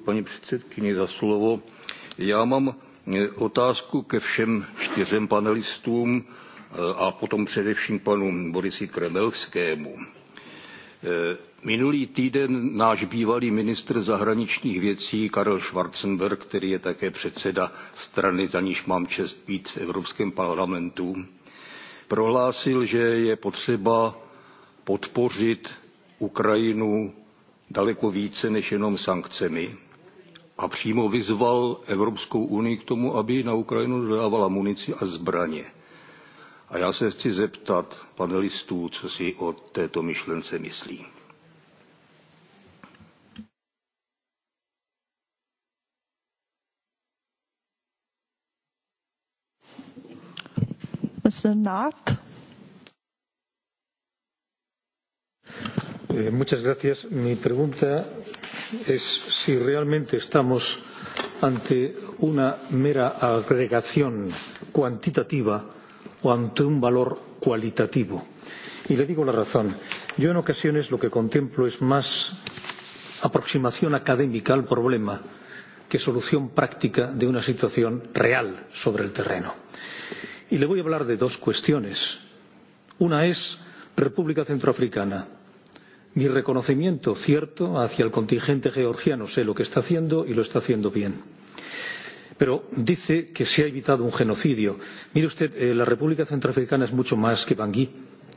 paní předsedkyni, za Já mám eh, otázku ke všem čtyřem panelistům a potom především panu Borisi Kremelskému. E, minulý týden náš bývalý ministr zahraničních věcí Karel Schwarzenberg, který je také předseda strany, za níž mám čest být v Evropském parlamentu, prohlásil, že je potřeba podpořit Ukrajinu daleko více než jenom sankcemi a přímo vyzval Evropskou unii k tomu, aby na Ukrajinu dodávala munici a zbraně a já se chci zeptat panelistů co si o této myšlence myslí. Senat. Eh, muchas gracias. Mi pregunta es si realmente estamos ante una mera agregación cuantitativa o ante un valor cualitativo. Y le digo la razón. Yo en ocasiones lo que contemplo es más aproximación académica al problema que solución práctica de una situación real sobre el terreno. Y le voy a hablar de dos cuestiones. Una es República Centroafricana. Mi reconocimiento cierto hacia el contingente georgiano. Sé lo que está haciendo y lo está haciendo bien pero dice que se ha evitado un genocidio. Mire usted, eh, la República Centroafricana es mucho más que Bangui,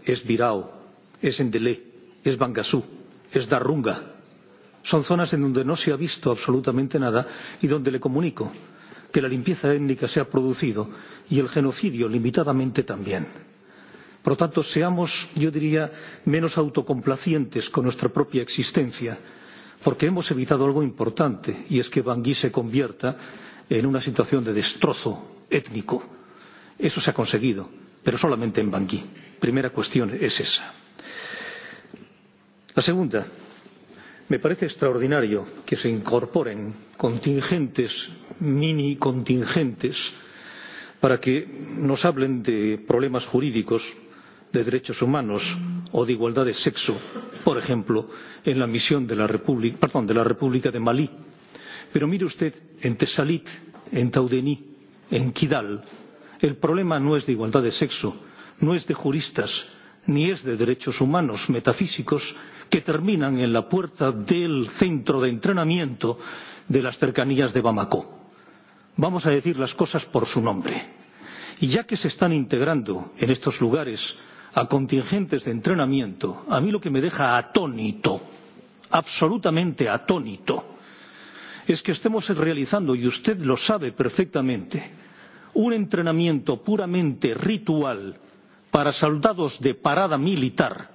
es Birao, es Endelé, es Bangasú, es Darunga. Son zonas en donde no se ha visto absolutamente nada y donde le comunico que la limpieza étnica se ha producido y el genocidio limitadamente también. Por lo tanto, seamos, yo diría, menos autocomplacientes con nuestra propia existencia, porque hemos evitado algo importante, y es que Bangui se convierta en una situación de destrozo étnico. Eso se ha conseguido, pero solamente en Bangui. Primera cuestión es esa. La segunda, me parece extraordinario que se incorporen contingentes, mini contingentes, para que nos hablen de problemas jurídicos, de derechos humanos o de igualdad de sexo, por ejemplo, en la misión de la República, perdón, de la República de Malí pero mire usted en tesalit en taudení en kidal el problema no es de igualdad de sexo no es de juristas ni es de derechos humanos metafísicos que terminan en la puerta del centro de entrenamiento de las cercanías de bamako. vamos a decir las cosas por su nombre y ya que se están integrando en estos lugares a contingentes de entrenamiento a mí lo que me deja atónito absolutamente atónito es que estemos realizando y usted lo sabe perfectamente un entrenamiento puramente ritual para soldados de parada militar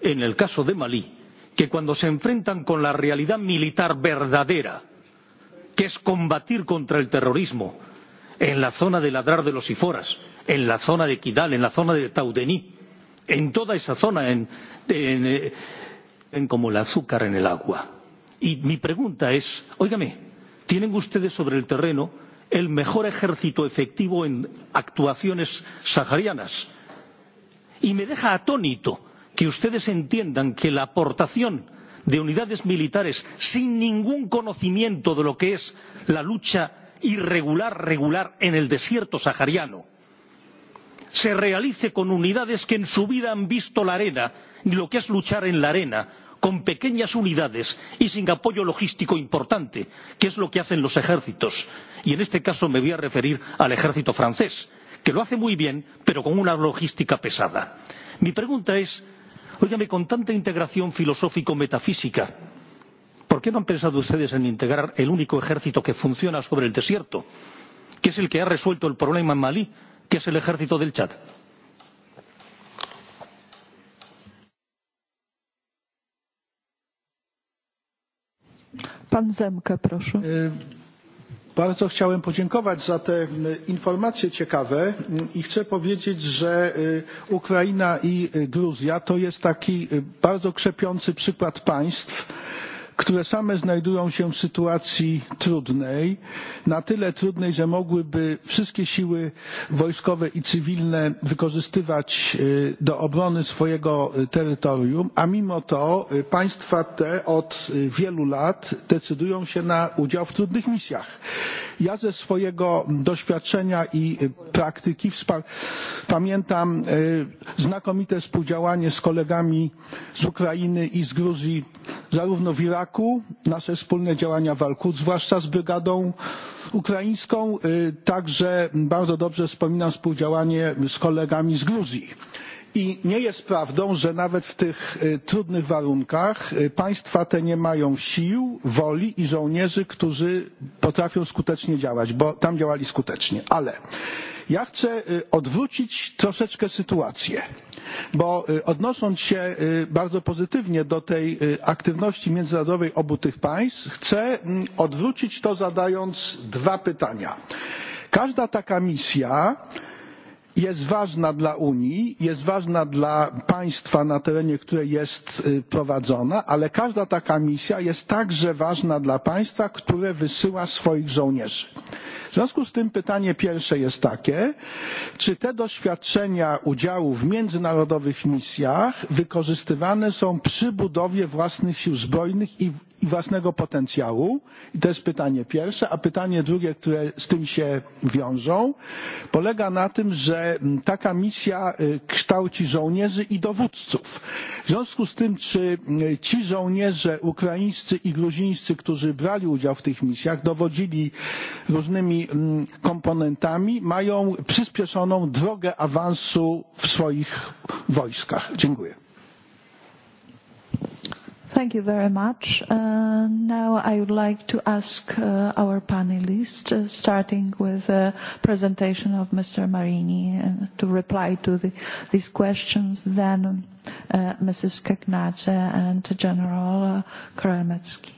en el caso de malí que cuando se enfrentan con la realidad militar verdadera que es combatir contra el terrorismo en la zona del ladrar de los Iforas, en la zona de Kidal, en la zona de Taudení, en toda esa zona, en, en como el azúcar en el agua y mi pregunta es óigame tienen ustedes sobre el terreno el mejor ejército efectivo en actuaciones saharianas y me deja atónito que ustedes entiendan que la aportación de unidades militares sin ningún conocimiento de lo que es la lucha irregular regular en el desierto sahariano se realice con unidades que en su vida han visto la arena y lo que es luchar en la arena con pequeñas unidades y sin apoyo logístico importante que es lo que hacen los ejércitos y en este caso me voy a referir al ejército francés que lo hace muy bien pero con una logística pesada. mi pregunta es óigame con tanta integración filosófico metafísica por qué no han pensado ustedes en integrar el único ejército que funciona sobre el desierto que es el que ha resuelto el problema en malí que es el ejército del chad? Pan Zemke, proszę. Bardzo chciałem podziękować za te informacje ciekawe i chcę powiedzieć, że Ukraina i Gruzja to jest taki bardzo krzepiący przykład państw, które same znajdują się w sytuacji trudnej na tyle trudnej że mogłyby wszystkie siły wojskowe i cywilne wykorzystywać do obrony swojego terytorium a mimo to państwa te od wielu lat decydują się na udział w trudnych misjach ja ze swojego doświadczenia i e, praktyki pamiętam e, znakomite współdziałanie z kolegami z Ukrainy i z Gruzji zarówno w Iraku nasze wspólne działania w al zwłaszcza z brygadą ukraińską e, także bardzo dobrze wspominam współdziałanie z kolegami z Gruzji i nie jest prawdą że nawet w tych e, trudnych warunkach e, państwa te nie mają sił woli i żołnierzy którzy potrafią skutecznie działać bo tam działali skutecznie ale ja chcę e, odwrócić troszeczkę sytuację bo odnosząc się bardzo pozytywnie do tej aktywności międzynarodowej obu tych państw chcę odwrócić to zadając dwa pytania każda taka misja jest ważna dla unii jest ważna dla państwa na terenie której jest prowadzona ale każda taka misja jest także ważna dla państwa które wysyła swoich żołnierzy. w związku z tym pytanie pierwsze jest takie czy te doświadczenia udziału w międzynarodowych misjach wykorzystywane są przy budowie własnych sił zbrojnych i i własnego potencjału? I to jest pytanie pierwsze. A pytanie drugie, które z tym się wiążą, polega na tym, że taka misja kształci żołnierzy i dowódców. W związku z tym, czy ci żołnierze ukraińscy i gruzińscy, którzy brali udział w tych misjach, dowodzili różnymi komponentami, mają przyspieszoną drogę awansu w swoich wojskach? Dziękuję. Thank you very much. Uh, now I would like to ask uh, our panelists, uh, starting with the presentation of Mr. Marini, to reply to the, these questions, then Mrs. Keknacz and General Kromecki.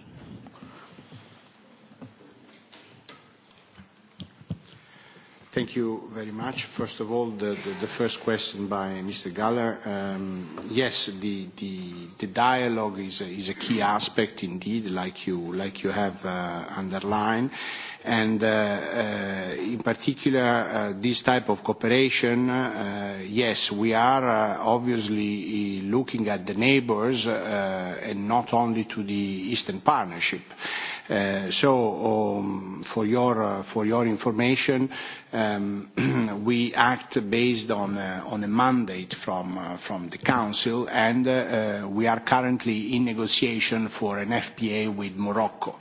Thank you very much. First of all, the, the, the first question by Mr. Galler. Um, yes, the, the, the dialogue is a, is a key aspect indeed, like you, like you have uh, underlined. And uh, uh, in particular, uh, this type of cooperation, uh, yes, we are uh, obviously looking at the neighbors and not only to the Eastern Partnership. Uh, so um, for your uh, for your information um, we act based on uh, on a mandate from from the council and we are currently in negotiation for an FPA with Morocco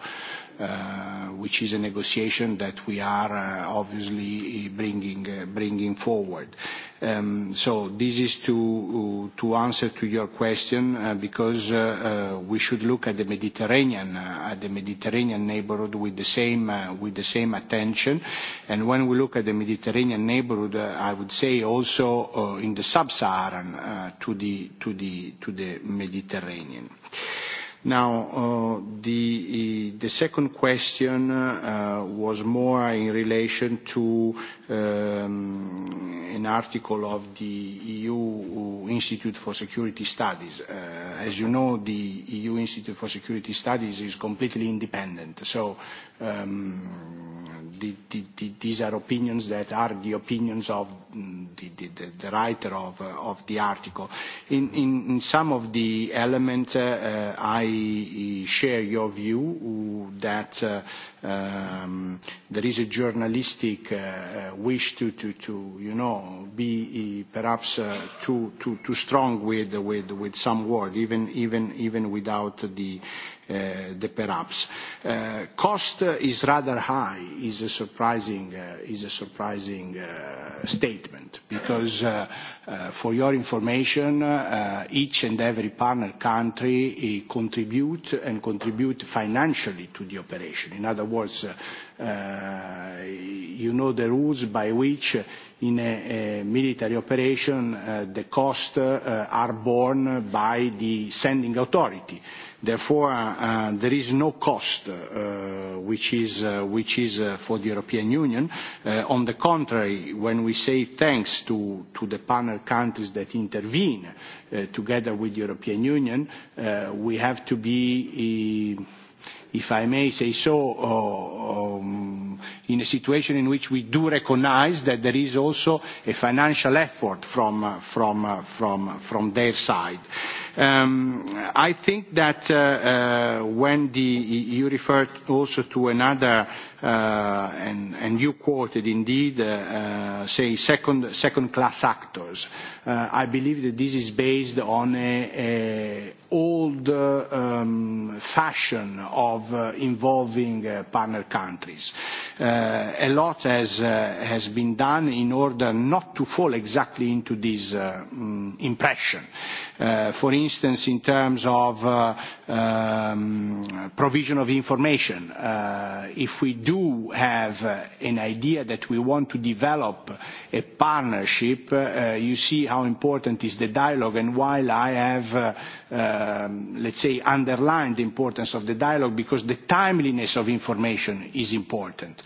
Uh, which is a negotiation that we are uh, obviously uh, bringing, bringing forward. Um, so this is to, to answer to your question because we should look at the Mediterranean, at the Mediterranean neighborhood with the same, with the same attention. And when we look at the Mediterranean neighborhood, I would say also in the sub-Saharan to, the, to the Mediterranean. Now, uh, the, the second question uh, was more in relation to um, an article of the EU Institute for Security Studies. Uh, as you know, the EU Institute for Security Studies is completely independent, so um, these are opinions that are the opinions of the writer of, of the article. In, in, in some of the elements, I i share your view uh, that uh, um, there is a journalistic uh, uh, wish to, to, to, you know, be uh, perhaps too, too, strong with, with, with some word, even, even, even without the, Uh, the perhaps. cost is rather high is a surprising is a surprising statement because for your information each and every partner country contribute and contribute financially to the operation in other Uh, you know the rules by which in a, military operation uh, the costs uh, are borne by the sending authority. Therefore, there is no cost which is, which is for the European Union. On the contrary, when we say thanks to, to the partner countries that intervene together with the European Union, we have to be if I may say so, uh, um, in a situation in which we do recognize that there is also a financial effort from, uh, from, uh, from, from their side. Um, I think that uh, uh, when the, you referred also to another, uh, and, you quoted indeed, say, second, class actors, I believe that this is based on an old um, fashion of involving partner countries. A lot has, has been done in order not to fall exactly into this mm, impression. Uh, for instance in terms of uh, um, provision of information uh, if we do have an idea that we want to develop a partnership you see how important is the dialogue and while i have um, let's say underlined the importance of the dialogue because the timeliness of information is important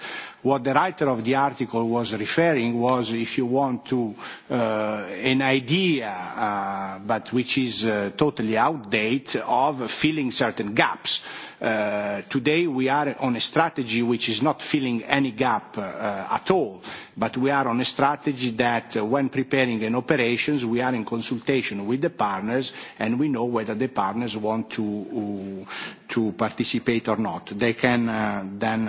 What the writer of the article was referring was, if you want to, uh, an idea, uh, but which is uh, totally outdated, of filling certain gaps Uh, today we are on a strategy which is not filling any gap uh, at all, but we are on a strategy that uh, when preparing an operations we are in consultation with the partners and we know whether the partners want to, to participate or not. They can then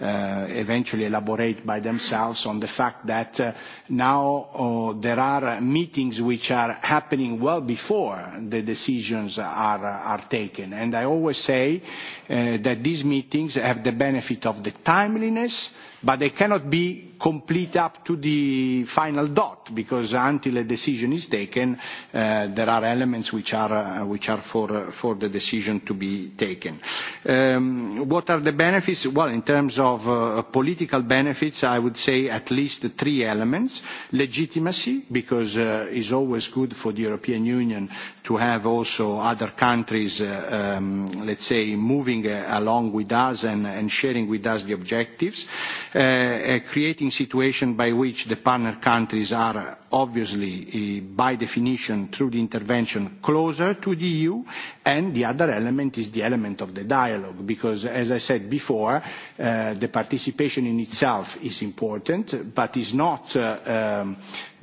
eventually elaborate by themselves on the fact that now there are meetings which are happening well before the decisions are, are taken. And I always say Uh, that these meetings have the benefit of the timeliness but they cannot be complete up to the final dot because until a decision is taken uh, there are elements which are uh, which are for uh, for the decision to be taken um, what are the benefits well in terms of uh, political benefits i would say at least three elements legitimacy because it uh, is always good for the european union to have also other countries uh, um, let's say moving along with us and, and sharing with us the objectives creating situation by which the partner countries are uh, obviously uh, by definition through the intervention closer to the eu and the other element is the element of the dialogue because as i said before uh, the participation in itself is important but is not uh, um,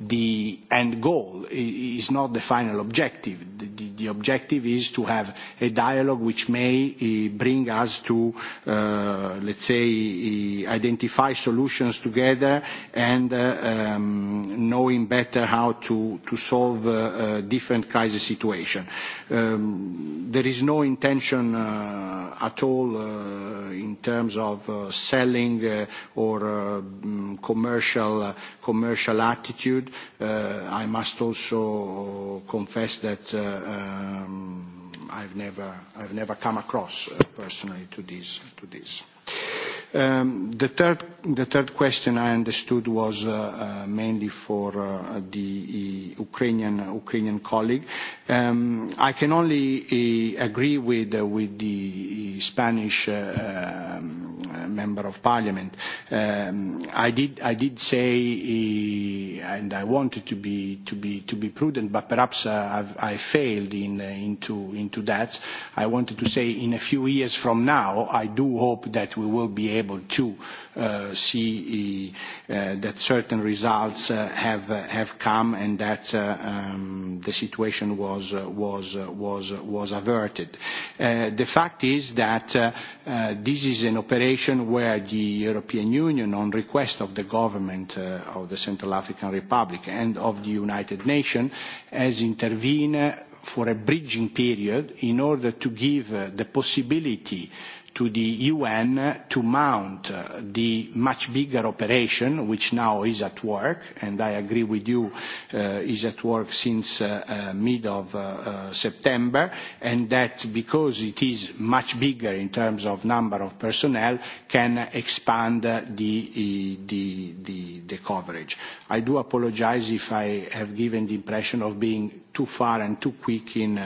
the end goal is not the final objective. The, the, the objective is to have a dialogue which may eh, bring us to, uh, let's say, eh, identify solutions together and uh, um, knowing better how to, to solve uh, different crisis situations. Um, there is no intention uh, at all uh, in terms of uh, selling or mm, commercial commercial attitude. I must also confess that um, I've never I've never come across personally to this to this. Um, the, third, the third question I understood was uh, uh mainly for uh, the Ukrainian, Ukrainian colleague. Um, I can only uh, agree with, the Spanish um, Uh, member of parliament um, i did i did say eh, and i wanted to be to be to be prudent but perhaps uh, i failed in uh, into into that i wanted to say in a few years from now i do hope that we will be able to see eh, that certain results have have come and that um, the situation was was was averted the fact is that this is an operation situation where the European Union, on request of the government uh, of the Central African Republic and of the United Nations, has intervened for a bridging period in order to give uh, the possibility to the UN to mount uh, the much bigger operation which now is at work and I agree with you uh, is at work since uh, uh, mid of uh, uh, September and that because it is much bigger in terms of number of personnel can expand the, the, the, the coverage. I do apologize if I have given the impression of being too far and too quick in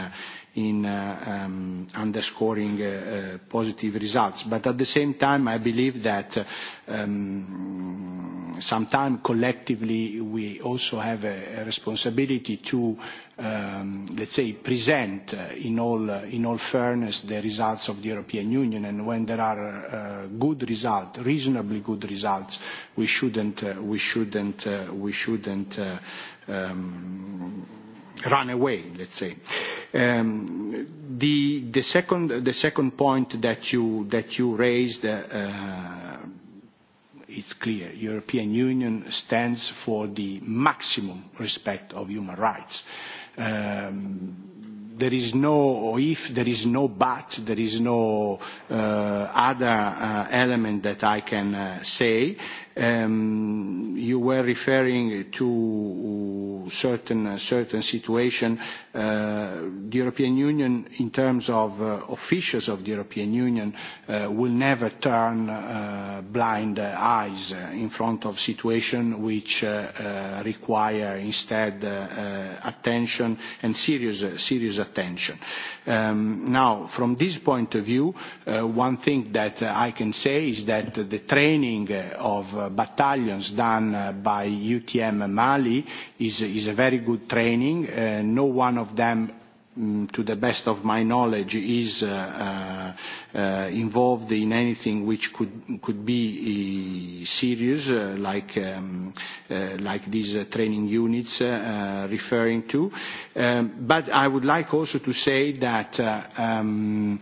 in uh, um, underscoring uh, uh, positive results. But at the same time, I believe that um, sometime collectively we also have a, responsibility to um, let's say present in all in all fairness the results of the European Union and when there are good results reasonably good results we shouldn't we shouldn't we shouldn't run away let's say um, the the second the second point that you that you raised uh, uh it's clear european union stands for the maximum respect of human rights um, there is no if there is no but there is no uh, other uh, element that i can uh, say Um, you were referring to certain certain situation. Uh, the European Union, in terms of uh, officials of the European Union, uh, will never turn blind eyes in front of situation which require instead attention and serious serious attention. Um, now, from this point of view, one thing that I can say is that the training of battalions done uh, by UTM Mali is, is a very good training. Uh, no one of them mm, to the best of my knowledge is uh, involved in anything which could could be serious like um, like these training units referring to um, but i would like also to say that um,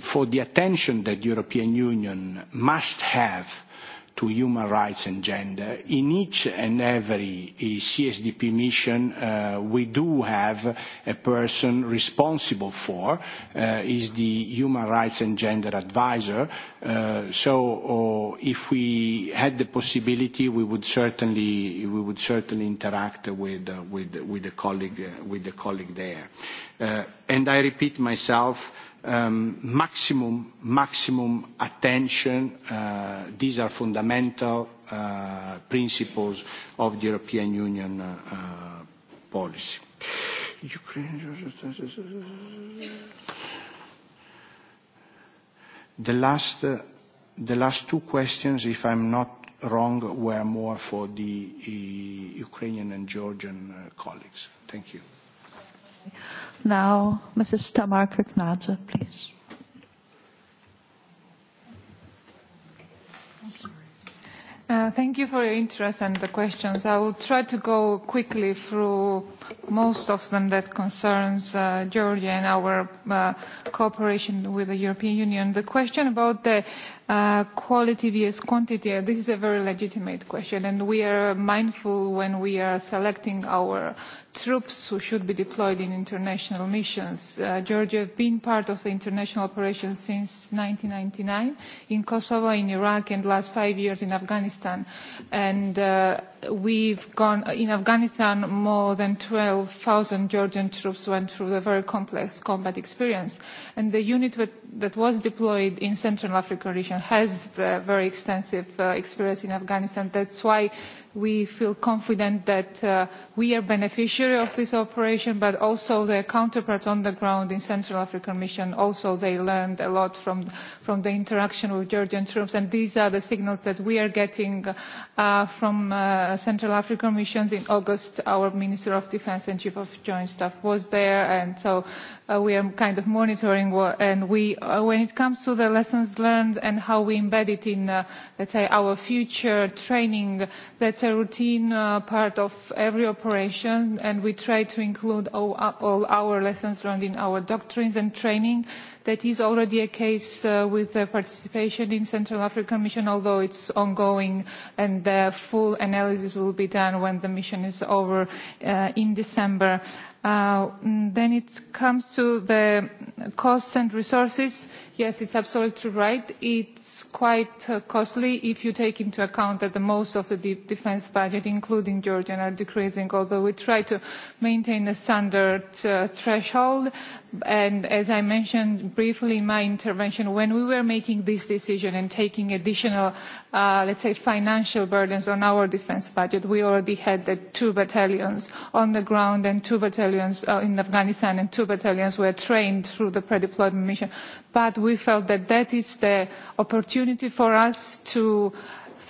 for the attention that the european union must have to human rights and gender. In each and every eh, CSDP mission uh, we do have a person responsible for uh, is the human rights and gender advisor. Uh, so if we had the possibility we would certainly we would certainly interact with with with the colleague with the colleague there. And I repeat myself Um, maximum, maximum attention. Uh, these are fundamental uh, principles of the European Union uh, policy. The last, uh, the last two questions, if I'm not wrong, were more for the uh, Ukrainian and Georgian uh, colleagues. Thank you. Now, Mrs. Tamar Kirknadze, please. Uh, thank you for your interest and the questions. I will try to go quickly through most of them that concerns uh, Georgia and our uh, cooperation with the European Union. The question about the Uh, quality vs quantity this is a very legitimate question and we are mindful when we are selecting our troops who should be deployed in international missions. Uh, Georgia has been part of the international operation since 1999 in Kosovo, in Iraq and last five years in Afghanistan and uh, we've gone in afghanistan more than 12000 georgian troops went through a very complex combat experience and the unit that was deployed in central african region has the very extensive uh, experience in afghanistan that's why we feel confident that uh, we are beneficiary of this operation but also their counterparts on the ground in the central african mission also they learned a lot from, the interaction with georgian troops and these are the signals that we are getting uh, from uh, central african missions in august our minister of defence and chief of joint staff was there and so we are kind of monitoring and we when it comes to the lessons learned and how we embed it in let's say our future training that's a routine uh, part of every operation and we try to include all, uh, all our lessons learned in our doctrines and training. that is already a case uh, with the participation in the central african mission although it is ongoing and the full analysis will be done when the mission is over uh, in december. Uh, then it comes to the costs and resources. Yes, it's absolutely right. It's quite uh, costly if you take into account that the most of the defence budget, including Georgian, are decreasing, although we try to maintain a standard uh, threshold and as i mentioned briefly in my intervention when we were making this decision and taking additional uh, let's say financial burdens on our defense budget we already had the two battalions on the ground and two battalions uh, in afghanistan and two battalions were trained through the pre deployment mission but we felt that that is the opportunity for us to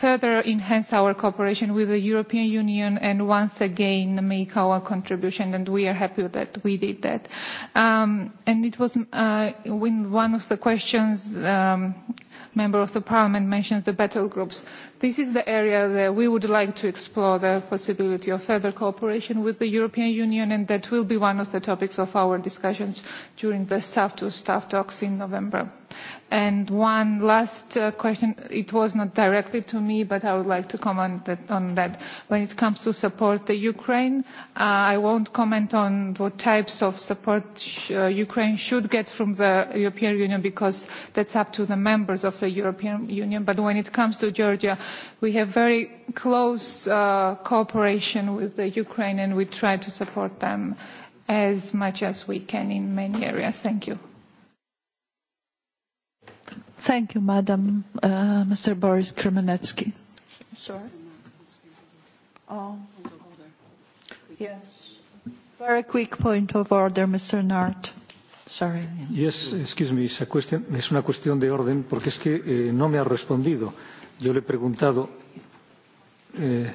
further enhance our cooperation with the European Union and once again make our contribution and we are happy that we did that. Um, and it was uh, when one of the questions um, member of the parliament mentioned the battle groups. this is the area where we would like to explore the possibility of further cooperation with the european union and that will be one of the topics of our discussions during the staff to staff talks in november. And one last uh, question it was not directly to me but i would like to comment on that. when it comes to support to ukraine uh, i won't comment on what types of support uh, ukraine should get from the european union because that's up to the members of the European Union, but when it comes to Georgia, we have very close uh, cooperation with the Ukraine and we try to support them as much as we can in many areas. Thank you. Thank you, Madam. Uh, Mr. Boris Kremenetsky. Sorry. Oh. Yes. Very quick point of order, Mr. Nart. Sorry. Yes, excuse me, es, a question, es una cuestión de orden porque es que eh, no me ha respondido. Yo le he preguntado, eh,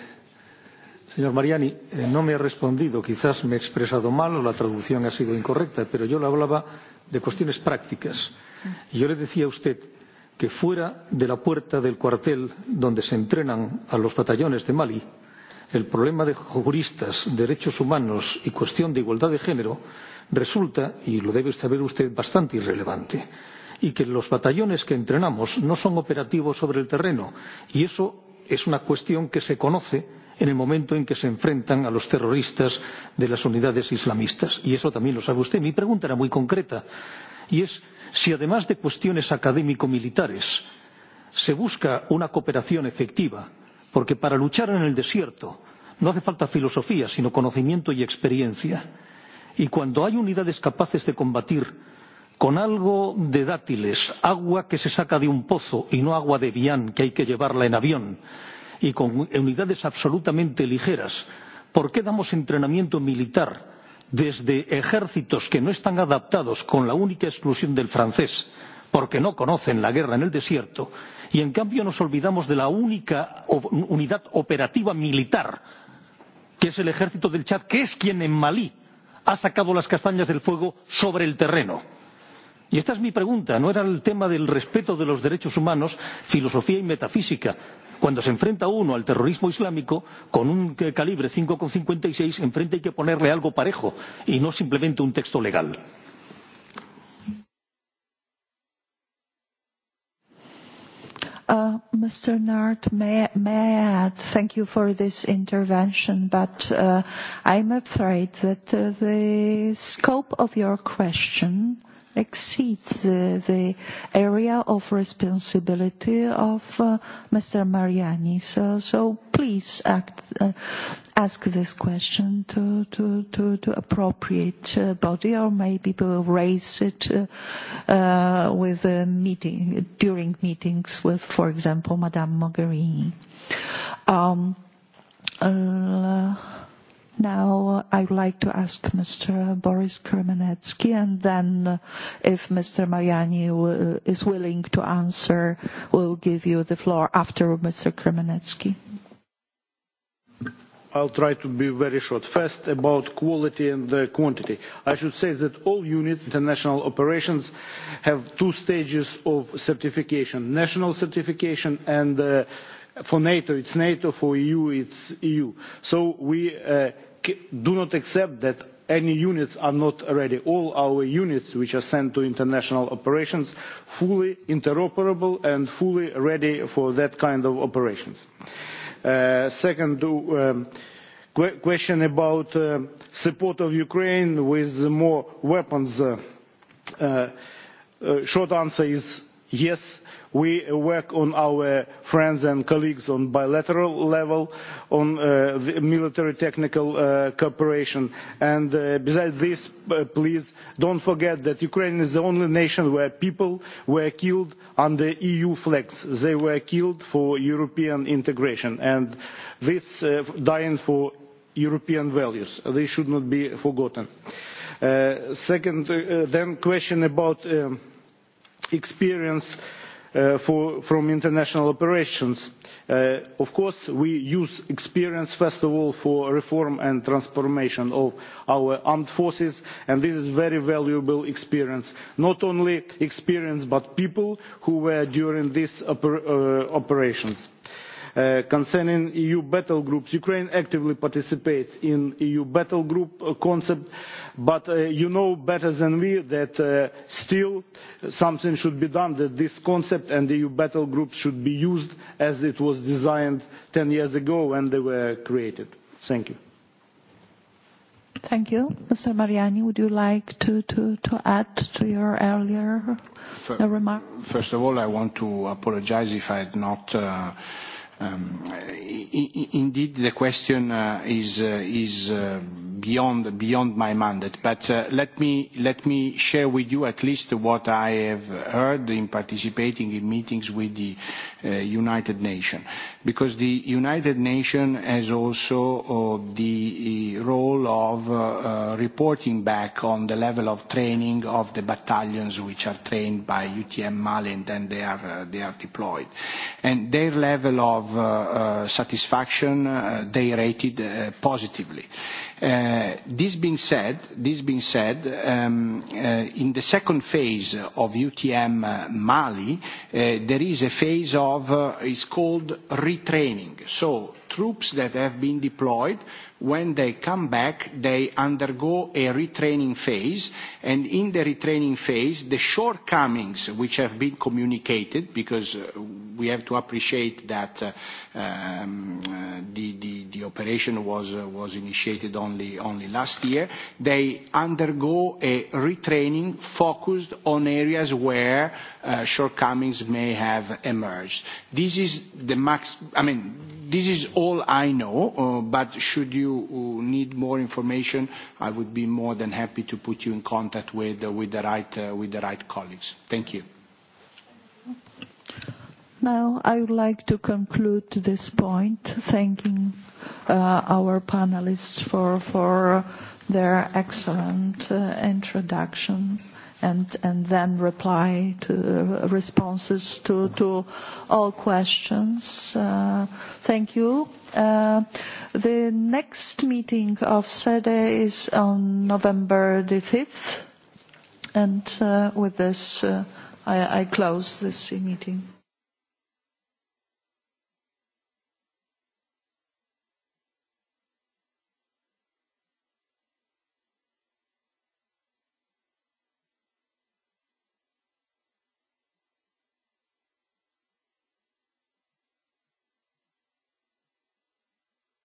señor Mariani, eh, no me ha respondido. Quizás me he expresado mal o la traducción ha sido incorrecta, pero yo le hablaba de cuestiones prácticas. Y yo le decía a usted que fuera de la puerta del cuartel donde se entrenan a los batallones de Mali, el problema de juristas, derechos humanos y cuestión de igualdad de género resulta y lo debe saber usted bastante irrelevante y que los batallones que entrenamos no son operativos sobre el terreno y eso es una cuestión que se conoce en el momento en que se enfrentan a los terroristas de las unidades islamistas y eso también lo sabe usted. mi pregunta era muy concreta y es si además de cuestiones académico militares se busca una cooperación efectiva porque para luchar en el desierto no hace falta filosofía sino conocimiento y experiencia y cuando hay unidades capaces de combatir con algo de dátiles agua que se saca de un pozo y no agua de vián que hay que llevarla en avión y con unidades absolutamente ligeras por qué damos entrenamiento militar desde ejércitos que no están adaptados con la única exclusión del francés porque no conocen la guerra en el desierto y en cambio nos olvidamos de la única unidad operativa militar que es el ejército del chad que es quien en malí ha sacado las castañas del fuego sobre el terreno. Y esta es mi pregunta, no era el tema del respeto de los derechos humanos, filosofía y metafísica. Cuando se enfrenta uno al terrorismo islámico con un eh, calibre 5,56, enfrente hay que ponerle algo parejo y no simplemente un texto legal. Uh, Mr. Nart, may, may I add, thank you for this intervention, but uh, I'm afraid that uh, the scope of your question exceeds the area of responsibility of uh, Mr. Mariani. So, so please act, uh, ask this question to, to, to, to appropriate uh, body or maybe we'll raise it uh, uh, with a meeting, during meetings with, for example, Madame Mogherini. Um, uh, Now I would like to ask Mr. Boris Kremenetsky and then uh, if Mr. Mariani is willing to answer, we'll give you the floor after Mr. Kremenetsky. I'll try to be very short. First, about quality and quantity. I should say that all units, international operations, have two stages of certification, national certification and uh, for NATO it's NATO, for EU it's EU. So we uh, do not accept that any units are not ready. All our units which are sent to international operations fully interoperable and fully ready for that kind of operations. Uh, second uh, um, question about uh, support of ukraine with more weapons short answer is yes we work on our friends and colleagues on bilateral level on uh, military technical uh, cooperation and uh, besides this please don't forget that ukraine is the only nation where people were killed under eu flags they were killed for european integration and this dying for european values they should not be forgotten second then question about um, experience uh, for, from international operations. Uh, of course we use experience first of all for reform and transformation of our armed forces and this is very valuable experience not only experience but people who were during these uh, operations. Uh, concerning EU battle groups, Ukraine actively participates in EU battle group concept, but uh, you know better than we that uh, still something should be done, that this concept and EU battle groups should be used as it was designed 10 years ago when they were created. Thank you. Thank you. Mr. Mariani, would you like to, to, to add to your earlier remark? First of all, I want to apologize if I had not Um, indeed, the question uh, is, uh, is uh, beyond, beyond my mandate, but uh, let me, let me share with you at least what I have heard in participating in meetings with the uh, United Nations because the United Nations has also uh, the role of uh, uh, reporting back on the level of training of the battalions which are trained by UTM Mali and then they are, uh, they are deployed. And their level of uh, satisfaction they rated positively. Uh, this being said, this being said um, uh, in the second phase of UTM uh, Mali, there is a phase of, it's called retraining. So troops that have been deployed when they come back they undergo a retraining phase and in the retraining phase the shortcomings which have been communicated because uh, we have to appreciate that uh, um, uh, the, the, the operation was, uh, was initiated only, only last year they undergo a retraining focused on areas where uh, shortcomings may have emerged. This is the max, I mean, this is all I know, uh, but should you uh, need more information, I would be more than happy to put you in contact with, uh, with, the, right, with the right colleagues. Thank you. Now, I would like to conclude this point, thanking uh, our panelists for, for their excellent uh, introduction and, and then reply to responses to, to all questions. Uh, thank you. Uh, the next meeting of SEDE e is on November the 5th. And uh, with this, uh, I, I close this meeting.